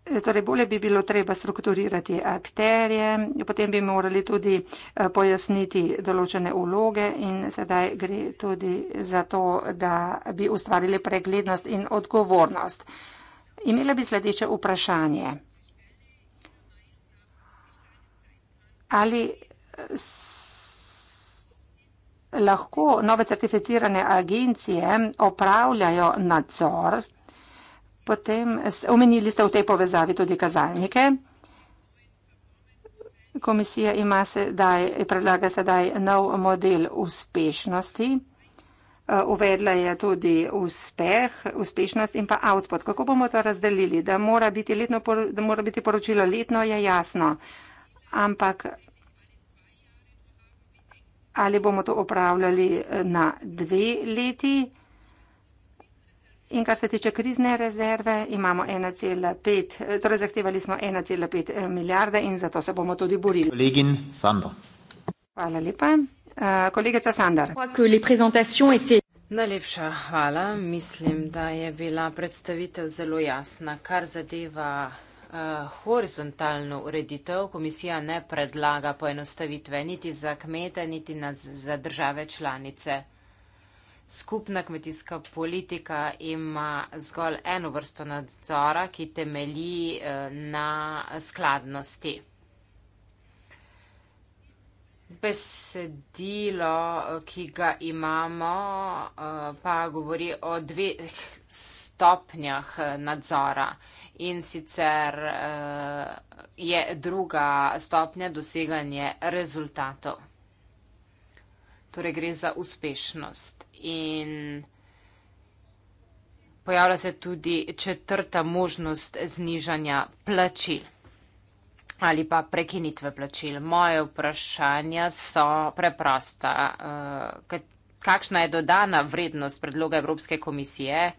Eh, torej, bolje bi bilo treba strukturirati akterje, potem bi morali tudi eh, pojasniti določene uloge in sedaj gre tudi za to, da bi ustvarili preglednost in odgovornost. Imela bi sledeče vprašanje. Ali lahko nove certificirane agencije opravljajo nadzor, potem omenili ste v tej povezavi tudi kazalnike. Komisija ima sedaj, predlaga sedaj nov model uspešnosti, e, uvedla je tudi uspeh, uspešnost in pa output. Kako bomo to razdelili? Da mora biti, letno, da mora biti poročilo letno, je jasno. Ampak ali bomo to upravljali eh, na dve leti. In kar se tiče krizne rezerve, imamo 1,5, eh, torej zahtevali smo 1,5 eh, milijarde in zato se bomo tudi borili. Kolegin Sando. Hvala lepa. Kolegica Sandar. Najlepša hvala. Mislim, da je bila predstavitev zelo jasna, kar zadeva uh, horizontalno ureditev. Komisija ne predlaga poenostavitve niti za kmete, niti na, za države članice. Skupna kmetijska politika ima zgolj eno vrsto nadzora, ki temelji eh, na skladnosti. Besedilo, eh, ki ga imamo, pa govori o dveh stopnjah nadzora in sicer uh, je druga stopnja doseganje rezultatov. Torej gre za uspešnost in pojavlja se tudi četrta možnost znižanja plačil ali pa prekinitve plačil. Moje vprašanja so preprosta. Uh, kakšna je dodana vrednost predloga Evropske komisije?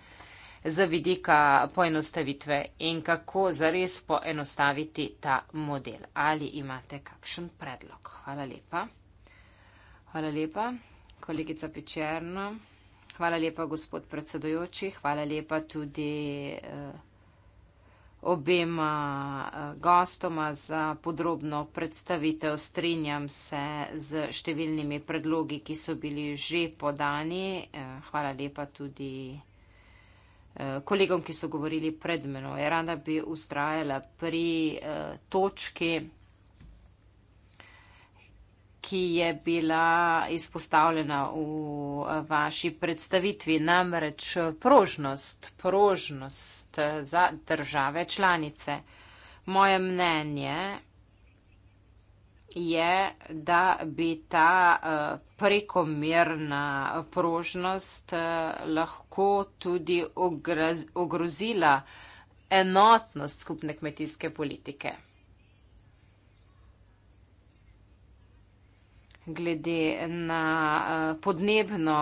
z vidika poenostavitve in kako zares poenostaviti ta model. Ali imate kakšen predlog? Hvala lepa. Hvala lepa, kolegica Pičerno. Hvala lepa, gospod predsedojoči. Hvala lepa tudi eh, obema eh, gostoma za podrobno predstavitev. Strinjam se z številnimi predlogi, ki so bili že podani. Eh, hvala lepa tudi. Eh, kolegom, ki so govorili pred menoj. Je rada bi ustrajala pri eh, točki, ki je bila izpostavljena v eh, vaši predstavitvi, namreč prožnost, prožnost za države članice. Moje mnenje je, da bi ta eh, prekomerna prožnost eh, lahko tudi ogrozila enotnost skupne kmetijske politike. Glede na eh, podnebno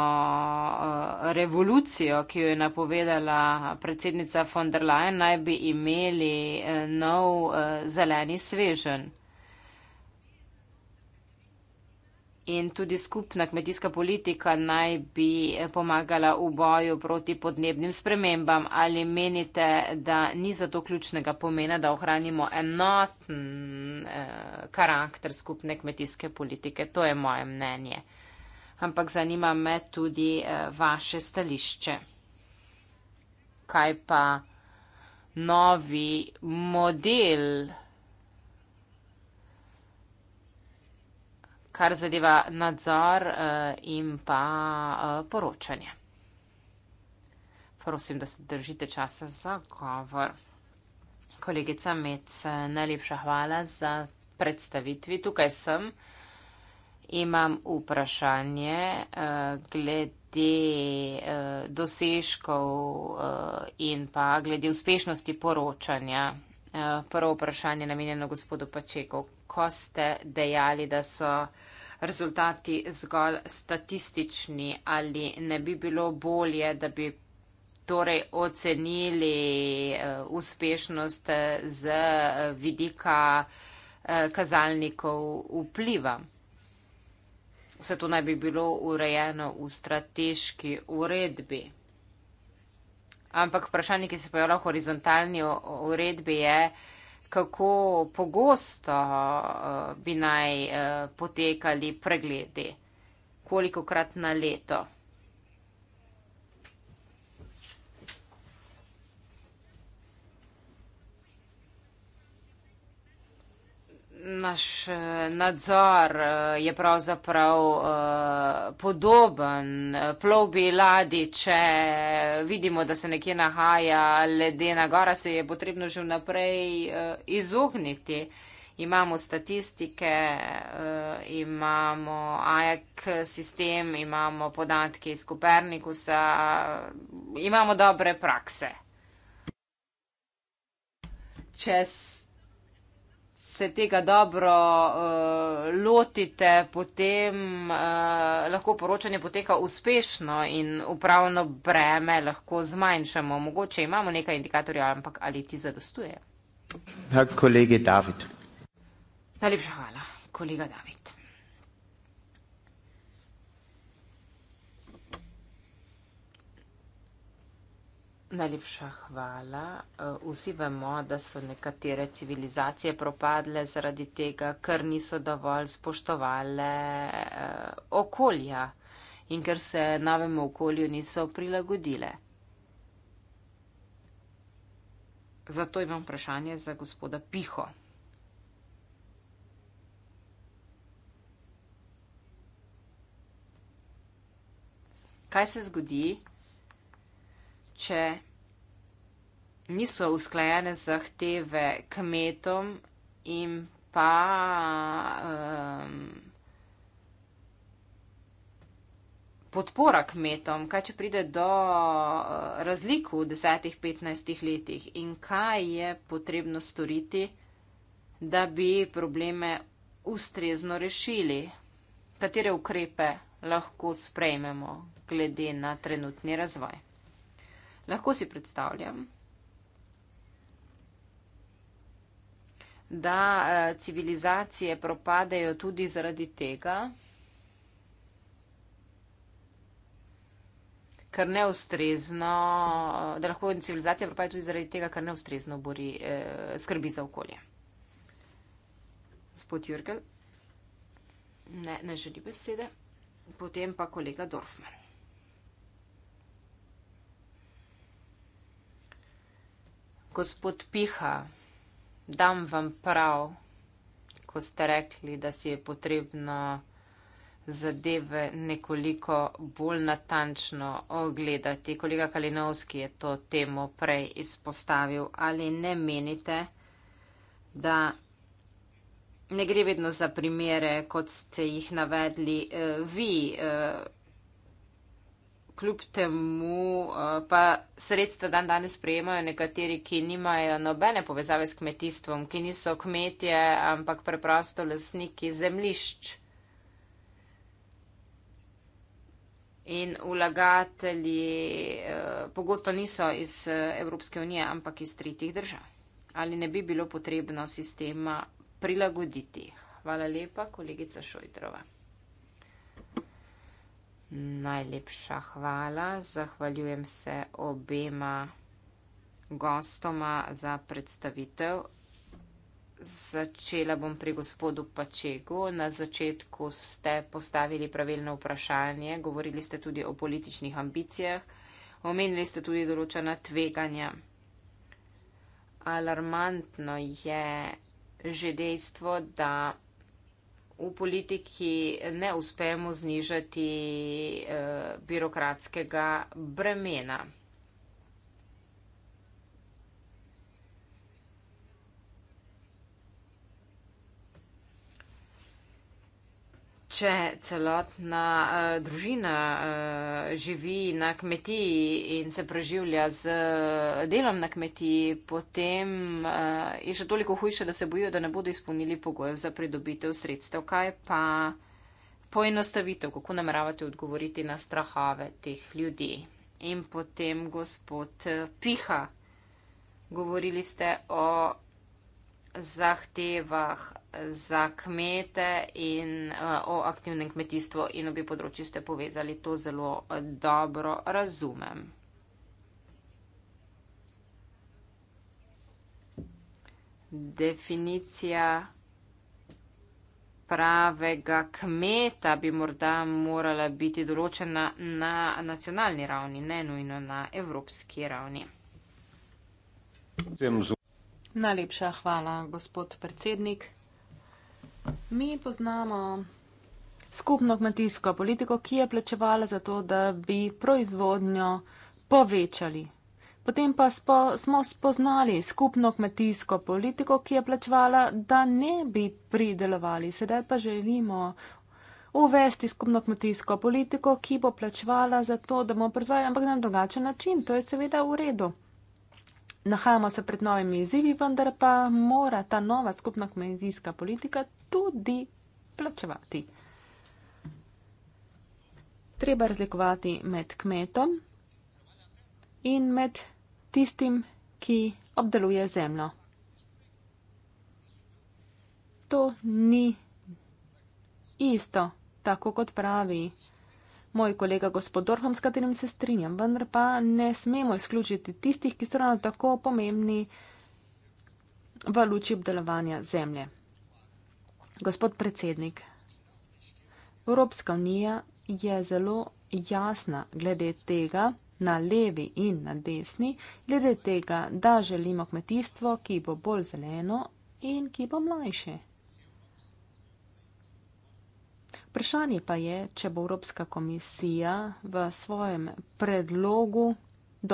revolucijo, ki jo je napovedala predsednica von der Leyen, naj bi imeli nov zeleni svežen. in tudi skupna kmetijska politika naj bi pomagala v boju proti podnebnim spremembam. Ali menite, da ni zato ključnega pomena, da ohranimo enoten eh, karakter skupne kmetijske politike? To je moje mnenje. Ampak zanima me tudi eh, vaše stališče. Kaj pa novi model? kar zadeva nadzor eh, in pa eh, poročanje. Prosim, da se držite časa za govor. Kolegica Mec, eh, najlepša hvala za predstavitvi. Tukaj sem. Imam vprašanje glede dosežkov in pa glede uspešnosti poročanja. Prvo vprašanje namenjeno gospodu Pačeku. Ko ste dejali, da so rezultati zgolj statistični ali ne bi bilo bolje, da bi torej ocenili eh, uspešnost eh, z eh, vidika kazalnikov vpliva. Vse to naj bi bilo urejeno v strateški uredbi. Ampak vprašanje, ki se pojavlja v horizontalni uredbi, je, da kako pogosto eh, bi naj eh, potekali pregledi, koliko krat na leto. Naš eh, nadzor eh, je pravzaprav eh, podoben plovbi ladi, če vidimo, da se nekje nahaja ledena gora, se je potrebno že vnaprej izogniti. Imamo statistike, imamo AEK sistem, imamo podatke iz Kopernikusa, imamo dobre prakse. Čez se tega dobro uh, lotite, potem uh, lahko poročanje poteka uspešno in upravno breme lahko zmanjšamo. Mogoče imamo nekaj indikatorjev, ampak ali ti zadostuje? Ja, kolega David. Najlepša hvala, kolega David. Najlepša hvala. E, vsi vemo, da so nekatere civilizacije propadle zaradi tega, ker niso dovolj spoštovale e, okolja in ker se novemu okolju niso prilagodile. Zato imam vprašanje za gospoda Piho. Kaj se zgodi, če niso usklajene zahteve kmetom in pa um, podpora kmetom, kaj če pride do uh, razlik v 10-15 letih in kaj je potrebno storiti, da bi probleme ustrezno rešili, katere ukrepe lahko sprejmemo glede na trenutni razvoj lahko si predstavljam, da eh, civilizacije propadajo tudi zaradi tega, ker neustrezno, eh, da lahko civilizacija propade tudi zaradi tega, ker neustrezno bori, eh, skrbi za okolje. Gospod Jurgel, ne, ne želi besede, potem pa kolega Dorfman. gospod Piha, dam vam prav, ko ste rekli, da si je potrebno zadeve nekoliko bolj natančno ogledati. Kolega Kalinovski je to temo prej izpostavil. Ali ne menite, da ne gre vedno za primere, kot ste jih navedli eh, vi? Eh, kljub temu eh, pa sredstva dan danes prejemajo nekateri, ki nimajo nobene povezave s kmetijstvom, ki niso kmetje, ampak preprosto lasniki zemlišč. In vlagatelji eh, pogosto niso iz eh, Evropske unije, ampak iz tretjih držav. Ali ne bi bilo potrebno sistema prilagoditi? Hvala lepa, kolegica Šojtrova. Najlepša hvala. Zahvaljujem se obema gostoma za predstavitev. Začela bom pri gospodu Pačegu. Na začetku ste postavili pravilno vprašanje, govorili ste tudi o političnih ambicijah, omenili ste tudi določena tveganja. Alarmantno je že dejstvo, da v politiki ne uspemo znižati eh, birokratskega bremena. če celotna uh, družina uh, živi na kmetiji in se preživlja z eh, delom na kmetiji, potem uh, je še toliko hujše, da se bojijo, da ne bodo izpolnili pogojev za pridobitev sredstev. Kaj pa poenostavitev, kako nameravate odgovoriti na strahove teh ljudi? In potem gospod Piha, govorili ste o zahtevah za kmete in eh, o aktivnem kmetijstvu in obi področji ste povezali, to zelo eh, dobro razumem. Definicija pravega kmeta bi morda morala biti določena na nacionalni ravni, ne nujno na evropski ravni. Najlepša hvala, gospod predsednik. Mi poznamo skupno kmetijsko politiko, ki je plačevala za to, da bi proizvodnjo povečali. Potem pa spo, smo spoznali skupno kmetijsko politiko, ki je plačevala, da ne bi pridelovali. Sedaj pa želimo uvesti skupno kmetijsko politiko, ki bo plačevala za to, da bomo proizvajali, ampak na drugačen način. To je seveda v redu. Nahajamo se pred novimi izzivi, vendar pa mora ta nova skupna kmetijska politika tudi plačevati. Treba razlikovati med kmetom in med tistim, ki obdeluje zemljo. To ni isto, tako kot pravi moj kolega gospod Dorfam, s katerim se strinjam, vendar pa ne smemo izključiti tistih, ki so ravno tako pomembni v luči obdelovanja zemlje. Gospod predsednik, Evropska unija je zelo jasna glede tega na levi in na desni, glede tega, da želimo kmetijstvo, ki bo bolj zeleno in ki bo mlajše. Vprašanje pa je, če bo Evropska komisija v svojem predlogu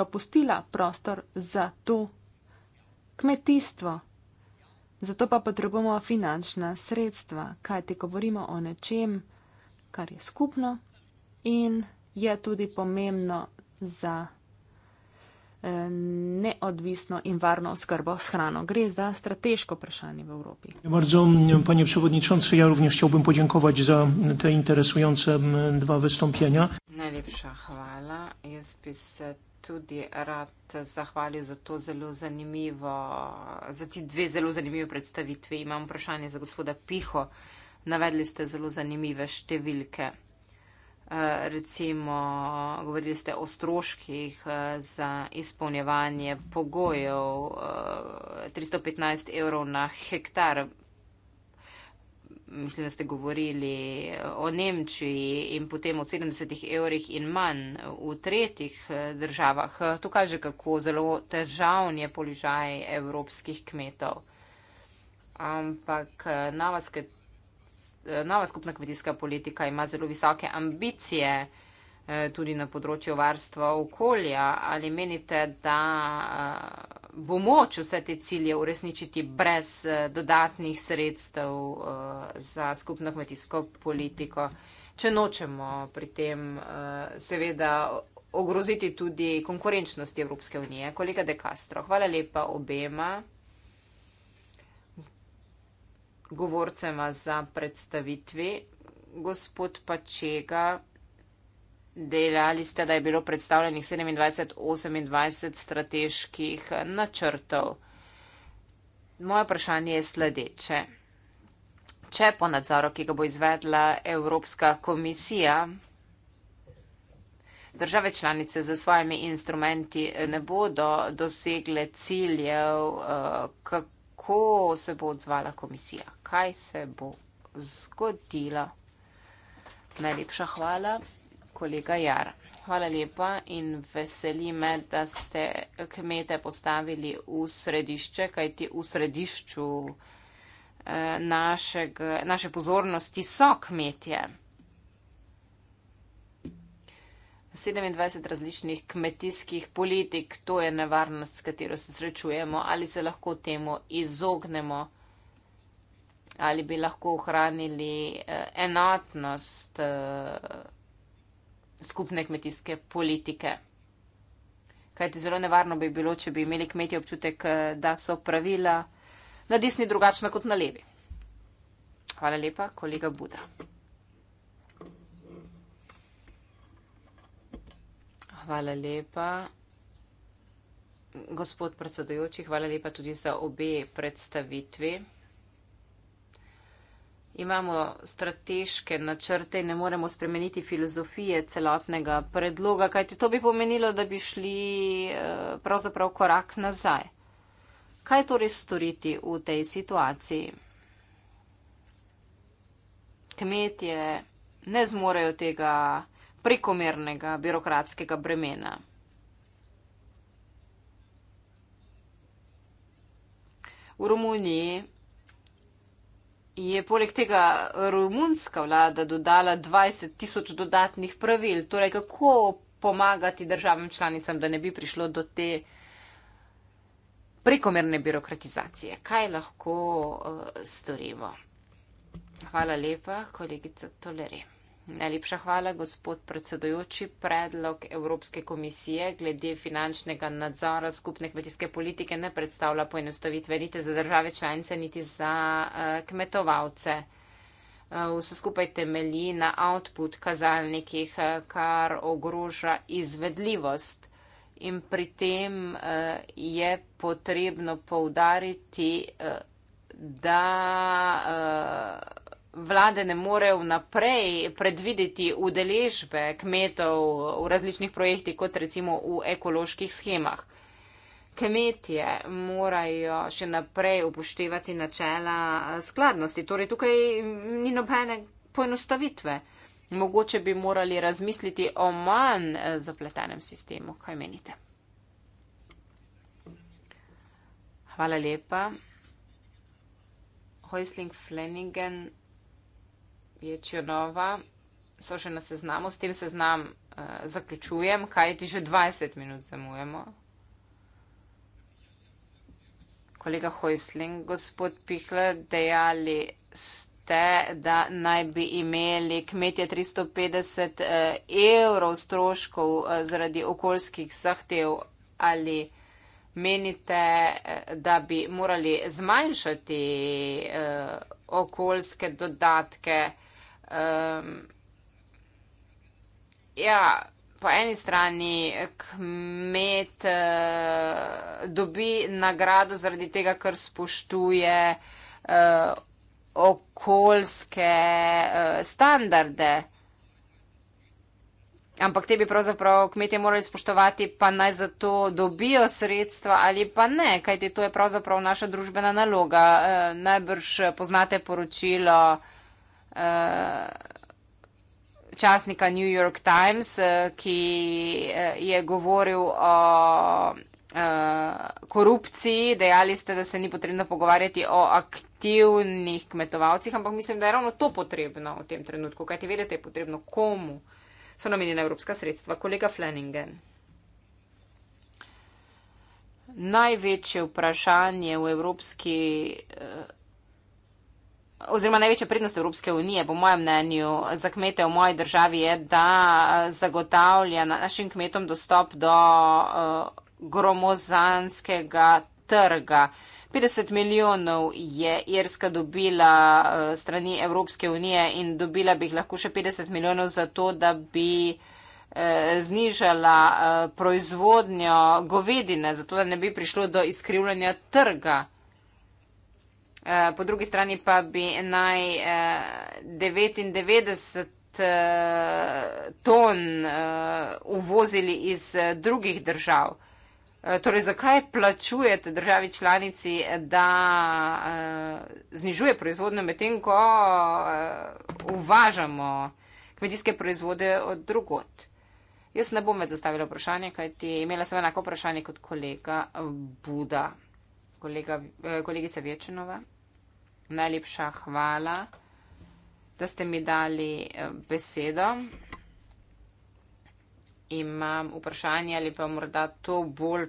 dopustila prostor za to kmetijstvo. Zato pa potrebujemo finančna sredstva, kajti govorimo o nečem, kar je skupno in je tudi pomembno za neodvisno in varno oskrbo s hrano. Gre za strateško vprašanje v Evropi. Ja, bardzo, mm, panie przewodniczący, ja również chciałbym podziękować za te interesujące mm, dva wystąpienia. Najlepša hvala. Jaz bi se tudi rad zahvalil za to zelo zanimivo, za ti dve zelo zanimive predstavitve. Imam vprašanje za gospoda Piho. Navedli ste zelo zanimive številke. Eh, recimo, govorili ste o stroških eh, za izpolnjevanje pogojev 315 eh, evrov na hektar. Mislim, da ste govorili o Nemčiji in potem o 70 evrih in manj v tretjih državah. To kaže, kako zelo težavn je položaj evropskih kmetov. Ampak na vas, kaj nova skupna kmetijska politika ima zelo visoke ambicije eh, tudi na področju varstva okolja. Ali menite, da eh, bo moč vse te cilje uresničiti brez eh, dodatnih sredstev za skupno kmetijsko politiko, če nočemo pri tem seveda ogroziti tudi konkurenčnosti Evropske unije? Kolega De Castro, hvala lepa obema govorcema za predstavitvi. Gospod Pačega, delali ste, da je bilo predstavljenih 27-28 strateških načrtov. Moje vprašanje je sledeče. Če po nadzoru, ki ga bo izvedla Evropska komisija, države članice za svojimi instrumenti ne bodo dosegle ciljev, kako eh, kako se bo odzvala komisija, kaj se bo zgodilo. Najlepša hvala, kolega Jar. Hvala lepa in veseli me, da ste kmete postavili v središče, kaj ti v središču eh, našeg, naše pozornosti so kmetje. 27 različnih kmetijskih politik, to je nevarnost, s katero se srečujemo, ali se lahko temu izognemo, ali bi lahko ohranili eh, enotnost eh, skupne kmetijske politike. Kajti zelo nevarno bi bilo, če bi imeli kmetje občutek, eh, da so pravila na desni drugačna kot na levi. Hvala lepa, kolega Buda. Hvala lepa. Gospod predsedujoči, hvala lepa tudi za obe predstavitvi. Imamo strateške načrte in ne moremo spremeniti filozofije celotnega predloga, kajti to bi pomenilo, da bi šli eh, pravzaprav korak nazaj. Kaj torej storiti v tej situaciji? Kmetje ne zmorejo tega prekomernega birokratskega bremena. V Romuniji je poleg tega romunska vlada dodala 20 tisoč dodatnih pravil, torej kako pomagati državam članicam, da ne bi prišlo do te prekomerne birokratizacije. Kaj lahko uh, storimo? Hvala lepa, kolegica Tolerem. Najlepša hvala, gospod predsedujoči. Predlog Evropske komisije glede finančnega nadzora skupne kmetijske politike ne predstavlja poenostavitve niti za države članice, niti za eh, kmetovalce. Eh, vse skupaj temelji na output kazalnikih, eh, kar ogroža izvedljivost. In pri tem je potrebno poudariti, da vlade ne morejo naprej predvideti udeležbe kmetov v različnih projektih, kot recimo v ekoloških schemah. Kmetje morajo še naprej upoštevati načela skladnosti, torej tukaj ni nobene poenostavitve. Mogoče bi morali razmisliti o manj zapletenem sistemu, kaj menite? Hvala lepa. Hoisling Flanagan je Črnova, so še na seznamu, s tem seznam uh, zaključujem, kaj ti že 20 minut zamujemo. Kolega Hojsling, gospod Pihle, dejali ste, da naj bi imeli kmetje 350 uh, eh, evrov stroškov uh, zaradi okoljskih zahtev ali. Menite, da bi morali zmanjšati eh, okoljske dodatke eh, Um, ja, po eni strani kmet uh, dobi nagrado zaradi tega, ker spoštuje uh, okoljske uh, standarde. Ampak te bi pravzaprav kmetje morali spoštovati, pa naj za to dobijo sredstva ali pa ne, kajti to je pravzaprav naša družbena naloga. Najbrž poznate poročilo uh, Eh, časnika New York Times, eh, ki eh, je govoril o korupciji. Dejali ste, da se ni potrebno pogovarjati o aktivnih kmetovalcih, ampak mislim, da je ravno to potrebno v tem trenutku, kajti vedete, je potrebno komu so namenjena evropska sredstva. Kolega Fleningen. Največje vprašanje v Evropski oziroma največja prednost Evropske unije, po mojem mnenju, za kmete v moji državi je, da eh, zagotavlja našim kmetom dostop do uh, gromozanskega trga. 50 milijonov je Irska dobila uh, strani Evropske unije in dobila bi lahko še 50 milijonov za to, da bi znižala proizvodnjo govedine, zato da ne bi prišlo do izkrivljanja trga. Eh, po drugi strani pa bi naj 99 eh, eh, ton uvozili iz drugih držav. Torej, zakaj plačujete državi članici, da znižuje proizvodno medtem, ko uvažamo kmetijske proizvode od drugot? Jaz ne bom več zastavila vprašanje, kajti imela sem enako vprašanje kot kolega Buda, kolega, kolegica Večenova najlepša hvala, da ste mi dali eh, besedo. Imam vprašanje ali pa morda to bolj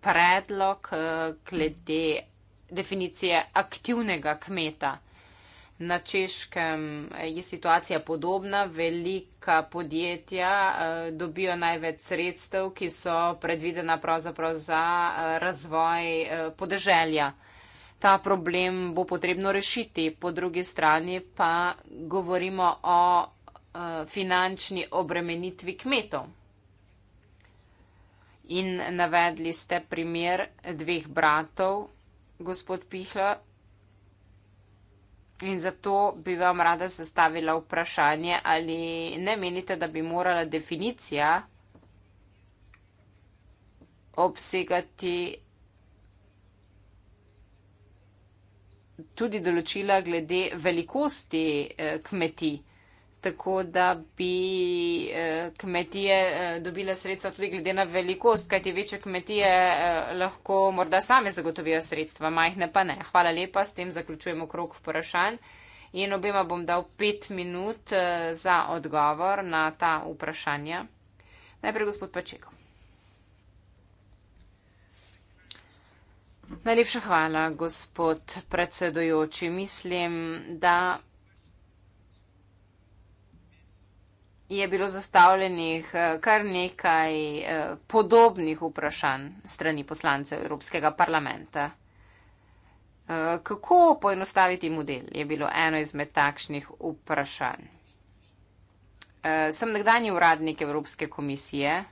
predlog eh, glede definicije aktivnega kmeta. Na češkem eh, je situacija podobna, velika podjetja dobijo največ sredstev, ki so predvidena pravzaprav za razvoj podeželja ta problem bo potrebno rešiti. Po drugi strani pa govorimo o eh, finančni obremenitvi kmetov. In navedli ste primer dveh bratov, gospod Pihla. In zato bi vam rada zastavila vprašanje, ali ne menite, da bi morala definicija obsegati tudi določila glede velikosti eh, kmetij, tako da bi eh, kmetije eh, dobile sredstva tudi glede na velikost, kajti večje kmetije lahko morda same zagotovijo sredstva, majhne pa ne. Hvala lepa, s tem zaključujemo krok vprašanj. In obema bom dal pet minut za odgovor na ta vprašanja. Najprej gospod Pačekov. Najlepša hvala, gospod predsedujoči. Mislim, da je bilo zastavljenih eh, kar nekaj eh, podobnih vprašanj strani poslancev Evropskega parlamenta. Eh, kako poenostaviti model je bilo eno izmed takšnih vprašanj. Sem nekdani uradnik Evropske komisije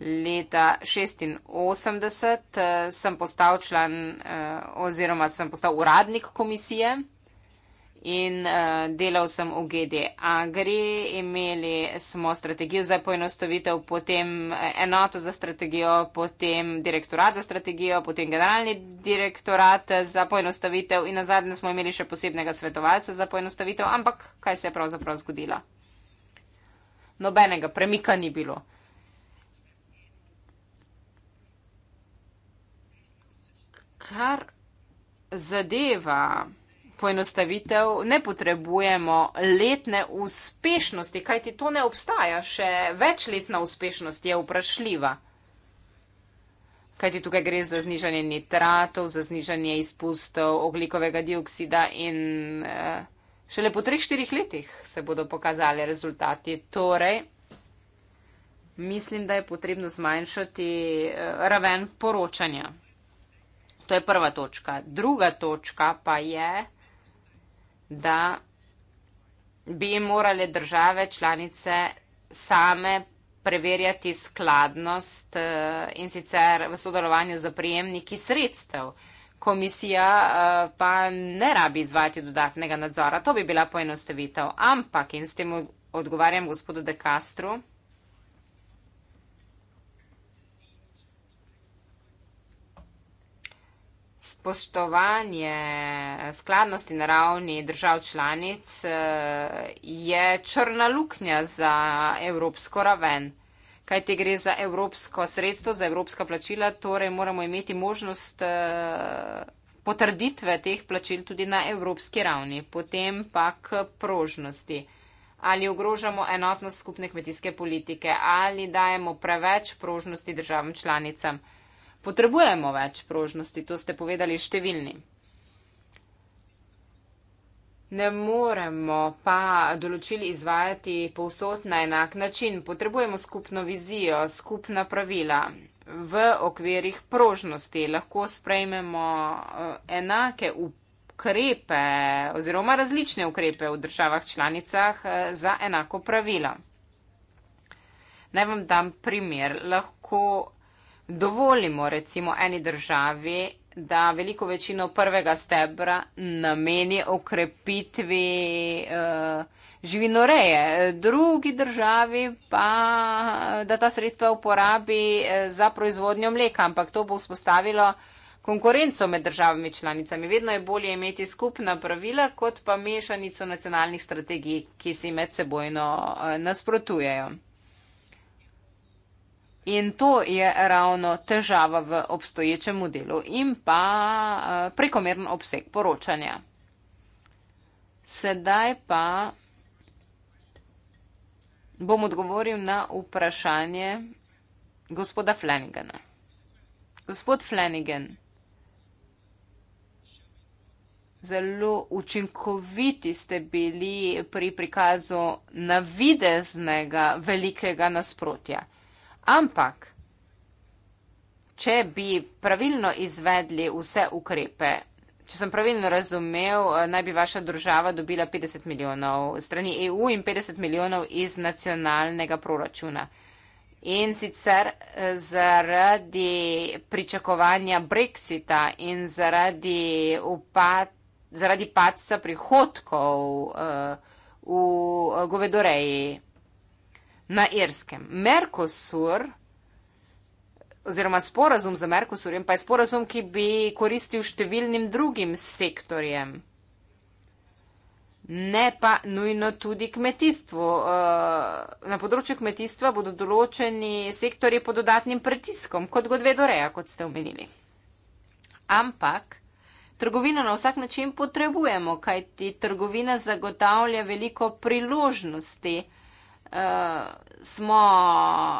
leta 86 eh, sem postal član eh, oziroma sem postal uradnik komisije in eh, delal sem v GD Agri. Imeli smo strategijo za poenostavitev, potem enoto za strategijo, potem direktorat za strategijo, potem generalni direktorat za poenostavitev in na zadnje smo imeli še posebnega svetovalca za poenostavitev. Ampak kaj se je pravzaprav zgodilo? Nobenega premika ni bilo. kar zadeva poenostavitev, ne potrebujemo letne uspešnosti, kajti to ne obstaja, še večletna uspešnost je vprašljiva. Kajti tukaj gre za znižanje nitratov, za znižanje izpustov oglikovega dioksida in eh, šele po treh, štirih letih se bodo pokazali rezultati. Torej, mislim, da je potrebno zmanjšati eh, raven poročanja. To je prva točka. Druga točka pa je, da bi morale države članice same preverjati skladnost eh, in sicer v sodelovanju z prijemniki sredstev. Komisija eh, pa ne rabi izvajati dodatnega nadzora. To bi bila poenostavitev. Ampak in s tem odgovarjam gospodu De Castru. spoštovanje skladnosti na ravni držav članic eh, je črna luknja za evropsko raven. Kaj te gre za evropsko sredstvo, za evropska plačila, torej moramo imeti možnost eh, potrditve teh plačil tudi na evropski ravni, potem pa k prožnosti. Ali ogrožamo enotnost skupne kmetijske politike, ali dajemo preveč prožnosti državam članicam potrebujemo več prožnosti, to ste povedali številni. Ne moremo pa določili izvajati povsod na enak način. Potrebujemo skupno vizijo, skupna pravila. V okvirih prožnosti lahko sprejmemo eh, enake ukrepe oziroma različne ukrepe v državah članicah eh, za enako pravila. Naj vam dam primer. Lahko dovolimo recimo eni državi, da veliko večino prvega stebra nameni okrepitvi uh, živinoreje, drugi državi pa, da ta sredstva uporabi eh, za proizvodnjo mleka, ampak to bo vzpostavilo konkurenco med državami članicami. Vedno je bolje imeti skupna pravila, kot pa mešanico nacionalnih strategij, ki si medsebojno eh, nasprotujejo. In to je ravno težava v obstoječem modelu in pa eh, prekomern obseg poročanja. Sedaj pa bom odgovoril na vprašanje gospoda Flanagana. Gospod Flanagan, zelo učinkoviti ste bili pri prikazu navideznega velikega nasprotja. Ampak, če bi pravilno izvedli vse ukrepe, če sem pravilno razumel, eh, naj bi vaša država dobila 50 milijonov strani EU in 50 milijonov iz nacionalnega proračuna. In sicer eh, zaradi pričakovanja Brexita in zaradi, zaradi padca prihodkov uh, v govedoreji na Irskem. Merkosur, oziroma sporazum z Merkosurjem, pa je sporazum, ki bi koristil številnim drugim sektorjem. Ne pa nujno tudi kmetijstvo. Eh, na področju kmetijstva bodo določeni sektori pod dodatnim pritiskom, kot Godvedoreja, kot ste omenili. Ampak trgovino na vsak način potrebujemo, kajti trgovina zagotavlja veliko priložnosti, uh, smo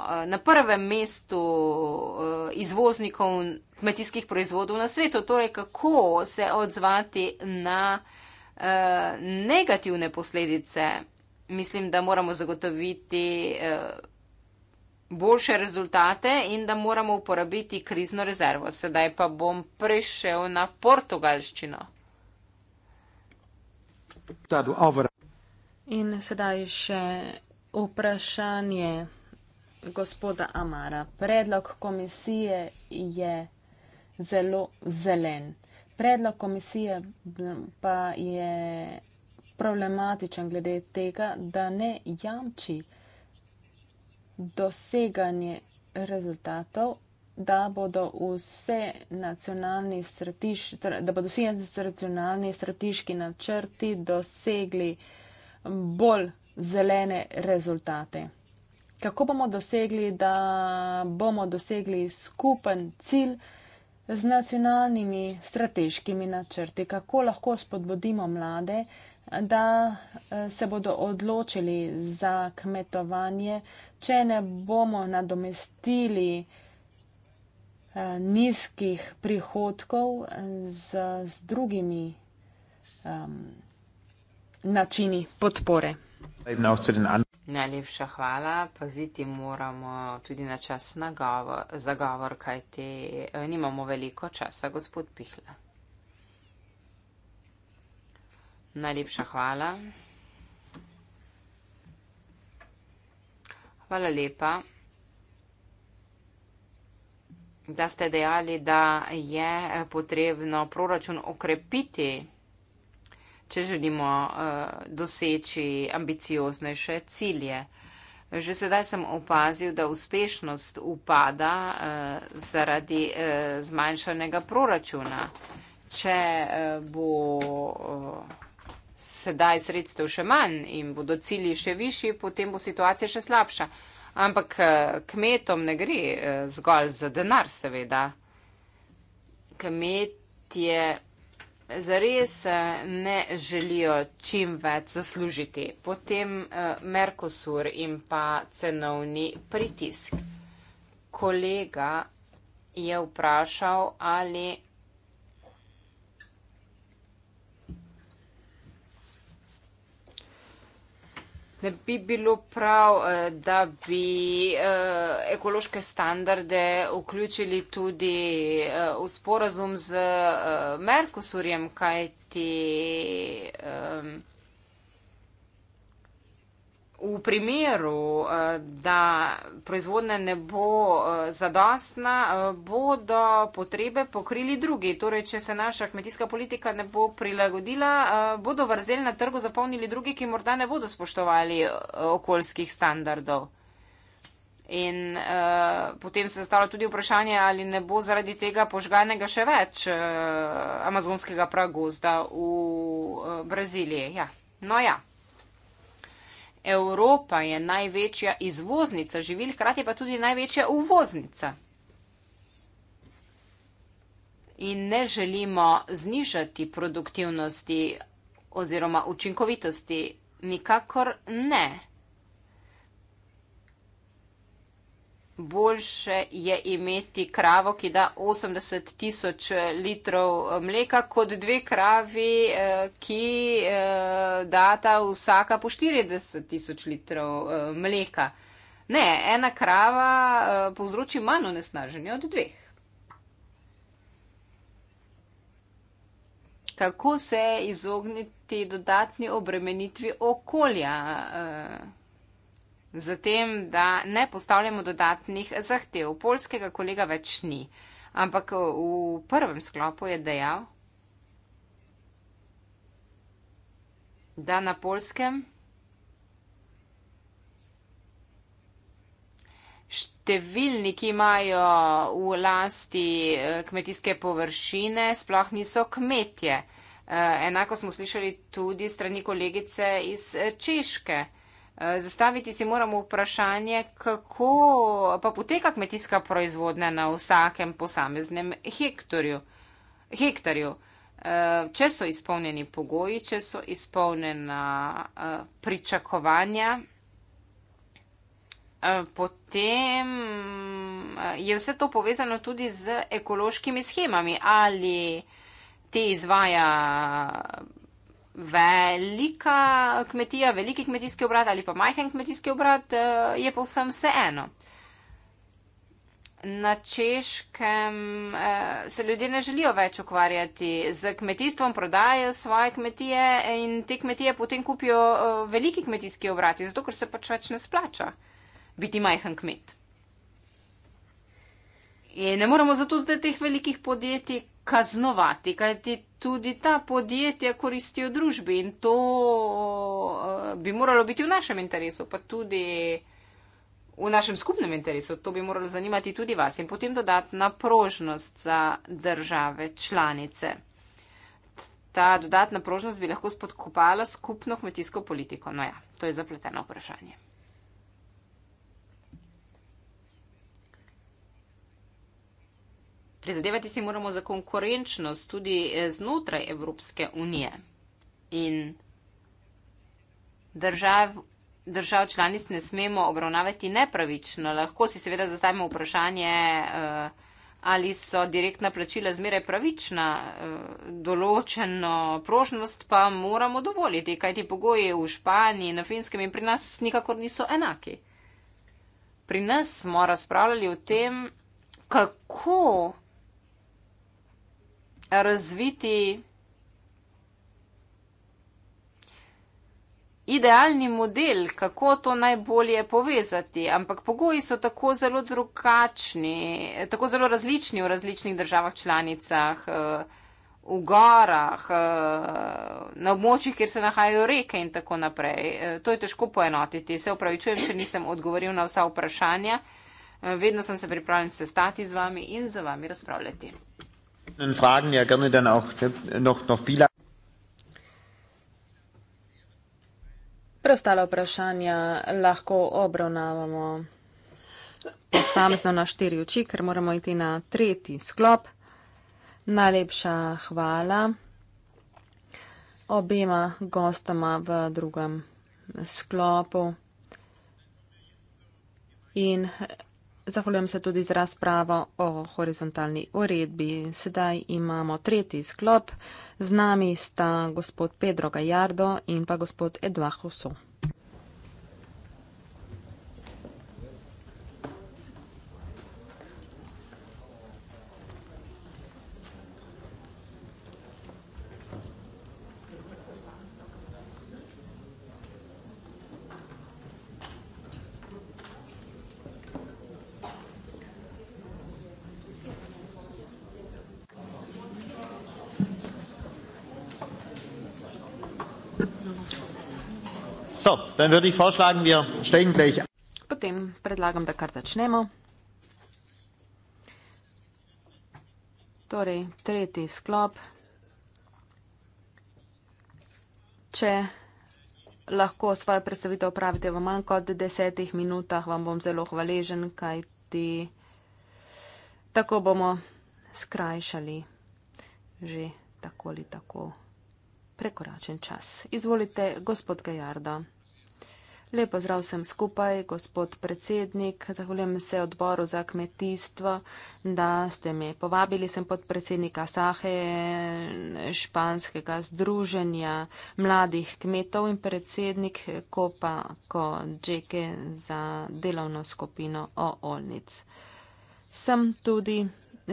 uh, na prvem mestu uh, izvoznikov kmetijskih proizvodov na svetu. Torej, kako se odzvati na uh, negativne posledice? Mislim, da moramo zagotoviti uh, boljše rezultate in da moramo uporabiti krizno rezervo. Sedaj pa bom prišel na portugalščino. In sedaj še Vprašanje gospoda Amara. Predlog komisije je zelo zelen. Predlog komisije pa je problematičen glede tega, da ne jamči doseganje rezultatov, da bodo vse nacionalni stratiš, da bodo vsi nacionalni strateški načrti dosegli bolj zelene rezultate. Kako bomo dosegli, da bomo dosegli skupen cilj z nacionalnimi strateškimi načrti? Kako lahko spodbudimo mlade, da eh, se bodo odločili za kmetovanje, če ne bomo nadomestili eh, nizkih prihodkov z, z drugimi um, načini podpore? Najlepša hvala. Paziti moramo tudi na čas na govor, za govor, kaj te eh, nimamo veliko časa, gospod Pihla. Najlepša hvala. Hvala lepa, da ste dejali, da je potrebno proračun okrepiti če želimo uh, doseči ambicioznejše cilje. Že sedaj sem opazil, da uspešnost upada uh, zaradi uh, zmanjšanega proračuna. Če uh, bo uh, sedaj sredstev še manj in bodo cilji še višji, potem bo situacija še slabša. Ampak kmetom ne gre zgolj za denar, seveda. Kmetje zares eh, ne želijo čim več zaslužiti. Potem eh, Merkosur in pa cenovni pritisk. Kolega je vprašal, ali Ne bi bilo prav, eh, da bi eh, ekološke standarde vključili tudi eh, v sporazum z Merkosurjem, kajti V primeru, eh, da proizvodnja ne bo eh, zadostna, eh, bodo potrebe pokrili drugi. Torej, če se naša kmetijska politika ne bo prilagodila, bodo vrzel na trgu zapolnili drugi, ki morda ne bodo spoštovali okoljskih standardov. In eh, potem se zastavlja tudi vprašanje, ali ne bo zaradi tega požganega še več eh, amazonskega pragozda v eh, Braziliji. Ja. No ja. Evropa je največja izvoznica živil, hkrati pa tudi največja uvoznica. In ne želimo znižati produktivnosti oziroma učinkovitosti, nikakor ne. boljše je imeti kravo, ki da 80 tisoč litrov eh, mleka, kot dve kravi, eh, ki eh, data vsaka po 40 tisoč litrov mleka. Ne, ena krava povzroči manj onesnaženja od dveh. Kako se izogniti dodatni obremenitvi okolja? Zatem, da ne postavljamo dodatnih zahtev. Polskega kolega več ni, ampak v prvem sklopu je dejal, da na polskem številni, ki imajo v lasti eh, kmetijske površine, sploh niso kmetje. Eh, enako smo slišali tudi strani kolegice iz Češke. Zastaviti si moramo vprašanje, kako pa poteka kmetijska proizvodnja na vsakem posameznem hektorju. hektarju, eh, če so izpolnjeni pogoji, če so izpolnjena eh, pričakovanja. Eh, potem je vse to povezano tudi z ekološkimi schemami, ali te izvaja velika kmetija, veliki kmetijski obrat ali pa majhen kmetijski obrat, eh, je povsem vseeno. Na češkem eh, se ljudje ne želijo več ukvarjati z kmetijstvom, prodajajo svoje kmetije in te kmetije potem kupijo eh, veliki kmetijski obrati, zato ker se pač več ne splača biti majhen kmet. In ne moramo zato zdaj teh velikih podjetij kaznovati, kajti tudi ta podjetja koristijo družbi in to eh, bi moralo biti v našem interesu, pa tudi v našem skupnem interesu. To bi moralo zanimati tudi vas in potem dodatna prožnost za države članice. Ta dodatna prožnost bi lahko spodkopala skupno kmetijsko politiko. No ja, to je zapleteno vprašanje. prizadevati si moramo za konkurenčnost tudi eh, znotraj Evropske unije. In držav, držav članic ne smemo obravnavati nepravično. Lahko si seveda zastavimo vprašanje, eh, ali so direktna plačila zmeraj pravična. Eh, določeno prožnost pa moramo dovoliti, kajti pogoji v Španiji, na Finskem in pri nas nikakor niso enaki. Pri nas smo razpravljali o tem, kako razviti idealni model, kako to najbolje povezati. Ampak pogoji so tako zelo drugačni, tako zelo različni v različnih državah članicah, eh, v gorah, eh, na območjih, kjer se nahajajo reke in tako naprej. Eh, to je težko poenotiti. Se upravičujem, še nisem odgovoril na vsa vprašanja. Vedno sem se pripravljen sestati z vami in z vami razpravljati einzelnen Fragen ja gerne dann auch noch, noch bilateral. Preostale vprašanja lahko obravnavamo posamezno na štiri oči, ker moramo iti na tretji sklop. Najlepša hvala obema gostoma v drugem sklopu. In Zahvaljujem se tudi za razpravo o horizontalni uredbi. Sedaj imamo tretji sklop. Z nami sta gospod Pedro Gajardo in pa gospod Edouard Rousseau. dann würde ich vorschlagen, wir steigen gleich. Potem predlagam, da kar začnemo. Torej, tretji sklop. Če lahko svojo predstavitev opravite v manj kot desetih minutah, vam bom zelo hvaležen, kajti tako bomo skrajšali že tako ali tako prekoračen čas. Izvolite, gospod Gajardo. Lep pozdrav vsem skupaj, gospod predsednik. Zahvaljujem se odboru za kmetijstvo, da ste me povabili. Sem podpredsednika Sahe, španskega združenja mladih kmetov in predsednik Kopa Kodžeke za delovno skupino Oolnic. Sem tudi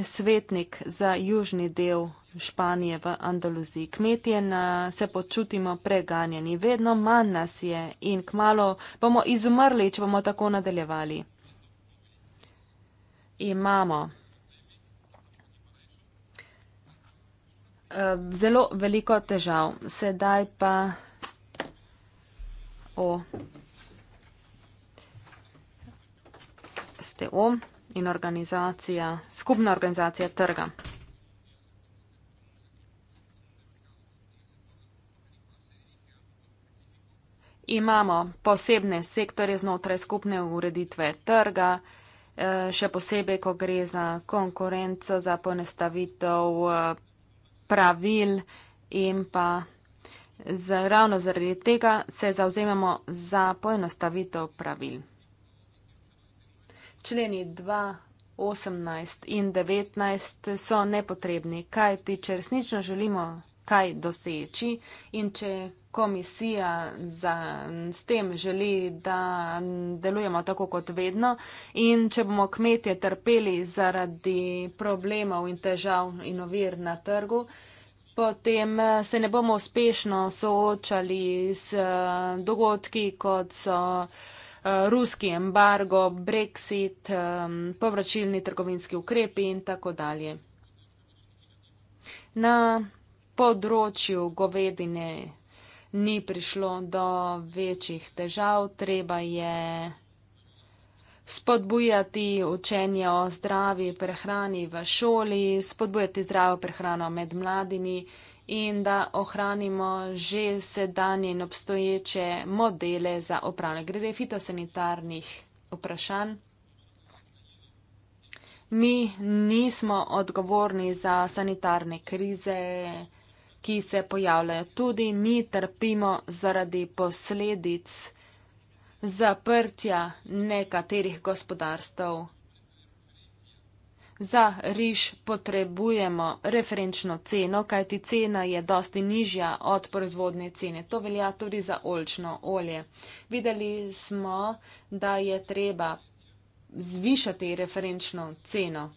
svetnik za južni del Španije, v Andaluziji. Kmetje na, se počutimo preganjeni, vedno manj nas je in kmalo bomo izumrli, če bomo tako nadaljevali. Imamo eh, zelo veliko težav. Sedaj pa o STO in organizacija, skupna organizacija trga. imamo posebne sektore znotraj skupne ureditve trga, eh, še posebej, ko gre za konkurenco, za ponestavitev eh, pravil in pa za, ravno zaradi tega se zauzemamo za poenostavitev pravil. Členi 2, 18 in 19 so nepotrebni, kajti, če resnično želimo kaj doseči in če komisija za, s tem želi, da delujemo tako kot vedno in če bomo kmetje trpeli zaradi problemov in težav in ovir na trgu, potem eh, se ne bomo uspešno soočali z eh, dogodki, kot so eh, ruski embargo, brexit, povračilni trgovinski ukrepi in tako dalje. Na področju govedine ni prišlo do večjih težav, treba je spodbujati učenje o zdravi prehrani v šoli, spodbujati zdravo prehrano med mladimi in da ohranimo že sedanje in obstoječe modele za upravljanje. Glede fitosanitarnih vprašanj, mi nismo odgovorni za sanitarne krize, ki se pojavljajo. Tudi mi trpimo zaradi posledic zaprtja nekaterih gospodarstv. Za riž potrebujemo referenčno ceno, kajti cena je dosti nižja od proizvodne cene. To velja tudi za olčno olje. Videli smo, da je treba zvišati referenčno ceno.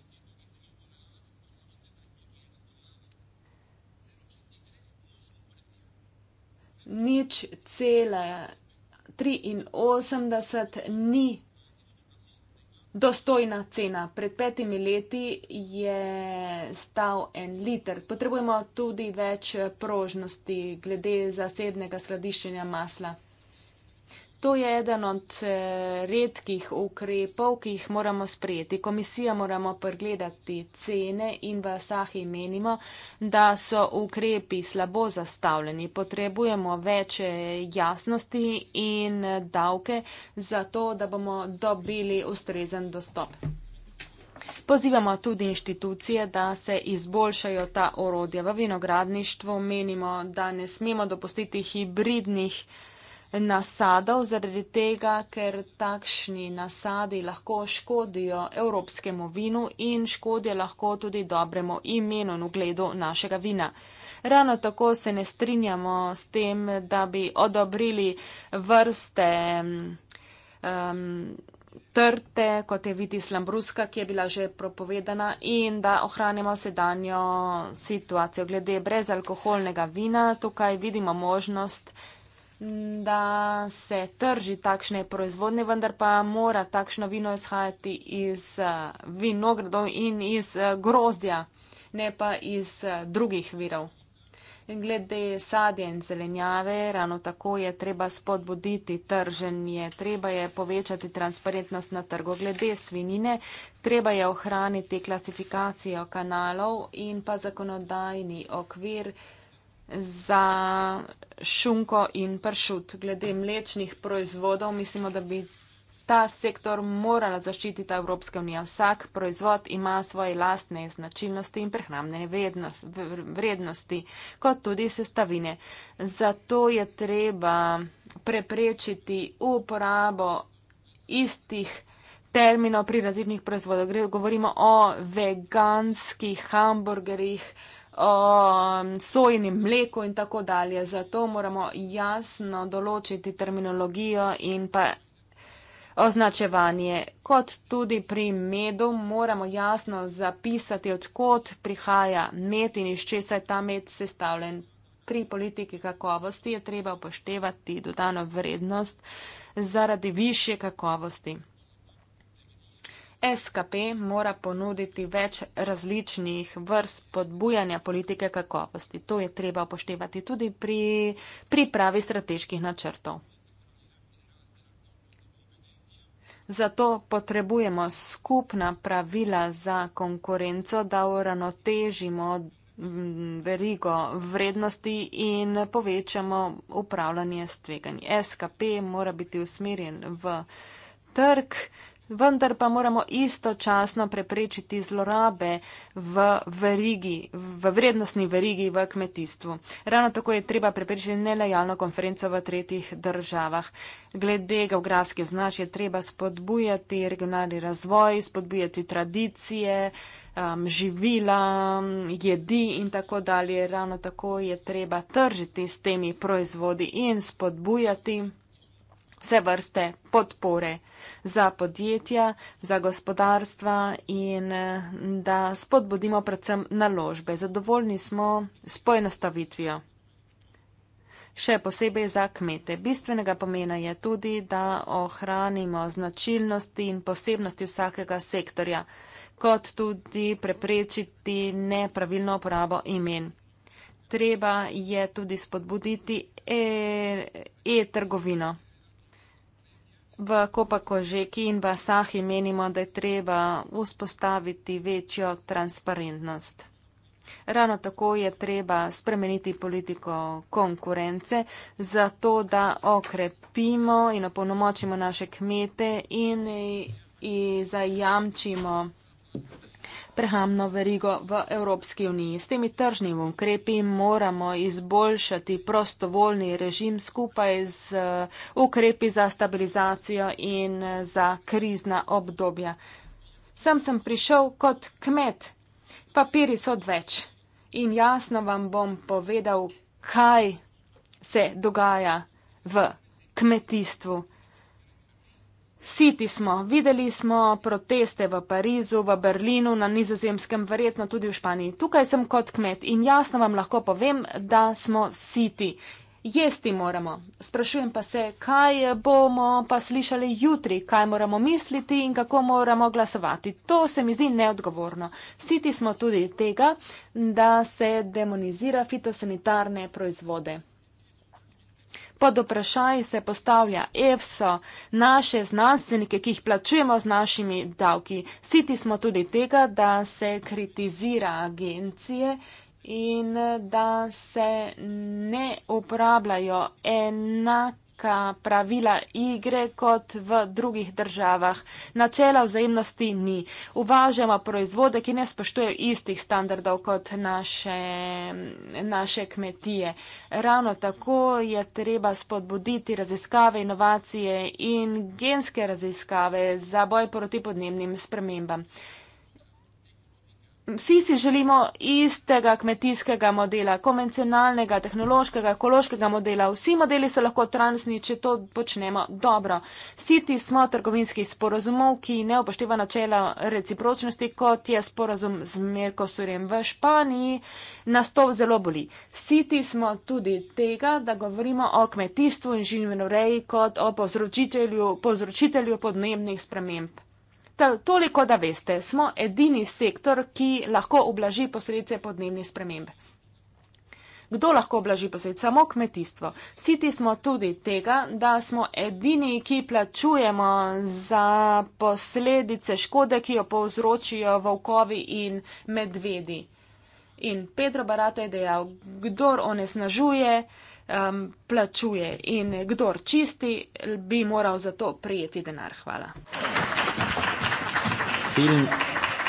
nič cele 83 ni dostojna cena. Pred petimi leti je stal en liter. Potrebujemo tudi več prožnosti glede zasebnega skladiščenja masla. To je eden od eh, redkih ukrepov, ki jih moramo sprejeti. Komisija moramo pregledati cene in v Sahi menimo, da so ukrepi slabo zastavljeni. Potrebujemo več eh, jasnosti in eh, davke za to, da bomo dobili ustrezen dostop. Pozivamo tudi inštitucije, da se izboljšajo ta orodja. V vinogradništvu menimo, da ne smemo dopustiti hibridnih nasadov, zaradi tega, ker takšni nasadi lahko škodijo evropskemu vinu in škodijo lahko tudi dobremu imenu in ugledu našega vina. Ravno tako se ne strinjamo s tem, da bi odobrili vrste um, trte, kot je Viti Slambruska, ki je bila že propovedana, in da ohranimo sedanjo situacijo glede brezalkoholnega vina. Tukaj vidimo možnost, da se trži takšne proizvodne, vendar pa mora takšno vino izhajati iz eh, vinogradov in iz eh, grozdja, ne pa iz eh, drugih virov. In glede sadja in zelenjave, ravno tako je treba spodbuditi trženje, treba je povečati transparentnost na trgu. Glede svinine, treba je ohraniti klasifikacijo kanalov in pa zakonodajni okvir za šunko in pršut. Glede mlečnih proizvodov mislimo, da bi ta sektor morala zaščititi Evropska unija. Vsak proizvod ima svoje lastne značilnosti in prehnamne vrednosti, kot tudi sestavine. Zato je treba preprečiti uporabo istih terminov pri različnih proizvodov. Govorimo o veganskih hamburgerjih, um, sojnim mleko in tako dalje. Zato moramo jasno določiti terminologijo in pa označevanje. Kot tudi pri medu moramo jasno zapisati, odkot prihaja med in iz česa je ta med sestavljen. Pri politiki kakovosti je treba upoštevati dodano vrednost zaradi više kakovosti. SKP mora ponuditi več različnih vrst podbujanja politike kakovosti. To je treba upoštevati tudi pri pripravi strateških načrtov. Zato potrebujemo skupna pravila za konkurenco, da uravnotežimo mm, verigo vrednosti in povečamo upravljanje s tveganji. SKP mora biti usmerjen v trg, vendar pa moramo istočasno preprečiti zlorabe v, verigi, v vrednostni verigi v kmetijstvu. Ravno tako je treba preprečiti nelejalno konferenco v tretjih državah. Glede geografske znaš je treba spodbujati regionalni razvoj, spodbujati tradicije, um, živila, jedi in tako dalje. Ravno tako je treba tržiti s temi proizvodi in spodbujati vse vrste podpore za podjetja, za gospodarstva in da spodbudimo predvsem naložbe. Zadovoljni smo s poenostavitvijo. Še posebej za kmete. Bistvenega pomena je tudi, da ohranimo značilnosti in posebnosti vsakega sektorja, kot tudi preprečiti nepravilno uporabo imen. Treba je tudi spodbuditi e-trgovino. E V Kopakožeki in v Asahi menimo, da je treba vzpostaviti večjo transparentnost. Ravno tako je treba spremeniti politiko konkurence, zato da okrepimo in opolnomočimo naše kmete in zajamčimo prehamno verigo v Evropski uniji. S temi tržnimi ukrepi moramo izboljšati prostovoljni režim skupaj z uh, ukrepi za stabilizacijo in uh, za krizna obdobja. Sam sem prišel kot kmet. Papiri so odveč. In jasno vam bom povedal, kaj se dogaja v kmetijstvu. Siti smo, videli smo proteste v Parizu, v Berlinu, na nizozemskem, verjetno tudi v Španiji. Tukaj sem kot kmet in jasno vam lahko povem, da smo siti. Jesti moramo. Sprašujem pa se, kaj bomo pa slišali jutri, kaj moramo misliti in kako moramo glasovati. To se mi zdi neodgovorno. Siti smo tudi tega, da se demonizira fitosanitarne proizvode. Pod vprašanje se postavlja EFSO, naše znanstvenike, ki jih plačujemo z našimi davki. Siti smo tudi tega, da se kritizira agencije in da se ne uporabljajo enake enaka pravila igre kot v drugih državah. Načela vzajemnosti ni. Uvažamo proizvode, ki ne spoštujejo istih standardov kot naše, naše kmetije. Ravno tako je treba spodbuditi raziskave, inovacije in genske raziskave za boj proti podnebnim spremembam. Vsi si želimo istega kmetijskega modela, konvencionalnega, tehnološkega, ekološkega modela. Vsi modeli so lahko transni, če to počnemo dobro. Siti smo trgovinskih sporozumov, ki ne upošteva načela recipročnosti, kot je sporozum z Merkosurjem v Španiji. Nas to zelo boli. Siti smo tudi tega, da govorimo o kmetijstvu in življenoreji kot o povzročitelju, povzročitelju podnebnih sprememb toliko, da veste, smo edini sektor, ki lahko oblaži posledice podnebnih sprememb. Kdo lahko oblaži posledice? Samo kmetijstvo. Siti smo tudi tega, da smo edini, ki plačujemo za posledice škode, ki jo povzročijo volkovi in medvedi. In Pedro Barato je dejal, kdor onesnažuje, um, plačuje in kdor čisti, bi moral za to prijeti denar. Hvala. Vielen,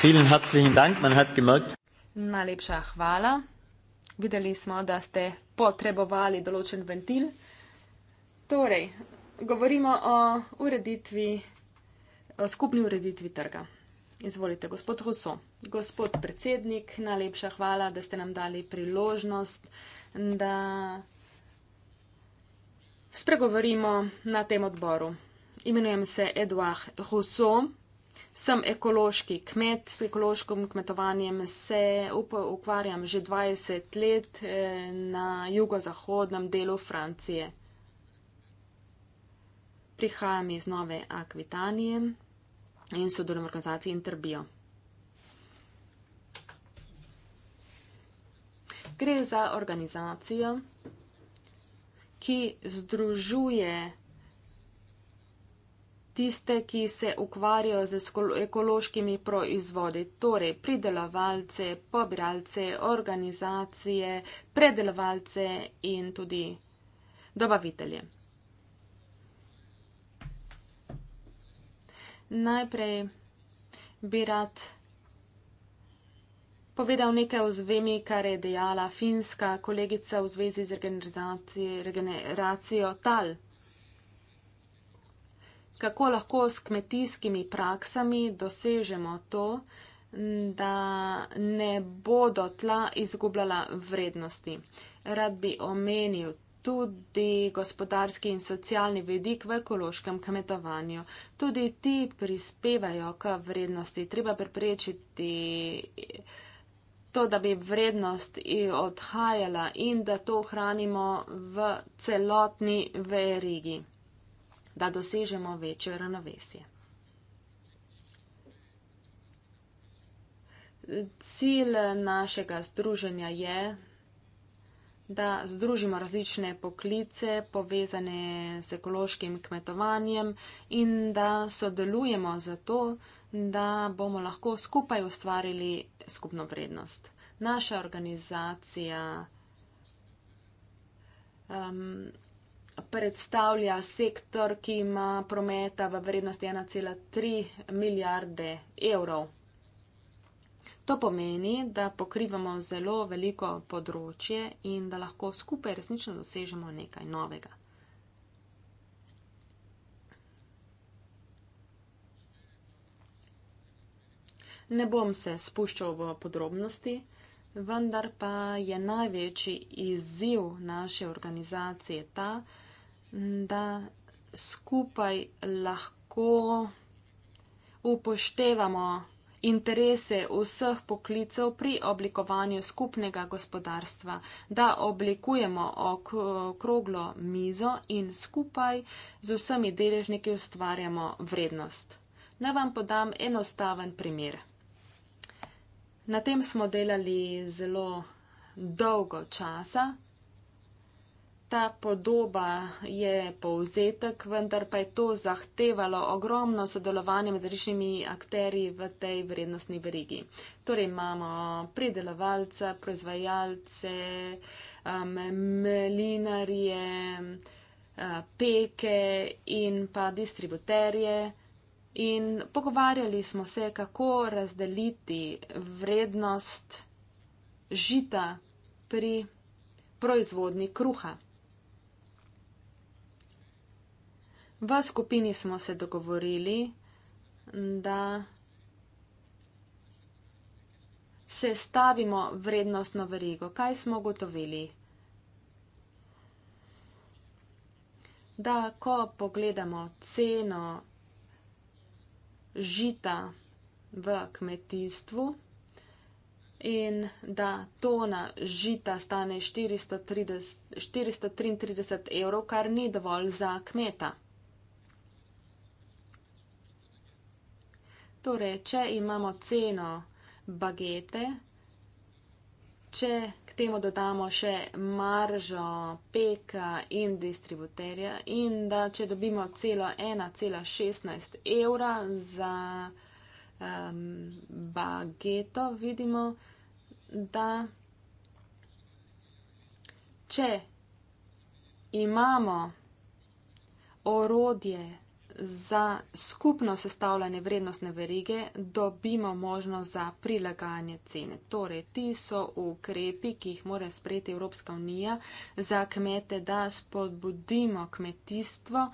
vielen herzlichen Dank. Man hat gemerkt. Najlepša hvala. Videli smo, da ste potrebovali določen ventil. Torej, govorimo o ureditvi, o skupni ureditvi trga. Izvolite, gospod Huso. Gospod predsednik, najlepša hvala, da ste nam dali priložnost, da spregovorimo na tem odboru. Imenujem se Eduard Huso sem ekološki kmet, s ekološkim kmetovanjem se ukvarjam že 20 let eh, na jugozahodnem delu Francije. Prihajam iz Nove Akvitanije in sodelujem v organizaciji Interbio. Gre za organizacijo, ki združuje tiste, ki se ukvarjajo z ekološkimi proizvodi, torej pridelovalce, pobiralce, organizacije, predelovalce in tudi dobavitelje. Najprej bi rad povedal nekaj o zvemi, kar je dejala finska kolegica v zvezi z regeneracijo tal kako lahko s kmetijskimi praksami dosežemo to, da ne bodo tla izgubljala vrednosti. Rad bi omenil tudi gospodarski in socialni vidik v ekološkem kmetovanju. Tudi ti prispevajo k vrednosti. Treba preprečiti to, da bi vrednost odhajala in da to ohranimo v celotni verigi da dosežemo večjo ravnovesje. Cilj našega združenja je, da združimo različne poklice povezane z ekološkim kmetovanjem in da sodelujemo zato, da bomo lahko skupaj ustvarili skupno vrednost. Naša organizacija um, predstavlja sektor, ki ima prometa v vrednosti 1,3 milijarde evrov. To pomeni, da pokrivamo zelo veliko področje in da lahko skupaj resnično dosežemo nekaj novega. Ne bom se spuščal v podrobnosti, vendar pa je največji izziv naše organizacije ta, da da skupaj lahko upoštevamo interese vseh poklicev pri oblikovanju skupnega gospodarstva, da oblikujemo okroglo mizo in skupaj z vsemi deležniki ustvarjamo vrednost. Naj vam podam enostaven primer. Na tem smo delali zelo dolgo časa, Ta podoba je povzetek, vendar pa je to zahtevalo ogromno sodelovanje med različnimi akteri v tej vrednostni verigi. Torej imamo predelovalce, proizvajalce, um, mlinarje, uh, peke in pa distributerje. In pogovarjali smo se, kako razdeliti vrednost žita pri proizvodni kruha. V skupini smo se dogovorili, da se stavimo vrednostno verigo. Kaj smo gotovili? Da, ko pogledamo ceno žita v kmetijstvu in da tona žita stane 430, 433 evrov, kar ni dovolj za kmeta. Torej, če imamo ceno bagete, če k temu dodamo še maržo peka in distributerja in da če dobimo celo 1,16 evra za um, bageto, vidimo, da če imamo orodje, za skupno sestavljanje vrednostne verige dobimo možnost za prilagajanje cene. Torej, ti so ukrepi, ki jih mora sprejeti Evropska unija za kmete, da spodbudimo kmetijstvo,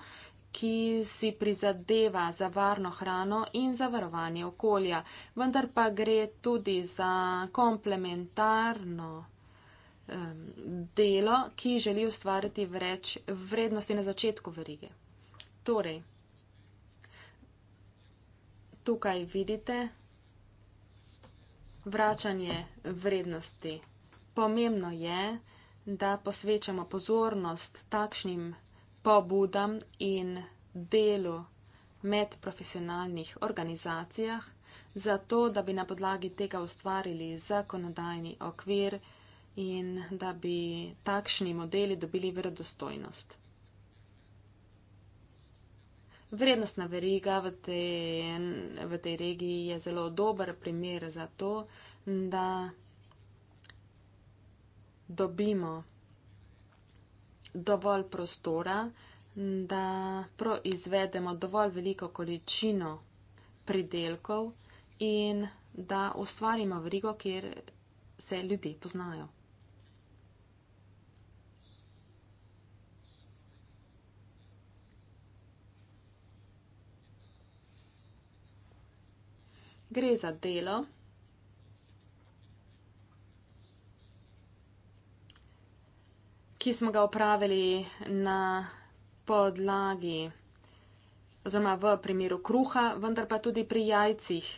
ki si prizadeva za varno hrano in za varovanje okolja. Vendar pa gre tudi za komplementarno um, delo, ki želi ustvariti vreč vrednosti na začetku verige. Torej, tukaj vidite, vračanje vrednosti. Pomembno je, da posvečamo pozornost takšnim pobudam in delu med profesionalnih organizacijah, zato da bi na podlagi tega ustvarili zakonodajni okvir in da bi takšni modeli dobili verodostojnost vrednostna veriga v tej, v tej regiji je zelo dober primer za to, da dobimo dovolj prostora, da proizvedemo dovolj veliko količino pridelkov in da ustvarimo verigo, kjer se ljudje poznajo. gre za delo, ki smo ga opravili na podlagi oziroma v primeru kruha, vendar pa tudi pri jajcih.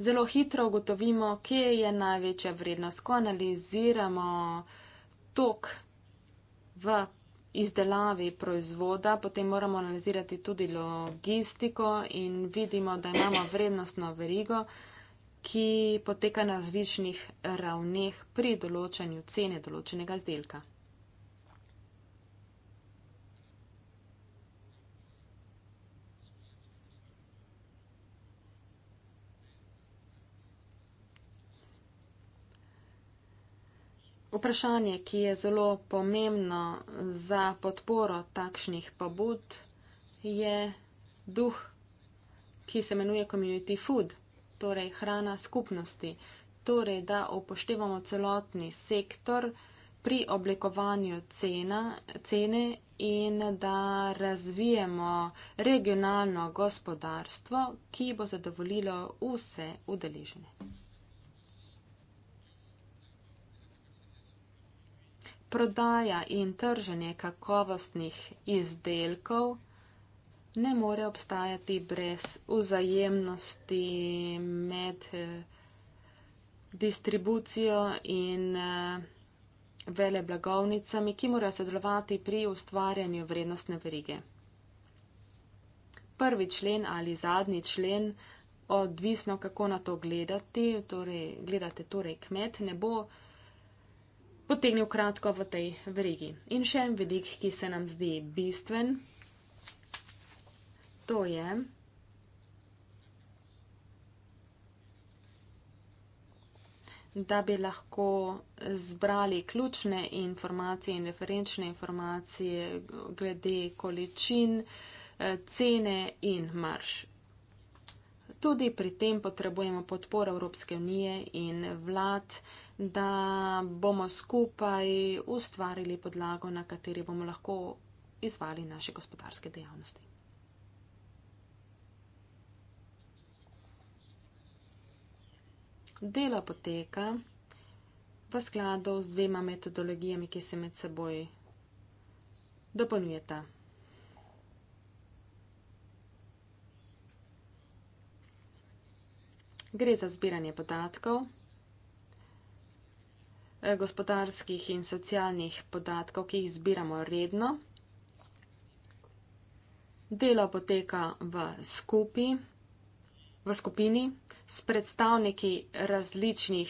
Zelo hitro ugotovimo, kje je največja vrednost, ko analiziramo tok v izdelavi proizvoda, potem moramo analizirati tudi logistiko in vidimo, da imamo vrednostno verigo, ki poteka na različnih ravneh pri določanju cene določenega izdelka. Vprašanje, ki je zelo pomembno za podporo takšnih pobud, je duh, ki se imenuje community food, torej hrana skupnosti. Torej, da upoštevamo celotni sektor pri oblikovanju cena, cene in da razvijemo regionalno gospodarstvo, ki bo zadovoljilo vse udeležene. prodaja in trženje kakovostnih izdelkov ne more obstajati brez vzajemnosti med eh, distribucijo in eh, vele blagovnicami, ki morajo sodelovati pri ustvarjanju vrednostne verige. Prvi člen ali zadnji člen, odvisno kako na to gledati, torej, gledate torej kmet, ne bo potegnil kratko v tej verigi. In še en vidik, ki se nam zdi bistven, to je. Da bi lahko zbrali ključne informacije in referenčne informacije glede količin, eh, cene in marš. Tudi pri tem potrebujemo podporo Evropske unije in vlad, da bomo skupaj ustvarili podlago, na kateri bomo lahko izvali naše gospodarske dejavnosti. Delo poteka v skladu z dvema metodologijami, ki se med seboj dopolnjujeta. Gre za zbiranje podatkov, eh, gospodarskih in socialnih podatkov, ki jih zbiramo redno. Delo poteka v skupi, v skupini s predstavniki različnih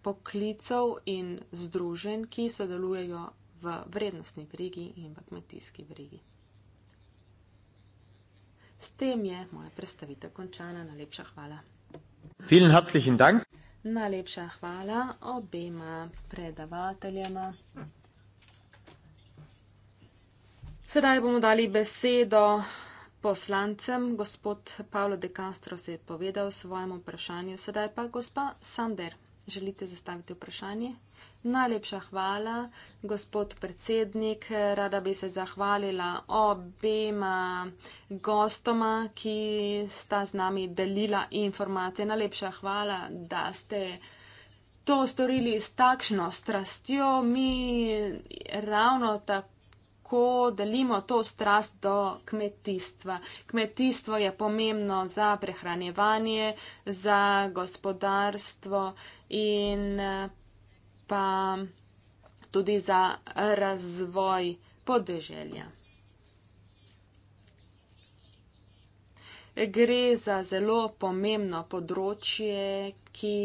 poklicov in združenj, ki sodelujejo v vrednostni verigi in v kmetijski verigi. S tem je moja predstavitev končana. Najlepša hvala. Vielen herzlichen Dank. Najlepša hvala obema predavateljema. Sedaj bomo dali besedo poslancem. Gospod Paolo de Castro se je povedal svojemu vprašanju. Sedaj pa gospa Sander, želite zastaviti vprašanje? Najlepša hvala, gospod predsednik. Rada bi se zahvalila obema gostoma, ki sta z nami delila informacije. Najlepša hvala, da ste to storili s takšno strastjo. Mi ravno tako delimo to strast do kmetijstva. Kmetijstvo je pomembno za prehranjevanje, za gospodarstvo in pa tudi za razvoj podeželja. Gre za zelo pomembno področje, ki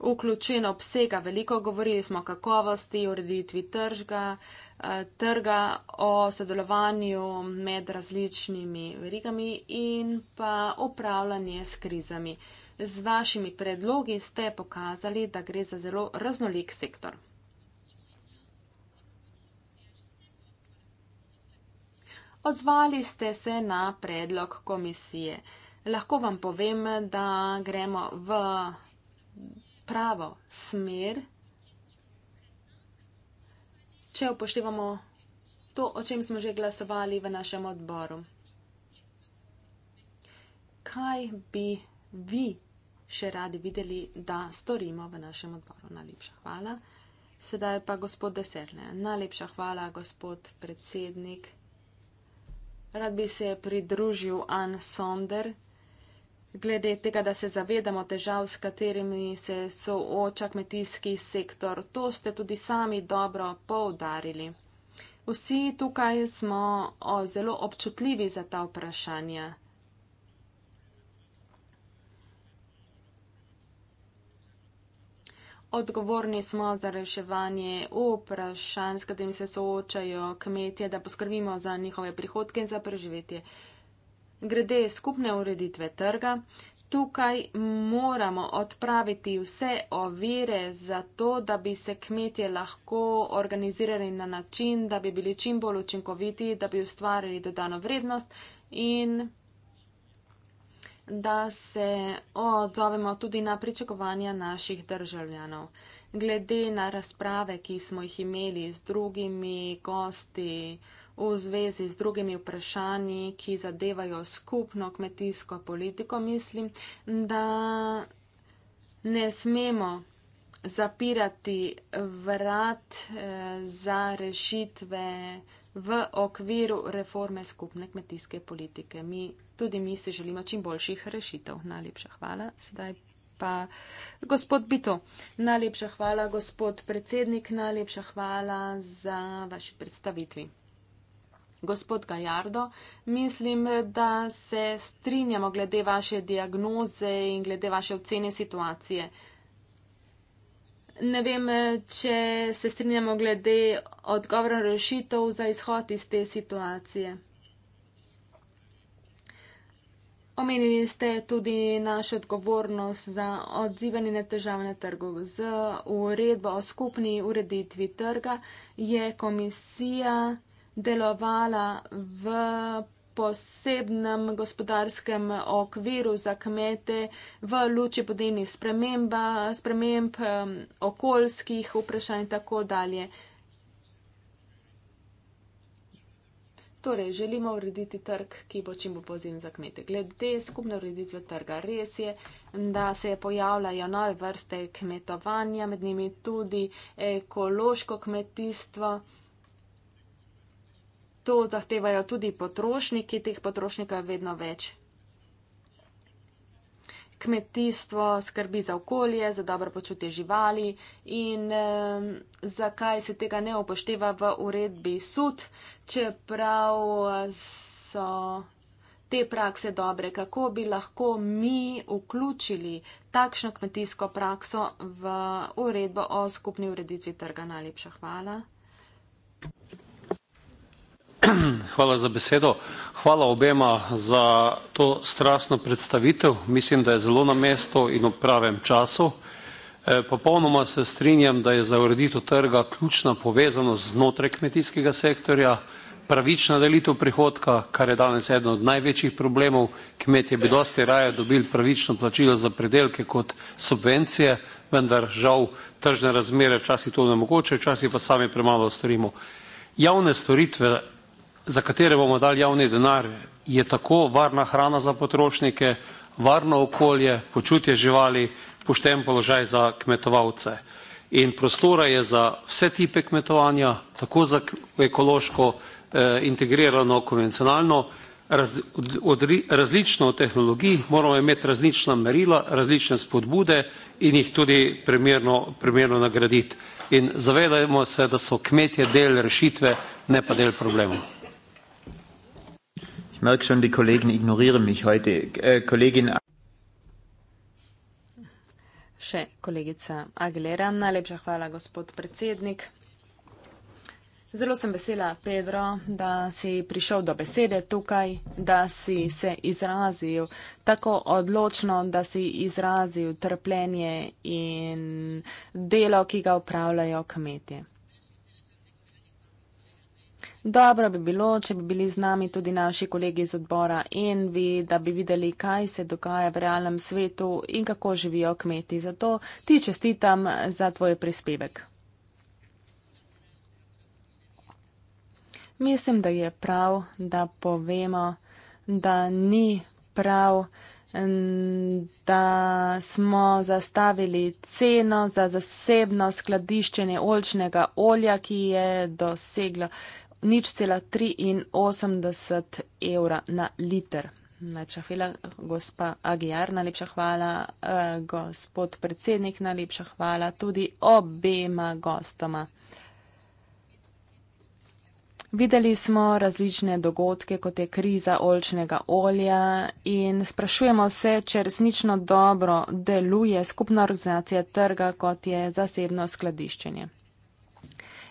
vključeno obsega veliko. Govorili smo o kakovosti, ureditvi tržga, eh, trga, o sodelovanju med različnimi verigami in pa upravljanje s krizami. Uh, Z vašimi predlogi ste pokazali, da gre za zelo raznolik sektor. Odzvali ste se na predlog komisije. Lahko vam povem, da gremo v pravo smer, če upoštevamo to, o čem smo že glasovali v našem odboru. Kaj bi vi še radi videli, da storimo v našem odboru. Najlepša hvala. Sedaj pa gospod Deserne. Najlepša hvala, gospod predsednik. Rad bi se pridružil Ann Sonder. Glede tega, da se zavedamo težav, s katerimi se sooča kmetijski sektor, to ste tudi sami dobro poudarili. Vsi tukaj smo o, zelo občutljivi za ta vprašanja. odgovorni smo za reševanje vprašanj, s katerimi se soočajo kmetje, da poskrbimo za njihove prihodke in za preživetje. Grede skupne ureditve trga. Tukaj moramo odpraviti vse ovire za to, da bi se kmetje lahko organizirali na način, da bi bili čim bolj učinkoviti, da bi ustvarili dodano vrednost in da se odzovemo tudi na pričakovanja naših državljanov. Glede na razprave, ki smo jih imeli z drugimi gosti v zvezi z drugimi vprašanji, ki zadevajo skupno kmetijsko politiko, mislim, da ne smemo zapirati vrat eh, za rešitve v okviru reforme skupne kmetijske politike. Mi Tudi mi si želimo čim boljših rešitev. Najlepša hvala. Sedaj pa gospod Bito. Najlepša hvala, gospod predsednik. Najlepša hvala za vaši predstavitvi. Gospod Gajardo, mislim, da se strinjamo glede vaše diagnoze in glede vaše ocene situacije. Ne vem, če se strinjamo glede odgovora rešitev za izhod iz te situacije. Omenili ste tudi našo odgovornost za odzivanje na težave na trgu. Z uredbo o skupni ureditvi trga je komisija delovala v posebnem gospodarskem okviru za kmete v luči podnebnih sprememb, ehm, okoljskih vprašanj in tako dalje. Torej, želimo urediti trg, ki bo čim bo pozitiven za kmete. Glede skupne ureditve trga, res je, da se pojavljajo nove vrste kmetovanja, med njimi tudi ekološko kmetijstvo. To zahtevajo tudi potrošniki, teh potrošnikov je vedno več kmetijstvo, skrbi za okolje, za dobro počutje živali in eh, zakaj se tega ne upošteva v uredbi sud, čeprav so te prakse dobre, kako bi lahko mi vključili takšno kmetijsko prakso v uredbo o skupni ureditvi trga. Najlepša hvala. Hvala za besedo. Hvala obema za to strastno predstavitev. Mislim, da je zelo na mestu in v pravem času. E, popolnoma se strinjam, da je za ureditev trga ključna povezanost znotraj kmetijskega sektorja, pravična delitev prihodka, kar je danes eden od največjih problemov. Kmetje bi dosti raje dobili pravično plačilo za pridelke kot subvencije, vendar žal tržne razmere včasih to onemogočajo, včasih pa sami premalo storimo. Javne storitve za katere bomo dali javni denar, je tako varna hrana za potrošnike, varno okolje, počutje živali, pošten položaj za kmetovalce. In prostora je za vse tipe kmetovanja, tako za ekološko, eh, integrirano, konvencionalno, raz, od, od, različno od tehnologij, moramo imeti različna merila, različne spodbude in jih tudi primerno, primerno nagraditi. In zavedajmo se, da so kmetje del rešitve, ne pa del problemov merke schon, die Kollegen ignorieren mich heute. Äh, Kollegin. Še kolegica Aguilera, najlepša hvala, gospod predsednik. Zelo sem vesela, Pedro, da si prišel do besede tukaj, da si se izrazil tako odločno, da si izrazil trpljenje in delo, ki ga upravljajo kmetje. Dobro bi bilo, če bi bili z nami tudi naši kolegi iz odbora Envi, da bi videli, kaj se dogaja v realnem svetu in kako živijo kmeti. Zato ti čestitam za tvoj prispevek. Mislim, da je prav, da povemo, da ni prav, da smo zastavili ceno za zasebno skladiščenje olčnega olja, ki je doseglo nič cela 83 evra na liter. Najlepša hvala, gospa Agijar, najlepša hvala, eh, gospod predsednik, najlepša hvala tudi obema gostoma. Videli smo različne dogodke, kot je kriza olčnega olja in sprašujemo se, če resnično dobro deluje skupna organizacija trga, kot je zasebno skladiščenje.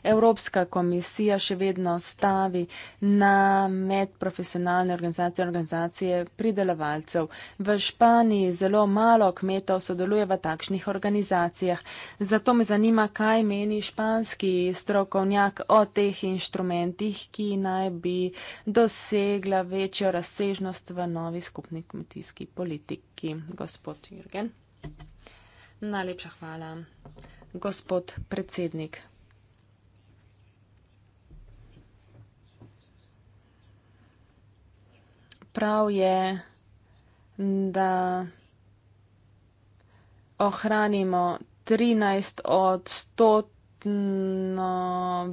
Evropska komisija še vedno stavi na medprofesionalne organizacije, organizacije pridelovalcev. V Španiji zelo malo kmetov sodeluje v takšnih organizacijah. Zato me zanima, kaj meni španski strokovnjak o teh inštrumentih, ki naj bi dosegla večjo razsežnost v novi skupni kmetijski politiki. Gospod Jürgen. Najlepša hvala, gospod predsednik prav je, da ohranimo 13 odstotno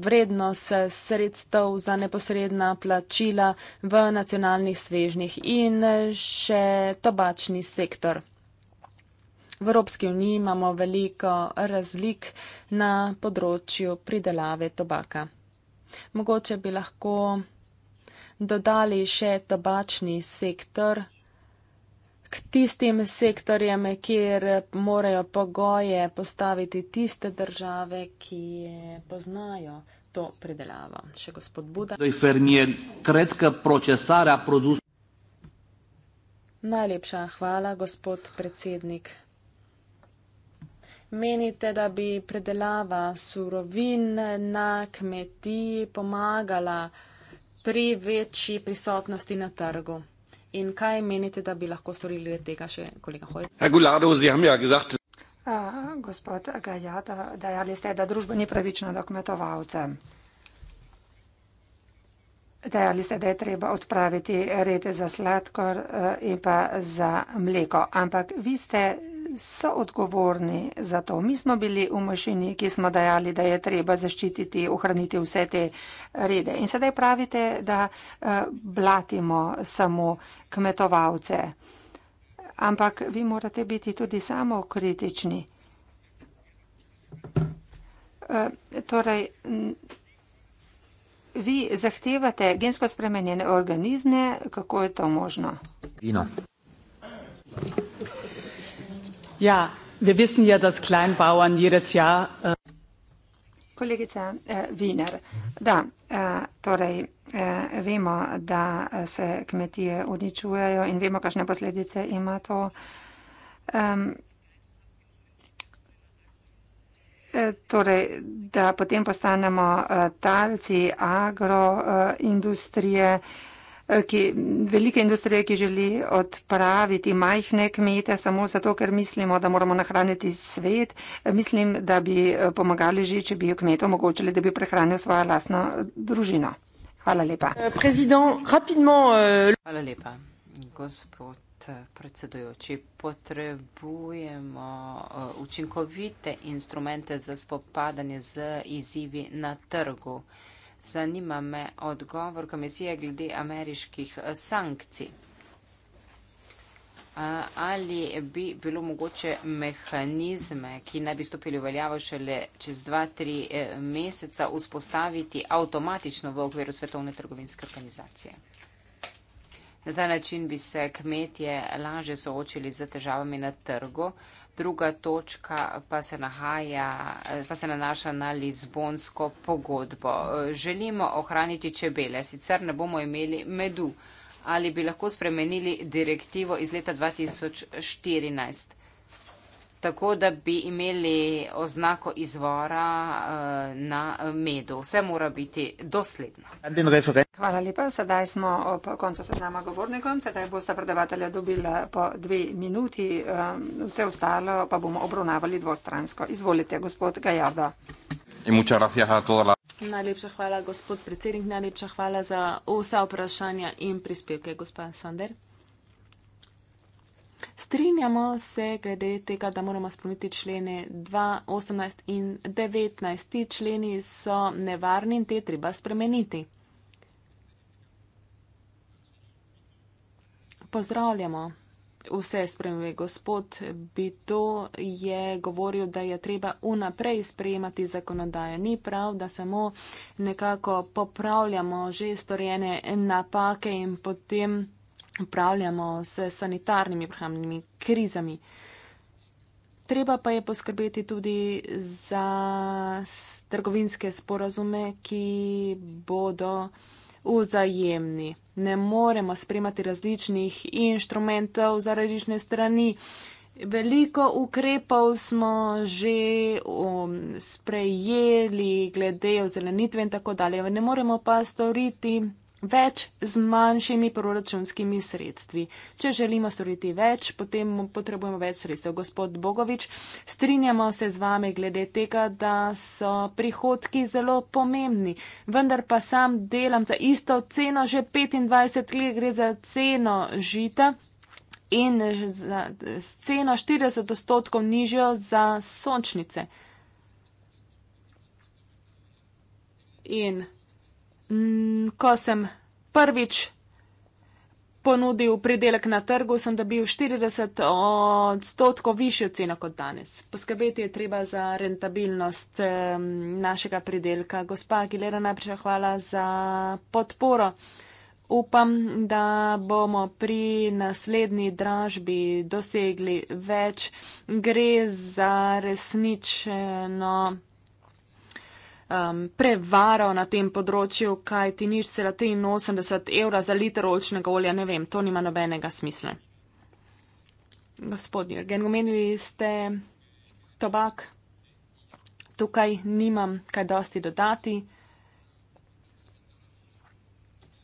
vrednost sredstev za neposredna plačila v nacionalnih svežnih in še tobačni sektor. V Evropski uniji imamo veliko razlik na področju pridelave tobaka. Mogoče bi lahko dodali še tobačni sektor, k tistim sektorjem, kjer morajo pogoje postaviti tiste države, ki poznajo to predelavo. Še gospod Buda. Najlepša hvala, gospod predsednik. Menite, da bi predelava surovin na kmetiji pomagala uh, pri večji prisotnosti na trgu. In kaj menite, da bi lahko storili glede tega še kolega Hojs? Uh, gospod Gajata, dejali ste, da družba ni pravična do kmetovalce. Dejali ste, da je treba odpraviti rede za sladkor uh, in pa za mleko. Ampak vi ste so odgovorni za to. Mi smo bili v mašini, ki smo dajali, da je treba zaščititi, ohraniti vse te rede. In sedaj pravite, da eh, blatimo samo kmetovalce. Ampak vi morate biti tudi samo kritični. Eh, torej, vi zahtevate gensko spremenjene organizme, kako je to možno? Ina. Ja, wir wissen ja, dass Kleinbauern jedes Jahr. Äh Kolegica eh, Wiener, da, eh, torej, eh, vemo, da se kmetije uničujejo in vemo, kakšne posledice ima to. Um, eh, torej, da potem postanemo eh, talci agroindustrije. Eh, Eh, ki, velike industrije, ki želi odpraviti majhne kmete samo zato, ker mislimo, da moramo nahraniti svet. Eh, mislim, da bi eh, pomagali že, če bi kmetu omogočili, da bi prehranil svojo lastno družino. Hvala lepa. Hvala lepa, gospod predsedujoči. Potrebujemo učinkovite instrumente za spopadanje z izzivi na trgu. Zanima me odgovor komisije glede ameriških eh, sankcij. Ali bi bilo mogoče mehanizme, ki naj bi stopili v veljavo šele čez dva, tri eh, meseca, vzpostaviti avtomatično v okviru Svetovne trgovinske organizacije? Na ta način bi se kmetje laže soočili z težavami na trgu. Druga točka pa se, nahaja, pa se nanaša na Lizbonsko pogodbo. Želimo ohraniti čebele, sicer ne bomo imeli medu. Ali bi lahko spremenili direktivo iz leta 2014? tako da bi imeli oznako izvora uh, na eh, medu. Vse mora biti dosledno. Hvala lepa. Sedaj smo ob koncu seznama govornikom. Sedaj bosta predavatelja dobila po dve minuti. Um, vse ostalo pa bomo obravnavali dvostransko. Izvolite, gospod Gajardo. Najlepša hvala, gospod predsednik. Najlepša hvala za vsa vprašanja in prispevke, gospod Sander. Strinjamo se glede tega, da moramo spremeniti člene 2, 18 in 19. Ti členi so nevarni in te treba spremeniti. Pozdravljamo vse spremembe. Gospod Bito je govoril, da je treba unaprej sprejemati zakonodajo. Ni prav, da samo nekako popravljamo že storjene napake in potem upravljamo s sanitarnimi prehrambnimi krizami. Treba pa je poskrbeti tudi za trgovinske sporazume, ki bodo vzajemni. Ne moremo spremati različnih inštrumentov za različne strani. Veliko ukrepov smo že um, sprejeli glede ozelenitve in tako dalje. Ne moremo pa storiti več z manjšimi proračunskimi sredstvi. Če želimo storiti več, potem potrebujemo več sredstev. Gospod Bogovič, strinjamo se z vami glede tega, da so prihodki zelo pomembni, vendar pa sam delam za isto ceno, že 25 let gre za ceno žita. In za ceno 40 odstotkov nižjo za sončnice. In Mm, ko sem prvič ponudil pridelek na trgu, sem dobil 40 odstotkov višjo ceno kot danes. Poskrbeti je treba za rentabilnost našega pridelka. Gospa Agilera, najprej hvala za podporo. Upam, da bomo pri naslednji dražbi dosegli več. Gre za resnično um, prevaro na tem področju, kaj ti niš cela 83 evra za liter olčnega olja, ne vem, to nima nobenega smisla. Gospod Jürgen, omenili ste tobak. Tukaj nimam kaj dosti dodati.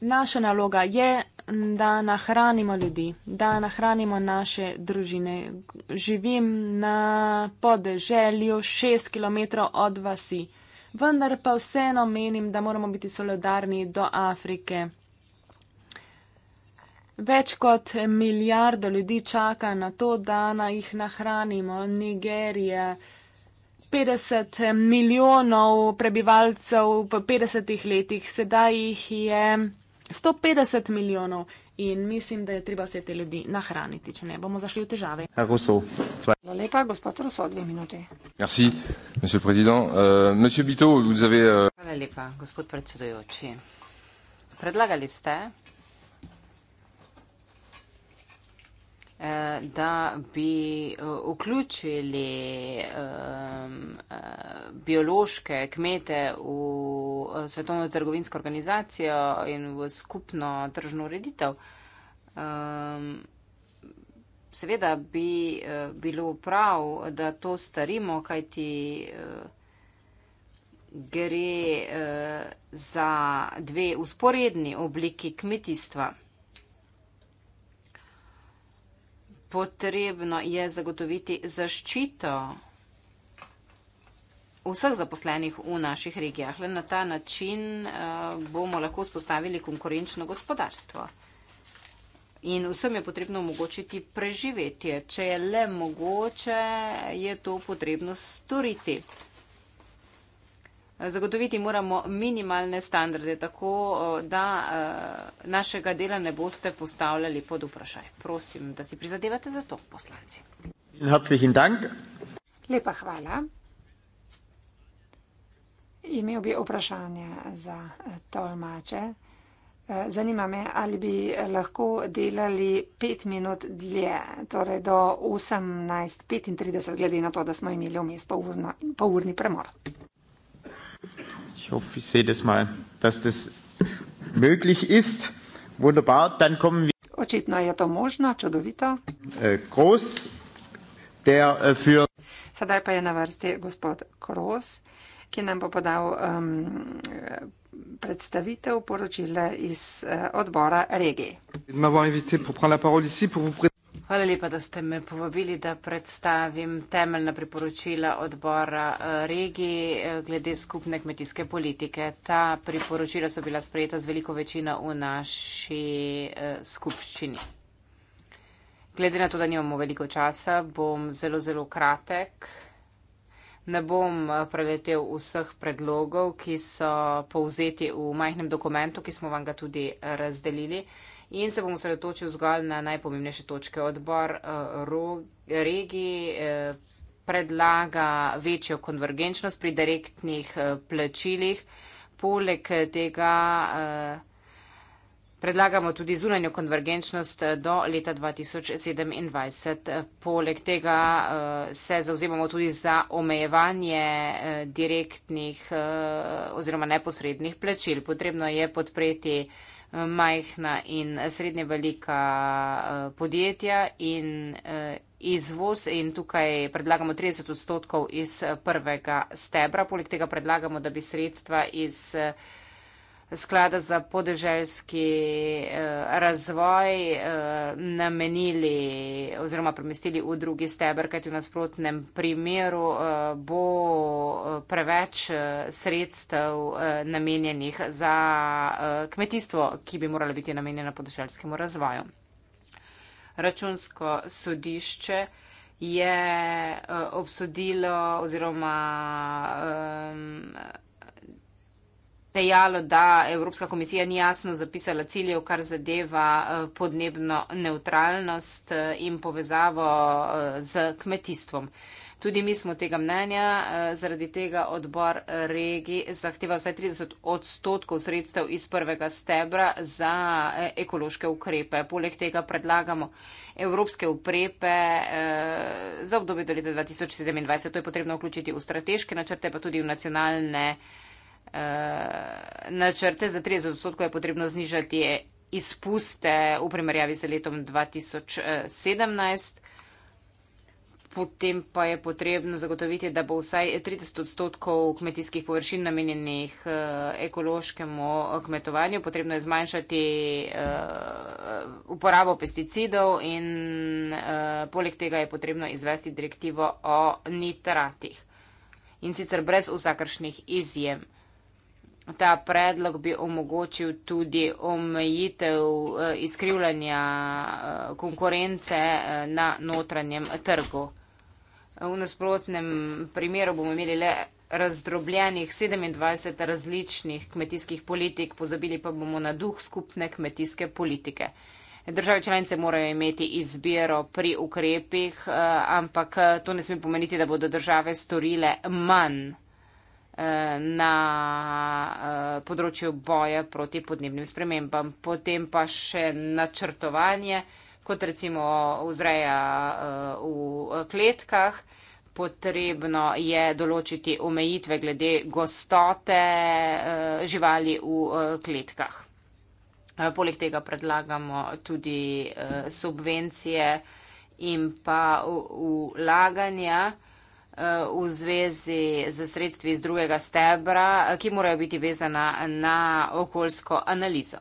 Naša naloga je, da nahranimo ljudi, da nahranimo naše družine. Živim na podeželju 6 km od vasi vendar pa vseeno menim, da moramo biti solidarni do Afrike. Več kot milijardo ljudi čaka na to, da na jih nahranimo. Nigerija, 50 milijonov prebivalcev v 50 letih, sedaj jih je 150 milijonov in mislim, da je treba vse te ljudi nahraniti, če ne bomo zašli v težave. Ja, Hvala lepa, gospod Ruso, dve minuti. Merci, monsieur president. Uh, monsieur Bito, vous avez... Uh... Hvala lepa, gospod predsedujoči. Predlagali ste, da bi eh, vključili eh, biološke kmete v eh, Svetovno trgovinsko organizacijo in v skupno tržno ureditev. Seveda bi bilo prav, da to starimo, kajti gre za dve usporedni obliki kmetijstva. potrebno je zagotoviti zaščito vseh zaposlenih v naših regijah. Le na ta način eh, bomo lahko spostavili konkurenčno gospodarstvo. In vsem je potrebno omogočiti preživetje. Če je le mogoče, je to potrebno storiti. Zagotoviti moramo minimalne standarde, tako eh, da eh, našega dela ne boste postavljali pod vprašaj. Prosim, da si prizadevate za to, poslanci. Lepa hvala. Imel bi vprašanje za eh, tolmače. Zanima me, ali bi lahko delali pet minut dlje, torej do 18.35, glede na to, da smo imeli vmes pol urni premor. Ich hoffe, ich sehe das mal, dass das möglich ist. Wunderbar, dann kommen wir. Očitno je to možno, čudovito. Äh, Kroos, der äh, für. Sedaj pa je na vrsti gospod Kroos, ki nam bo podal um, predstavitev poročila iz eh, odbora regije. Hvala lepa, da ste me povabili, da predstavim temeljna priporočila odbora eh, regiji eh, glede skupne kmetijske politike. Ta priporočila so bila sprejeta z veliko večino v naši eh, skupščini. Glede na to, da nimamo veliko časa, bom zelo, zelo kratek. Ne bom preletel vseh predlogov, ki so povzeti v majhnem dokumentu, ki smo vam ga tudi razdelili in se bom osredotočil zgolj na najpomembnejše točke. Odbor eh, regiji eh, predlaga večjo konvergenčnost pri direktnih eh, plačilih. Poleg tega predlagamo tudi zunanjo konvergenčnost do leta 2027. Poleg tega se zauzemamo tudi za omejevanje direktnih oziroma neposrednih plačil. Potrebno je podpreti majhna in srednje velika eh, podjetja in eh, izvoz in tukaj predlagamo 30 odstotkov iz prvega stebra. Poleg tega predlagamo, da bi sredstva iz sklada za podeželjski eh, razvoj eh, namenili oziroma premestili v drugi steber, kajti v nasprotnem primeru eh, bo preveč sredstev namenjenih za kmetijstvo, ki bi morala biti namenjena podeželjskemu razvoju. Računsko sodišče je obsodilo oziroma dejalo, da Evropska komisija ni jasno zapisala ciljev, kar zadeva eh, podnebno neutralnost eh, in povezavo eh, z kmetijstvom. Tudi mi smo tega mnenja, zaradi tega odbor regi zahteva vsaj 30 odstotkov sredstev iz prvega stebra za ekološke ukrepe. Poleg tega predlagamo evropske ukrepe za obdobje do leta 2027. To je potrebno vključiti v strateške načrte, pa tudi v nacionalne. Eh, načrte, za 30 odstotkov je potrebno znižati izpuste v primerjavi z letom 2017. Eh, Potem pa je potrebno zagotoviti, da bo vsaj 30 odstotkov kmetijskih površin namenjenih eh, ekološkemu kmetovanju. Potrebno je zmanjšati uporabo pesticidov in poleg tega je potrebno izvesti direktivo o nitratih. In sicer brez vsakršnih izjem. Ta predlog bi omogočil tudi omejitev eh, izkrivljanja eh, konkurence eh, na notranjem trgu. V nasprotnem primeru bomo imeli le razdrobljenih 27 različnih kmetijskih politik, pozabili pa bomo na duh skupne kmetijske politike. Države članice morajo imeti izbiro pri ukrepih, ampak to ne sme pomeniti, da bodo države storile manj na eh, področju boja proti podnebnim spremembam. Potem pa še načrtovanje, kot recimo vzreja eh, v kletkah. Potrebno je določiti omejitve glede gostote eh, živali v kletkah. Poleg tega predlagamo tudi subvencije in pa ulaganja v zvezi z sredstvi iz drugega stebra, ki morajo biti vezana na okoljsko analizo.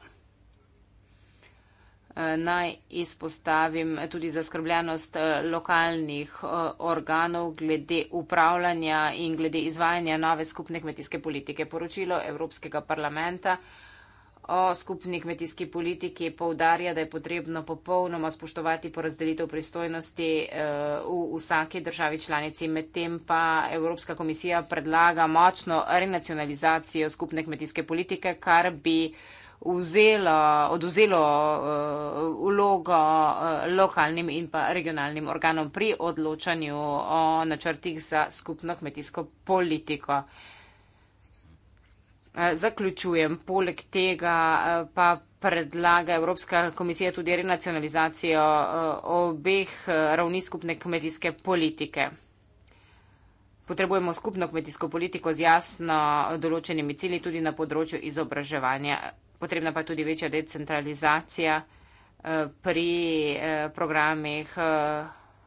Naj izpostavim tudi zaskrbljenost eh, lokalnih eh, organov glede upravljanja in glede izvajanja nove skupne kmetijske politike. Poročilo Evropskega parlamenta o skupni kmetijski politiki povdarja, da je potrebno popolnoma spoštovati porazdelitev pristojnosti eh, v vsaki državi članici. Medtem pa Evropska komisija predlaga močno renacionalizacijo skupne kmetijske politike, kar bi vzelo, oduzelo eh, vlogo eh, lokalnim in pa regionalnim organom pri odločanju o načrtih za skupno kmetijsko politiko. Eh, zaključujem. Poleg tega eh, pa predlaga Evropska komisija tudi renacionalizacijo eh, obeh ravni skupne kmetijske politike. Potrebujemo skupno kmetijsko politiko z jasno določenimi cilji tudi na področju izobraževanja. Potrebna pa je tudi večja decentralizacija pri programih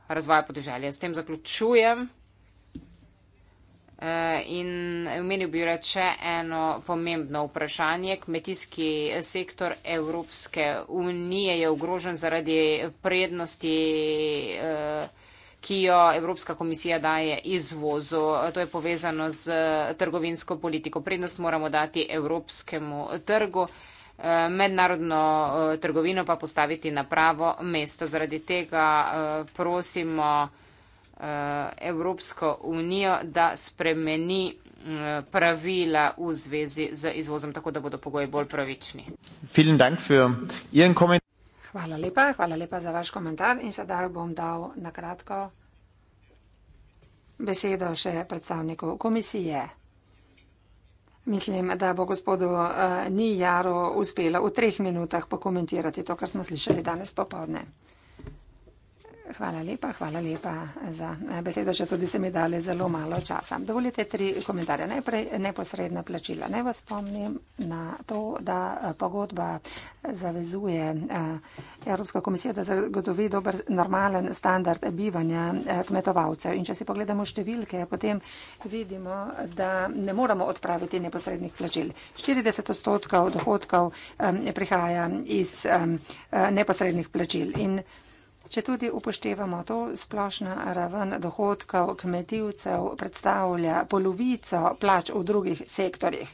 razvoja podeželja. S tem zaključujem. Eh, in omenil bi rad še eno pomembno vprašanje. Kmetijski sektor Evropske unije je ogrožen zaradi prednosti, eh, ki jo Evropska komisija daje izvozu. To je povezano z trgovinsko politiko. Prednost moramo dati evropskemu trgu eh, mednarodno trgovino pa postaviti na pravo mesto. Zaradi tega prosimo Eh, Evropsko unijo, da spremeni eh, pravila v zvezi z izvozom, tako da bodo pogoji bolj pravični. Hvala lepa, hvala lepa za vaš komentar in sedaj bom dal na kratko besedo še predstavniku komisije. Mislim, da bo gospodu uh, eh, Nijaro uspelo v treh minutah pokomentirati to, kar smo slišali danes popovdne. Hvala lepa, hvala lepa za eh, besedo, če tudi se mi dale zelo malo časa. Dovolite tri komentarje. Najprej neposredna plačila. Naj vas spomnim na to, da eh, pogodba eh, zavezuje Evropska komisija, da zagotovi dober normalen standard bivanja kmetovalcev. In če si pogledamo številke, potem vidimo, da ne moramo odpraviti neposrednih plačil. 40 odstotkov dohodkov prihaja iz neposrednih plačil. In Če tudi upoštevamo to, splošna raven dohodkov kmetijcev predstavlja polovico plač v drugih sektorjih.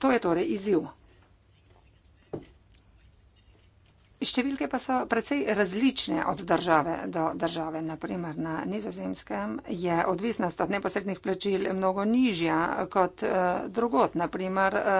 To je torej izziv. Številke pa so precej različne od države do države. Naprimer, na nizozemskem je odvisnost od neposrednih plačil mnogo nižja kot eh, drugot, naprimer eh,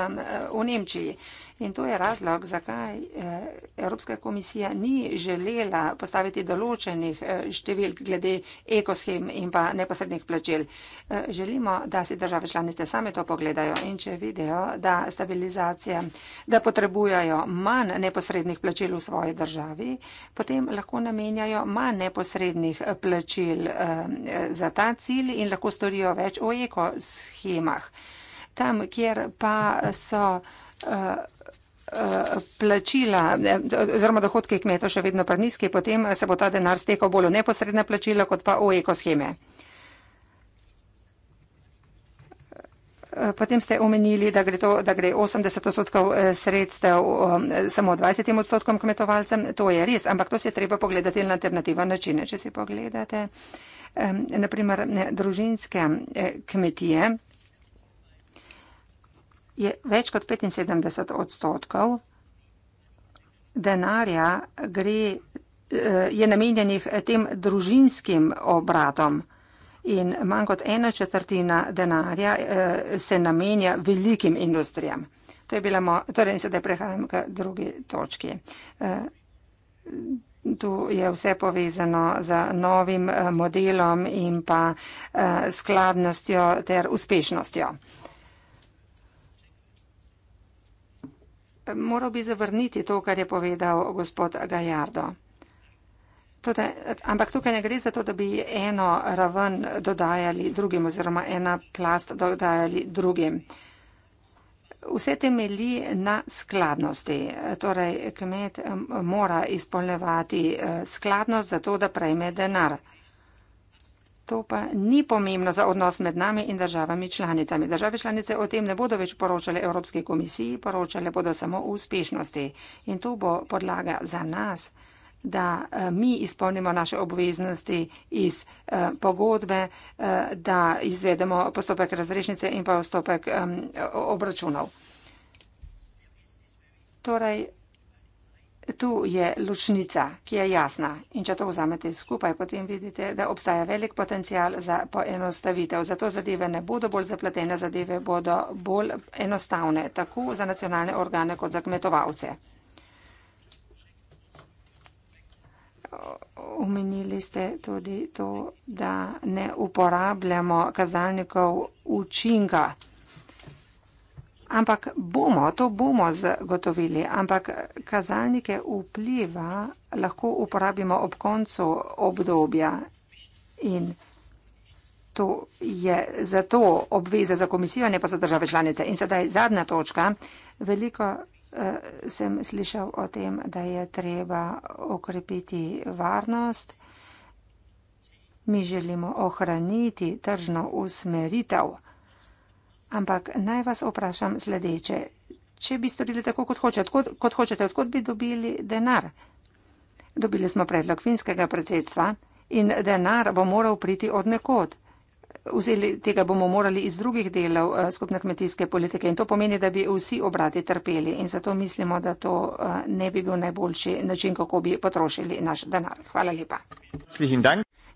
v Nemčiji. In to je razlog, zakaj eh, Evropska komisija ni želela postaviti določenih eh, številk glede ekoshem in pa neposrednih plačil. Eh, želimo, da si države članice same to pogledajo in če vidijo, da stabilizacija, da potrebujajo manj neposrednih plačil v svoji državi, potem lahko namenjajo manj neposrednih plačil za ta cilj in lahko storijo več o ekoshemah. Tam, kjer pa so uh, plačila, oziroma dohodki kmeta še vedno preniski, potem se bo ta denar stekal bolj v neposredne plačila, kot pa v ekosheme. Potem ste omenili, da gre, to, da gre 80 odstotkov eh, sredstev um, samo 20 odstotkom kmetovalcem. To je res, ampak to se treba pogledati na alternativa načine. Če si pogledate, naprimer, družinske eh, kmetije je več kot 75 odstotkov denarja gre, eh, je namenjenih tem družinskim obratom in manj kot ena četrtina denarja eh, se namenja velikim industrijam. To je bila moja, torej in sedaj prehajam k drugi točki. Eh, tu je vse povezano z novim modelom in pa skladnostjo ter uspešnostjo. moral bi zavrniti to, kar je povedal gospod Gajardo. Tode, ampak tukaj ne gre za to, da bi eno raven dodajali drugim oziroma ena plast dodajali drugim. Vse temelji na skladnosti. Torej, kmet mora izpolnevati eh, skladnost za to, da prejme denar. To pa ni pomembno za odnos med nami in državami članicami. Države članice o tem ne bodo več poročale Evropske komisiji, poročale bodo samo o uspešnosti. In to bo podlaga za nas, da eh, mi izpolnimo naše obveznosti iz eh, pogodbe, eh, da izvedemo postopek razrešnice in pa postopek obračunov. Torej, tu je ločnica, ki je jasna. In če to vzamete skupaj, potem vidite, da obstaja velik potencial za poenostavitev. Zato zadeve ne bodo bolj zapletene, zadeve bodo bolj enostavne, tako za nacionalne organe kot za kmetovalce. Omenili ste tudi to, da ne uporabljamo kazalnikov učinka. Ampak bomo, to bomo zagotovili, ampak kazalnike vpliva lahko uporabimo ob koncu obdobja in to je zato obveza za komisijo, ne pa za države članice. In sedaj zadnja točka. Veliko uh, sem slišal o tem, da je treba okrepiti varnost. Mi želimo ohraniti tržno usmeritev. Ampak naj vas vprašam sledeče. Če bi storili tako, kot hočete, odkot, kot hočete, odkot bi dobili denar? Dobili smo predlog finskega predsedstva in denar bo moral priti od nekod. Vzeli, tega bomo morali iz drugih delov eh, skupne kmetijske politike in to pomeni, da bi vsi obrati trpeli in zato mislimo, da to eh, ne bi bil najboljši način, kako bi potrošili naš denar. Hvala lepa.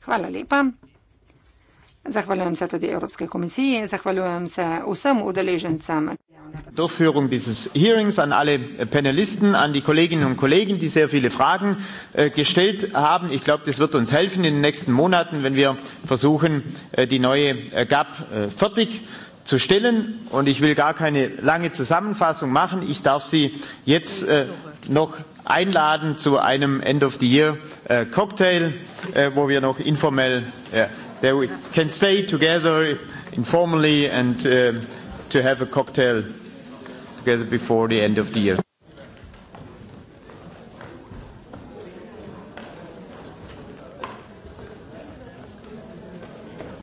Hvala lepa. Zahvaljujem se tudi Evropske komisiji, zahvaljujem se vsem udeležencem. Durchführung dieses Hearings an alle Panelisten, an die Kolleginnen und Kollegen, die sehr viele Fragen äh, gestellt haben. Ich glaube, das wird uns helfen in den nächsten Monaten, wenn wir versuchen, äh, die neue äh, GAP äh, fertig zu stellen. Und ich will gar keine lange Zusammenfassung machen. Ich darf Sie jetzt äh, noch einladen zu einem End of the Year äh, Cocktail, äh, wo wir noch informell äh, that we can stay together informally and uh, to have a cocktail together before the end of the year.